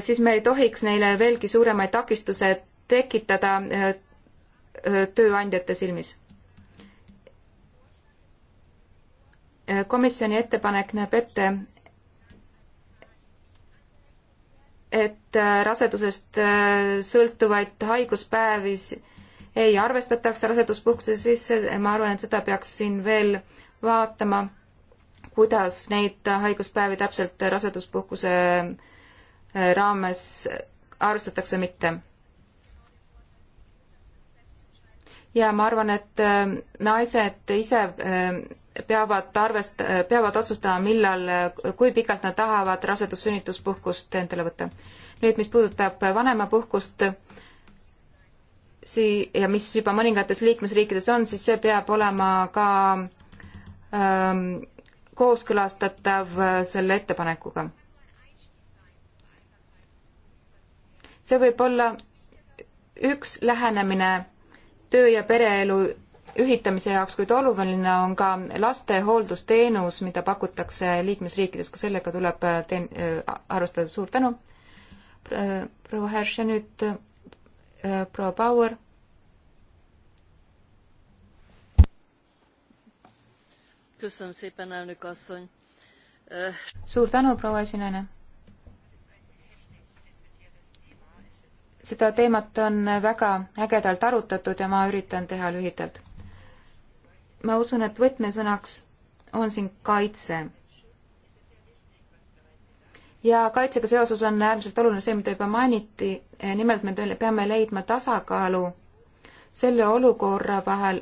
siis me ei tohiks neile veelgi suuremaid takistuse tekitada äh, tööandjate silmis Äh, komisjoni ettepanek näeb ette, et äh, rasedusest äh, sõltuvaid haiguspäevi ei arvestataks raseduspuhkuse sisse, ma arvan, et seda peaks siin veel vaatama, kuidas neid haiguspäevi täpselt raseduspuhkuse raames arvestatakse, mitte ja ma arvan, et naised ise peavad arvest-, peavad otsustama, millal, kui pikalt nad tahavad rasedus-sünnituspuhkust endale võtta. nüüd, mis puudutab vanemapuhkust, sii-, ja mis juba mõningates liikmesriikides on, siis see peab olema ka ähm, kooskõlastatav äh, selle ettepanekuga. see võib olla üks lähenemine töö- ja pereelu ühitamise jaoks, kuid oluline on ka laste hooldusteenus, mida pakutakse liikmesriikides, ka sellega tuleb äh, teen-, äh, arvestada, suur tänu. Äh, proua Härš ja nüüd proua Bauer. suur tänu, proua esinaine. seda teemat on väga ägedalt arutatud ja ma üritan teha lühidalt ma usun, et võtmesõnaks on siin kaitse. ja kaitsega seoses on äärmiselt oluline see, mida juba mainiti, nimelt me peame leidma tasakaalu selle olukorra vahel,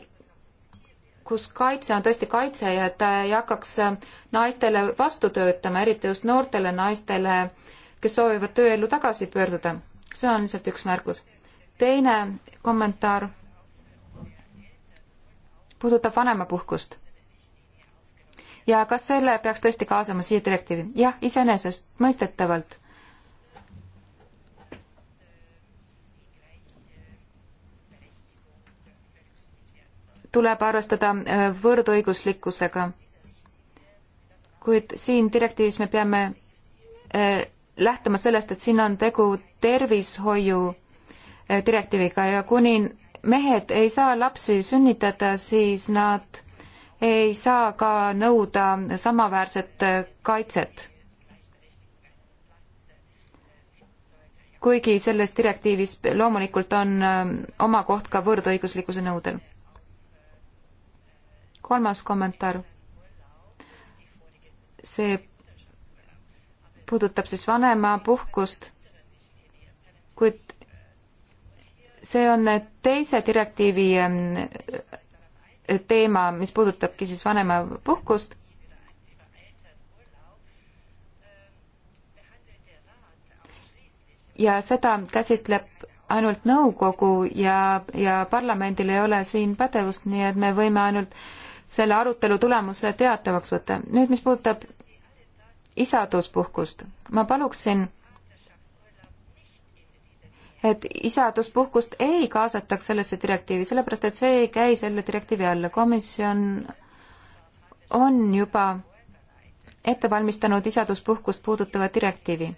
kus kaitse on tõesti kaitse ja et ta ei hakkaks naistele vastu töötama, eriti just noortele naistele, kes soovivad tööellu tagasi pöörduda. see on lihtsalt üks märkus. teine kommentaar puudutab vanemapuhkust. ja kas selle peaks tõesti kaasama siia direktiivi? jah, iseenesestmõistetavalt. tuleb arvestada äh, võrdõiguslikkusega. kuid siin direktiivis me peame äh, lähtuma sellest, et siin on tegu tervishoiu äh, direktiiviga ja kuni mehed ei saa lapsi sünnitada, siis nad ei saa ka nõuda samaväärset kaitset. kuigi selles direktiivis loomulikult on ähm, oma koht ka võrdõiguslikkuse nõudel. kolmas kommentaar. see puudutab siis vanemapuhkust, kuid see on teise direktiivi teema, mis puudutabki siis vanemapuhkust. ja seda käsitleb ainult nõukogu ja, ja parlamendil ei ole siin pädevust, nii et me võime ainult selle arutelu tulemuse teatavaks võtta. nüüd, mis puudutab isaduspuhkust, ma paluksin et isaduspuhkust ei kaasataks sellesse direktiivi, sellepärast et see ei käi selle direktiivi alla. komisjon on juba ette valmistanud isaduspuhkust puudutava direktiivi.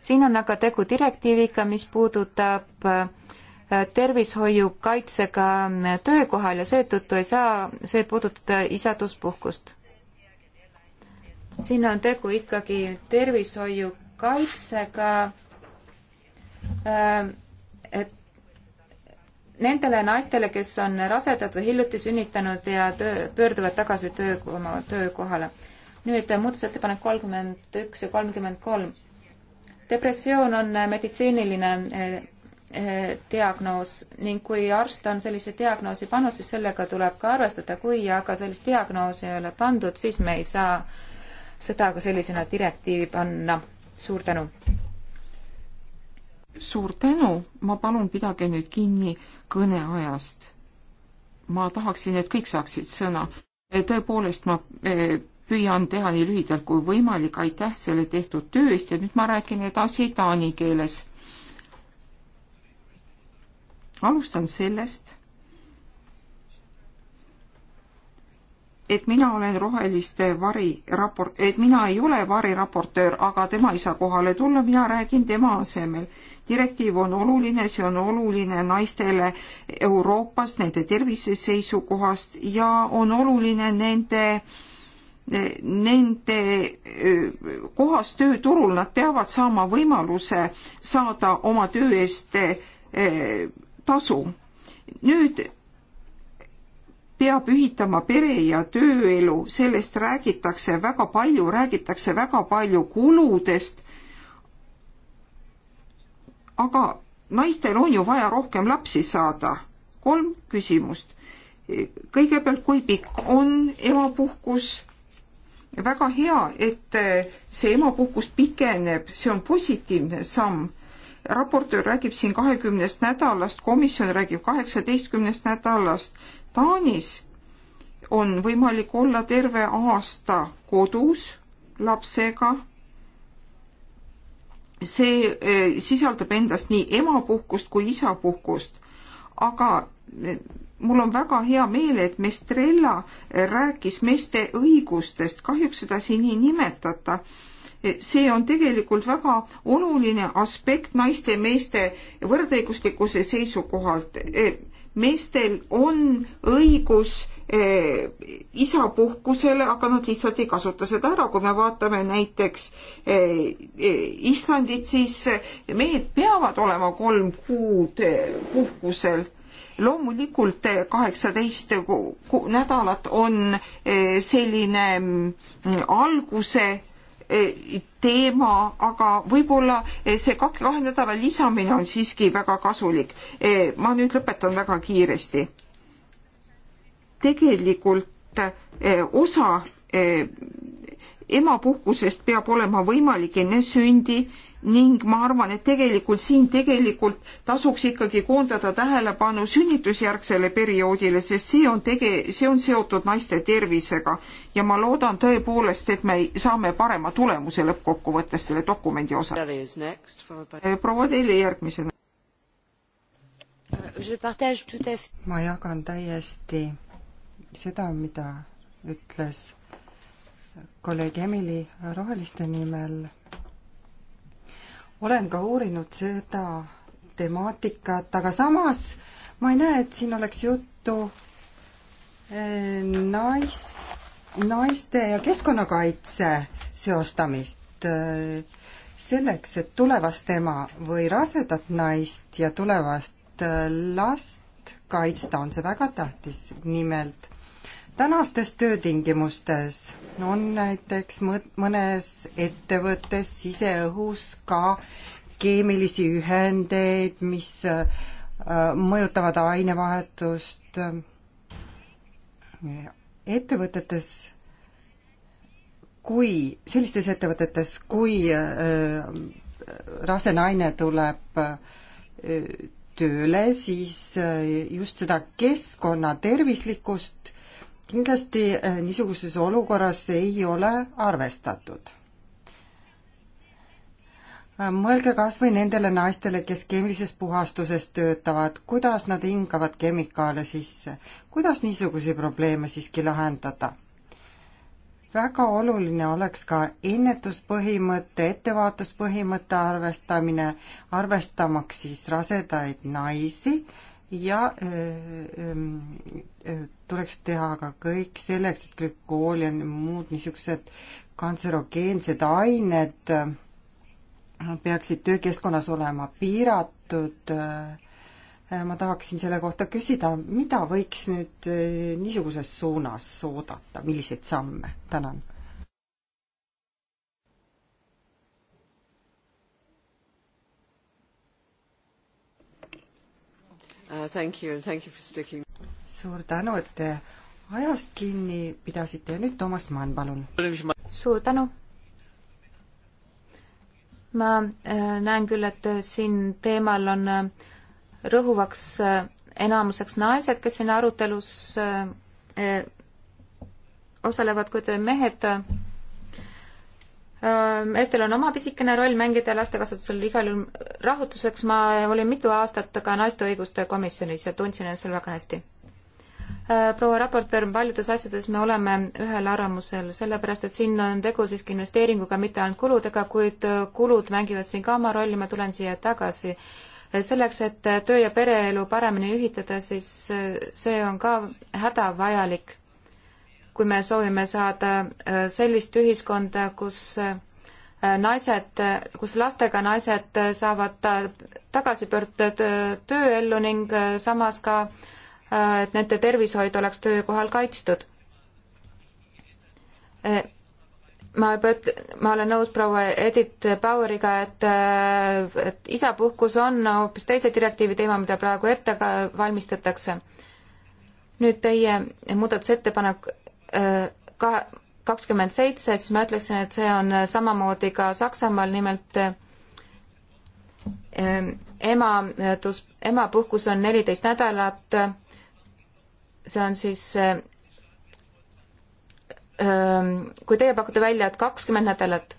siin on aga tegu direktiiviga, mis puudutab äh, tervishoiu kaitsega äh, töökohal ja seetõttu ei saa see puudutada isaduspuhkust. siin on tegu ikkagi tervishoiu kaitsega Äh, et nendele naistele, kes on rasedad või hiljuti sünnitanud ja töö, pöörduvad tagasi töö, oma töökohale. nüüd äh, muudatusettepanek kolmkümmend üks ja kolmkümmend kolm. depressioon on äh, meditsiiniline diagnoos ning kui arst on sellise diagnoosi pannud, siis sellega tuleb ka arvestada, kui aga sellist diagnoosi ei ole pandud, siis me ei saa seda ka sellisena direktiivi panna. suur tänu! suur tänu, ma palun pidage nüüd kinni kõneajast. ma tahaksin, et kõik saaksid sõna. tõepoolest, ma e, püüan teha nii lühidalt kui võimalik, aitäh selle tehtud töö eest ja nüüd ma räägin edasi taani keeles. alustan sellest, et mina olen roheliste variraport-, et mina ei ole variraportöör, aga tema ei saa kohale tulla, mina räägin tema asemel. direktiiv on oluline, see on oluline naistele Euroopas nende tervise seisukohast ja on oluline nende nende kohas tööturul, nad peavad saama võimaluse saada oma töö eest tasu. nüüd peab ühitama pere ja tööelu, sellest räägitakse väga palju, räägitakse väga palju kuludest. aga naistel on ju vaja rohkem lapsi saada. kolm küsimust. kõigepealt, kui pikk on emapuhkus? väga hea, et see emapuhkus pikeneb, see on positiivne samm raportöör räägib siin kahekümnest nädalast, komisjon räägib kaheksateistkümnest nädalast. Taanis on võimalik olla terve aasta kodus lapsega. see eh, sisaldab endas nii emapuhkust kui isapuhkust, aga eh, mul on väga hea meel, et Mestrella eh, rääkis meeste õigustest, kahjuks seda siin ei nimetata see on tegelikult väga oluline aspekt naiste ja meeste võrdõiguslikkuse seisukohalt. Eh, meestel on õigus eh, isapuhkusele, aga nad lihtsalt ei kasuta seda ära, kui me vaatame näiteks eh, Islandit, siis mehed peavad olema kolm kuud puhkusel loomulikult kaheksateist nädalat on selline mm, alguse Eh, teema, aga võib-olla eh, see kaks, kahe nädala lisamine on siiski väga kasulik. Eh, ma nüüd lõpetan väga kiiresti. tegelikult osa emapuhkusest peab olema võimalik enne sündi ning ma arvan, et tegelikult siin tegelikult tasuks ikkagi koondada tähelepanu sünnitusjärgsele perioodile, sest see on tege-, see on seotud naiste tervisega ja ma loodan tõepoolest, et me saame parema tulemuse lõppkokkuvõttes selle dokumendi osas. Eh, proua Telli järgmisena. ma jagan täiesti seda, mida ütles kolleeg Emily Roheliste nimel. olen ka uurinud seda temaatikat, aga samas ma ei näe, et siin oleks juttu eh, nais, naiste ja keskkonnakaitse seostamist. Eh, selleks, et tulevast ema või rasedat naist ja tulevast eh, last kaitsta, on see väga tähtis. nimelt tänastes töötingimustes on näiteks mõnes ettevõttes siseõhus ka keemilisi ühendeid, mis äh, mõjutavad ainevahetust. ettevõtetes, kui, sellistes ettevõtetes, kui äh, rase naine tuleb äh, tööle, siis just seda keskkonna tervislikkust kindlasti eh, niisuguses olukorras ei ole arvestatud. Eh, mõelge kas või nendele naistele, kes keemilises puhastuses töötavad, kuidas nad hingavad kemikaale sisse, kuidas niisuguseid probleeme siiski lahendada? väga oluline oleks ka ennetuspõhimõte, ettevaatuspõhimõtte arvestamine, arvestamaks siis rasedaid naisi, ja äh, ähm, äh, tuleks teha ka kõik selleks, et glükool ja muud niisugused kantserogeensed ained äh, peaksid töökeskkonnas olema piiratud. ma tahaksin selle kohta küsida, mida võiks nüüd niisuguses suunas oodata, milliseid samme? tänan Uh, thank you and thank you for sticking. suur tänu, et te ajast kinni pidasite ja nüüd Toomas Mann, palun. suur tänu. ma äh, näen küll, et siin teemal on äh, rõhuvaks äh, enamuseks naised, kes siin arutelus osalevad, kuid mehed meestel ehm, on oma pisikene roll mängida lastekasvatusel igal juhul rahutuseks, ma olin mitu aastat ka naiste õiguste komisjonis ja tundsin ennast seal väga hästi. Ehm, proua raportöör, paljudes asjades me oleme ühel arvamusel, sellepärast et siin on tegu siiski investeeringuga, mitte ainult kuludega, kuid äh, kulud mängivad siin ka oma rolli, ma tulen siia tagasi. Ehm, selleks, et töö ja pereelu paremini ühitada, siis äh, see on ka hädavajalik kui me soovime saada äh, sellist ühiskonda, kus äh, naised, kus lastega naised saavad tagasi pöörduda tööellu ning äh, samas ka, et nende tervishoid oleks töökohal kaitstud. ma juba üt-, ma olen nõus proua Edith Baueriga, et, et isapuhkus on hoopis no, teise direktiivi teema, mida praegu ette ka valmistatakse. nüüd teie muudatusettepanek ka-, kakskümmend seitse, siis ma ütleksin, et see on samamoodi ka Saksamaal, nimelt ähm, emadus, emapuhkus on neliteist nädalat, see on siis ähm, kui teie pakute välja, et kakskümmend nädalat,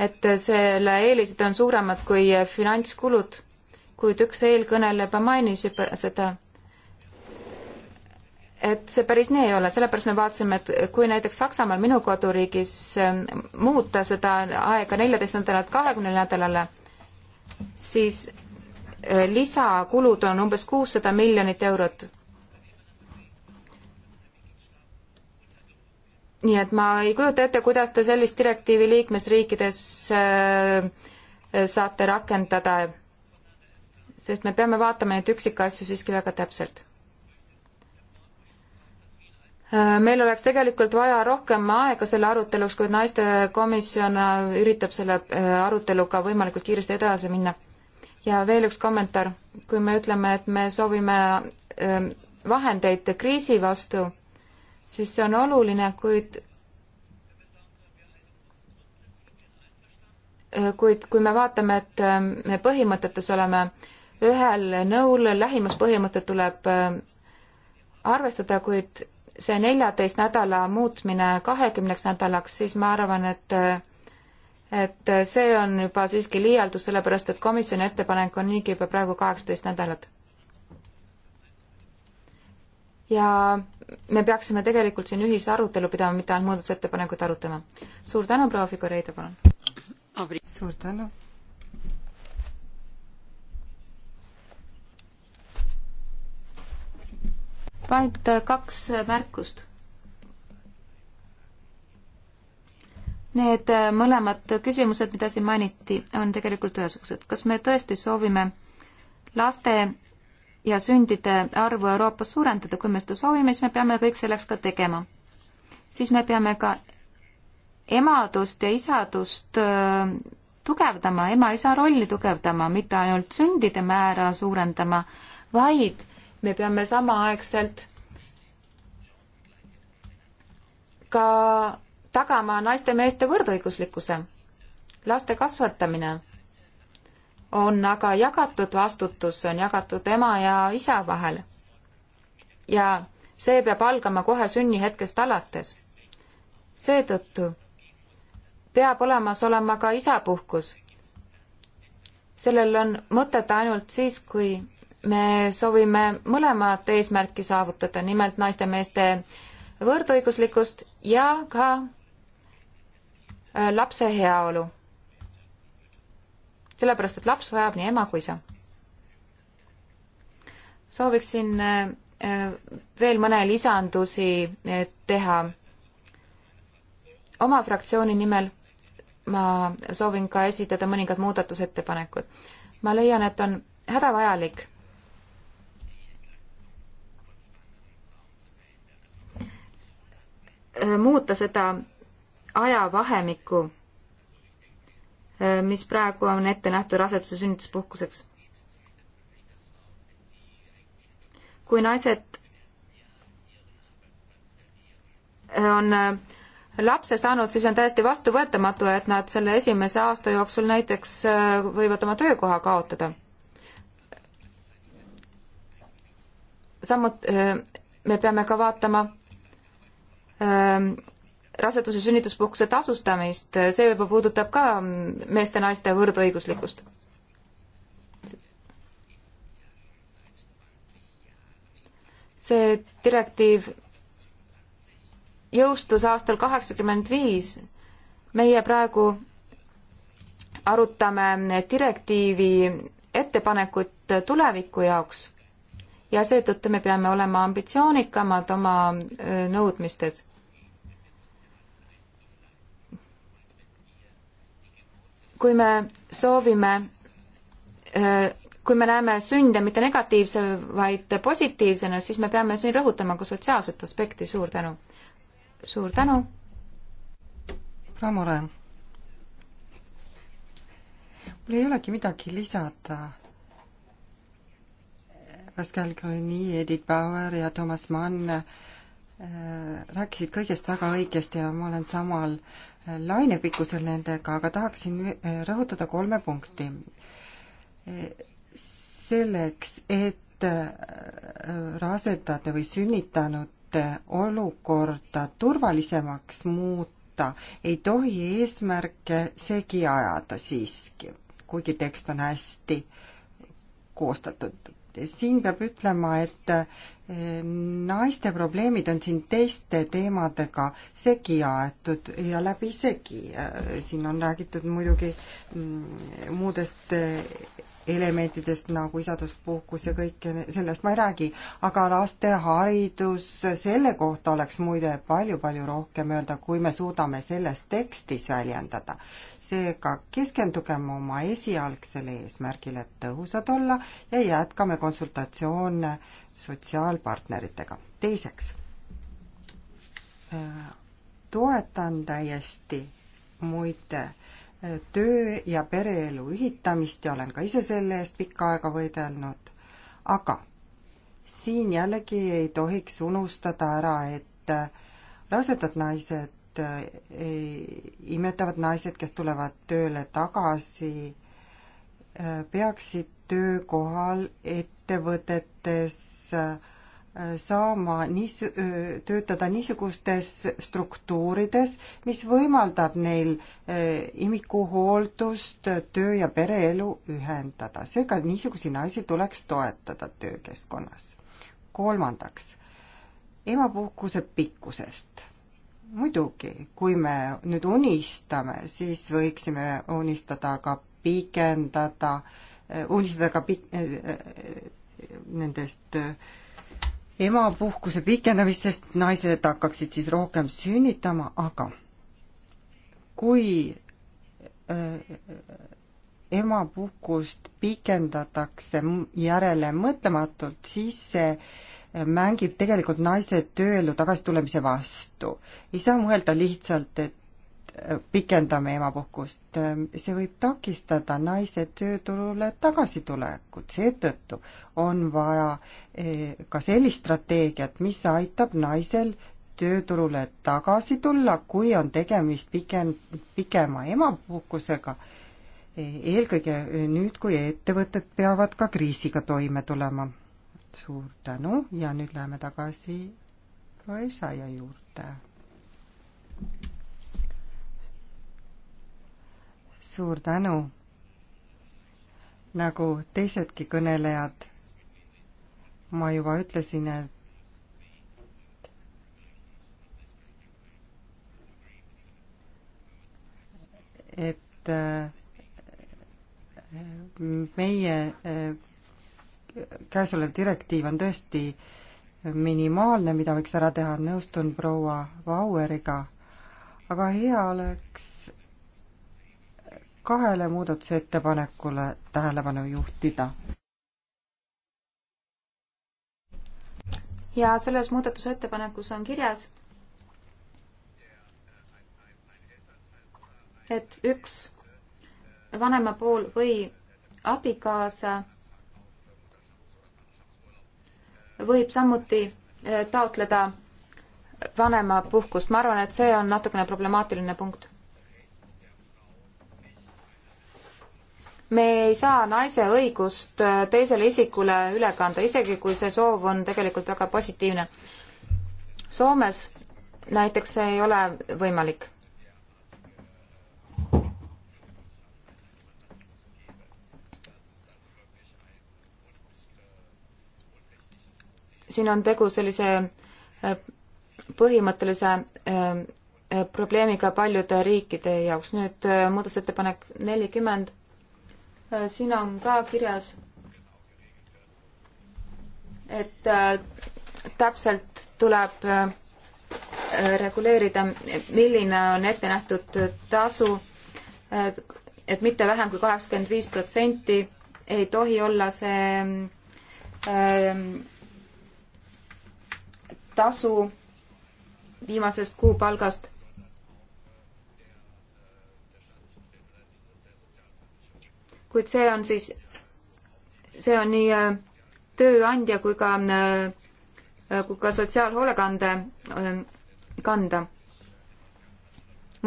et selle eelised on suuremad kui finantskulud, kuid üks eelkõneleja mainis juba seda et see päris nii ei ole, sellepärast me vaatasime, et kui näiteks Saksamaal, minu koduriigis, ähm, muuta seda aega neljateist nädalat kahekümne nädalale, siis äh, lisakulud on umbes kuussada miljonit eurot. nii et ma ei kujuta ette, kuidas te sellist direktiivi liikmesriikides äh, saate rakendada, sest me peame vaatama neid üksikasju siiski väga täpselt Äh, meil oleks tegelikult vaja rohkem aega selle aruteluks, kuid naistekomisjon äh, üritab selle äh, aruteluga võimalikult kiiresti edasi minna. ja veel üks kommentaar, kui me ütleme, et me soovime ähm, vahendeid kriisi vastu, siis see on oluline, kuid kuid kui me vaatame, et me põhimõtetes oleme ühel nõul, lähimuspõhimõte tuleb arvestada, kuid see neljateist nädala muutmine kahekümneks nädalaks, siis ma arvan, et et see on juba siiski liialdus, sellepärast et komisjoni ettepanek on niigi juba praegu kaheksateist nädalat. ja me peaksime tegelikult siin ühise arutelu pidama, mitte ainult muudatusettepanekuid arutama. suur tänu, proua Figureide, palun! suur tänu! vaid äh, kaks äh, märkust. Need äh, mõlemad küsimused, mida siin mainiti, on tegelikult ühesugused. kas me tõesti soovime laste ja sündide arvu Euroopas suurendada, kui me seda soovime, siis me peame kõik selleks ka tegema. siis me peame ka emadust ja isadust tugevdama, ema-isa rolli tugevdama, mitte ainult sündide määra suurendama, vaid me peame samaaegselt ka tagama naiste-meeste võrdõiguslikkuse. laste kasvatamine on aga jagatud vastutus, see on jagatud ema ja isa vahel. ja see peab algama kohe sünnihetkest alates. seetõttu peab olemas olema ka isapuhkus. sellel on mõtet ainult siis, kui me soovime mõlemat eesmärki saavutada, nimelt naiste meeste võrdõiguslikkust ja ka äh, lapse heaolu. sellepärast, et laps vajab nii ema kui isa. sooviksin äh, veel mõne lisandusi äh, teha. oma fraktsiooni nimel ma soovin ka esitada mõningad muudatusettepanekud. ma leian, et on hädavajalik Äh, muuta seda ajavahemikku, äh, mis praegu on ette nähtud raseduse sünnituspuhkuseks. kui naised äh, on lapse saanud, siis on täiesti vastuvõetamatu, et nad selle esimese aasta jooksul näiteks võivad oma töökoha kaotada. samuti me peame ka vaatama Ähm, raseduse sünnituspuhkuse tasustamist, see juba puudutab ka meeste-naiste võrdõiguslikkust. see direktiiv jõustus aastal kaheksakümmend viis. meie praegu arutame direktiivi ettepanekut tuleviku jaoks ja seetõttu me peame olema ambitsioonikamad oma äh, nõudmistes kui me soovime, äh, kui me näeme sünde mitte negatiivse, vaid positiivsena, siis me peame siin rõhutama ka sotsiaalset aspekti, suur tänu. suur tänu. Ramore. mul ei olegi midagi lisada. Pascal Grenier, Edith Bauer ja Thomas Mann Äh, rääkisid kõigest väga õigesti ja ma olen samal äh, lainepikkusel nendega, aga tahaksin äh, rõhutada kolme punkti. selleks, et rasedate või sünnitanute olukorda turvalisemaks muuta, ei tohi eesmärke segi ajada siiski, kuigi tekst on hästi koostatud siin peab ütlema, et eh, naiste probleemid on siin teiste teemadega segi aetud ja läbisegi. Eh, siin on räägitud muidugi mm, muudest eh, elementidest nagu isaduspuhkus ja kõike, sellest ma ei räägi, aga laste haridus, selle kohta oleks muide palju-palju rohkem öelda, kui me suudame selles tekstis väljendada. seega keskendugem oma esialgsele eesmärgile tõhusad olla ja jätkame konsultatsioone sotsiaalpartneritega. teiseks, äh, toetan täiesti muide töö ja pereelu ühitamist ja olen ka ise selle eest pikka aega võidelnud. aga siin jällegi ei tohiks unustada ära, et rasedad naised, imetavad naised, kes tulevad tööle tagasi, peaksid töökohal ettevõtetes äh, Äh, saama niis-, töötada niisugustes struktuurides, mis võimaldab neil äh, imikuhooldust, töö- ja pereelu ühendada. seega niisuguseid naisi tuleks toetada töökeskkonnas. kolmandaks, emapuhkuse pikkusest muidugi, kui me nüüd unistame, siis võiksime unistada ka pikendada, äh, unistada ka pik-, nendest emapuhkuse pikendamistest, naised hakkaksid siis rohkem sünnitama, aga kui äh, emapuhkust pikendatakse järele mõtlematult, siis see äh, mängib tegelikult naiste tööellu tagasitulemise vastu. ei saa mõelda lihtsalt, et pikendame emapuhkust, see võib takistada naise tööturule tagasitulekut, seetõttu on vaja eh, ka sellist strateegiat, mis aitab naisel tööturule tagasi tulla, kui on tegemist pikem, pikema emapuhkusega, eh, eelkõige nüüd, kui ettevõtted peavad ka kriisiga toime tulema. suur tänu ja nüüd läheme tagasi Roesaia juurde. suur tänu. nagu teisedki kõnelejad, ma juba ütlesin, et et äh, meie äh, käesolev direktiiv on tõesti minimaalne, mida võiks ära teha, nõustun proua Vaueriga, aga hea oleks, kahele muudatusettepanekule tähelepanu juhtida. ja selles muudatusettepanekus on kirjas, et üks vanema pool või abikaasa võib samuti eh, taotleda vanemapuhkust. ma arvan, et see on natukene problemaatiline punkt. me ei saa naise õigust äh, teisele isikule üle kanda, isegi kui see soov on tegelikult väga positiivne. Soomes näiteks see ei ole võimalik. siin on tegu sellise äh, põhimõttelise äh, probleemiga paljude riikide jaoks. nüüd muudatusettepanek nelikümmend Äh, siin on ka kirjas, et äh, täpselt tuleb äh, reguleerida, milline on ette nähtud tasu, et mitte vähem kui kaheksakümmend viis protsenti ei tohi olla see ähm, tasu viimasest kuupalgast kuid see on siis, see on nii äh, tööandja kui ka, äh, äh, kui ka sotsiaalhoolekande kanda.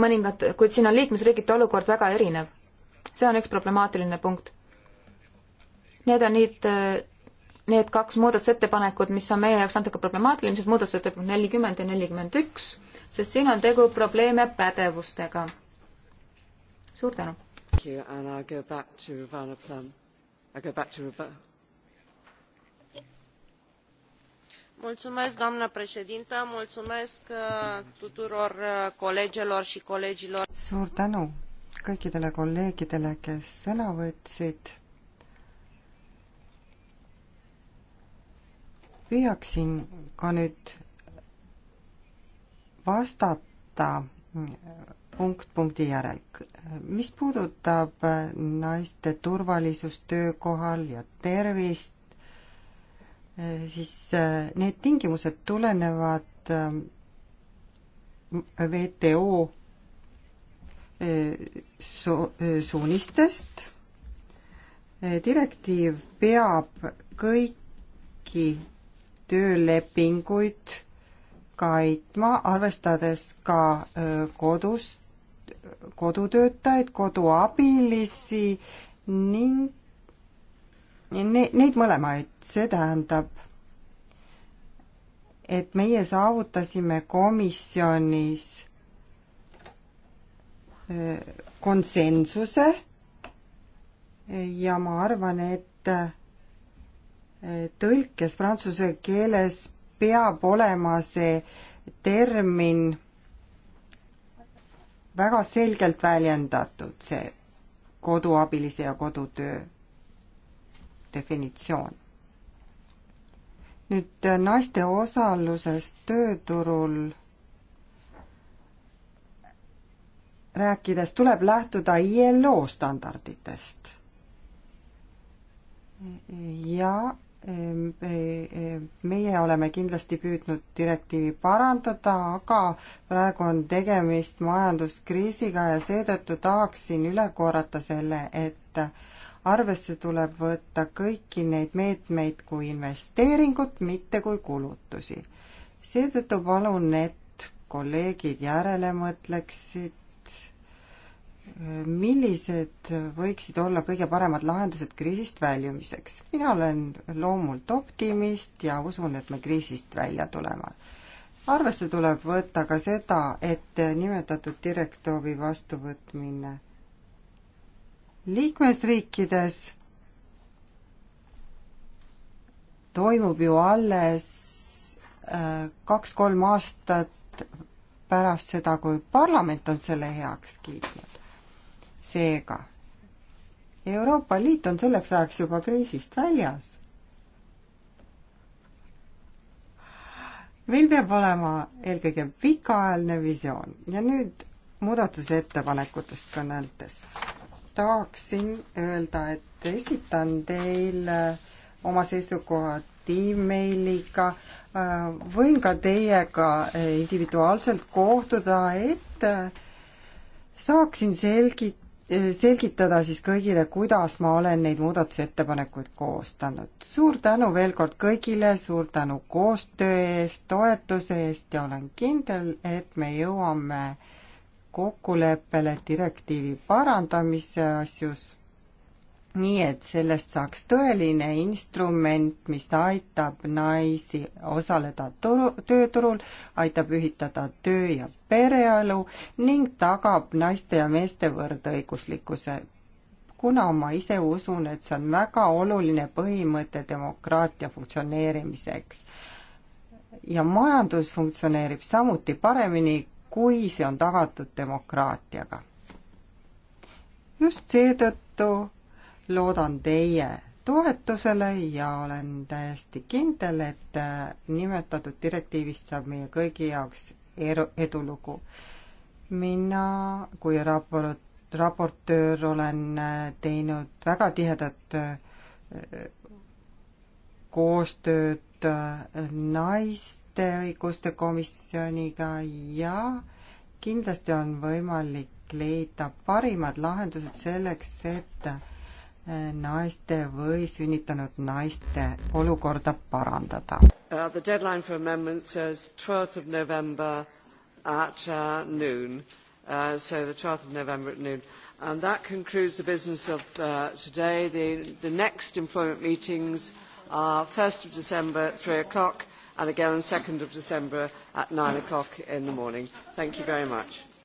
mõningad, kuid siin on liikmesriigiti olukord väga erinev. see on üks problemaatiline punkt. Need on nüüd need kaks muudatusettepanekut, mis on meie jaoks natuke problemaatilised, muudatusettepanek nelikümmend ja nelikümmend üks, sest siin on tegu probleeme pädevustega. suur tänu! Thank you, and I'll go back to Ravana Plum. I'll go back to Ravana. Mulțumesc, doamnă președintă, mulțumesc uh, tuturor uh, colegelor și colegilor. Suur tänu kõikidele kolleegidele, kes sõna võtsid. Püüaksin ka nüüd vastata punkt punkti järel. mis puudutab naiste turvalisust töökohal ja tervist, siis eh, need tingimused tulenevad eh, WTO eh, su-, suunistest, direktiiv peab kõiki töölepinguid kaitma, arvestades ka kodus kodutöötajaid, koduabilisi ning ne-, neid mõlemaid, see tähendab, et meie saavutasime komisjonis äh, konsensuse ja ma arvan, et äh, tõlkes prantsuse keeles peab olema see termin väga selgelt väljendatud, see koduabilise ja kodutöö definitsioon. nüüd äh, naiste osalusest tööturul rääkides tuleb lähtuda ILO standarditest. ja meie oleme kindlasti püüdnud direktiivi parandada, aga praegu on tegemist majanduskriisiga ja seetõttu tahaksin üle korrata selle, et arvesse tuleb võtta kõiki neid meetmeid kui investeeringut, mitte kui kulutusi. seetõttu palun, et kolleegid järele mõtleksid millised võiksid olla kõige paremad lahendused kriisist väljumiseks? mina olen loomult optimist ja usun, et me kriisist välja tuleme. arvesse tuleb võtta ka seda, et nimetatud direktiivi vastuvõtmine liikmesriikides toimub ju alles äh, kaks-kolm aastat pärast seda, kui parlament on selle heaks kiitnud seega Euroopa Liit on selleks ajaks juba kriisist väljas. meil peab olema eelkõige pikaajaline visioon ja nüüd muudatusettepanekutest kõneldes tahaksin öelda, et esitan teile oma seisukohad emailiga, võin ka teiega individuaalselt kohtuda, et saaksin selgitada, selgitada siis kõigile, kuidas ma olen neid muudatusettepanekuid koostanud. suur tänu veel kord kõigile, suur tänu koostöö eest, toetuse eest ja olen kindel, et me jõuame kokkuleppele direktiivi parandamise asjus nii et sellest saaks tõeline instrument, mis aitab naisi osaleda turu, tööturul, aitab ühitada töö ja pereelu ning tagab naiste ja meeste võrdõiguslikkuse. kuna ma ise usun, et see on väga oluline põhimõte demokraatia funktsioneerimiseks ja majandus funktsioneerib samuti paremini, kui see on tagatud demokraatiaga. just seetõttu loodan teie toetusele ja olen täiesti kindel, et äh, nimetatud direktiivist saab meie kõigi jaoks edulugu. mina kui raport, raportöör olen äh, teinud väga tihedat äh, koostööd naiste õiguste komisjoniga ja kindlasti on võimalik leida parimad lahendused selleks, et naiste või sünnitanud naiste olukorda parandada. Uh, the deadline for amendments is twelfth of November at uh, noon. Uh, so the 12th of November at noon. And that concludes the business of uh, today. The, the next employment meetings are 1st of December at 3 o'clock and again on 2nd of December at 9 o'clock in the morning. Thank you very much.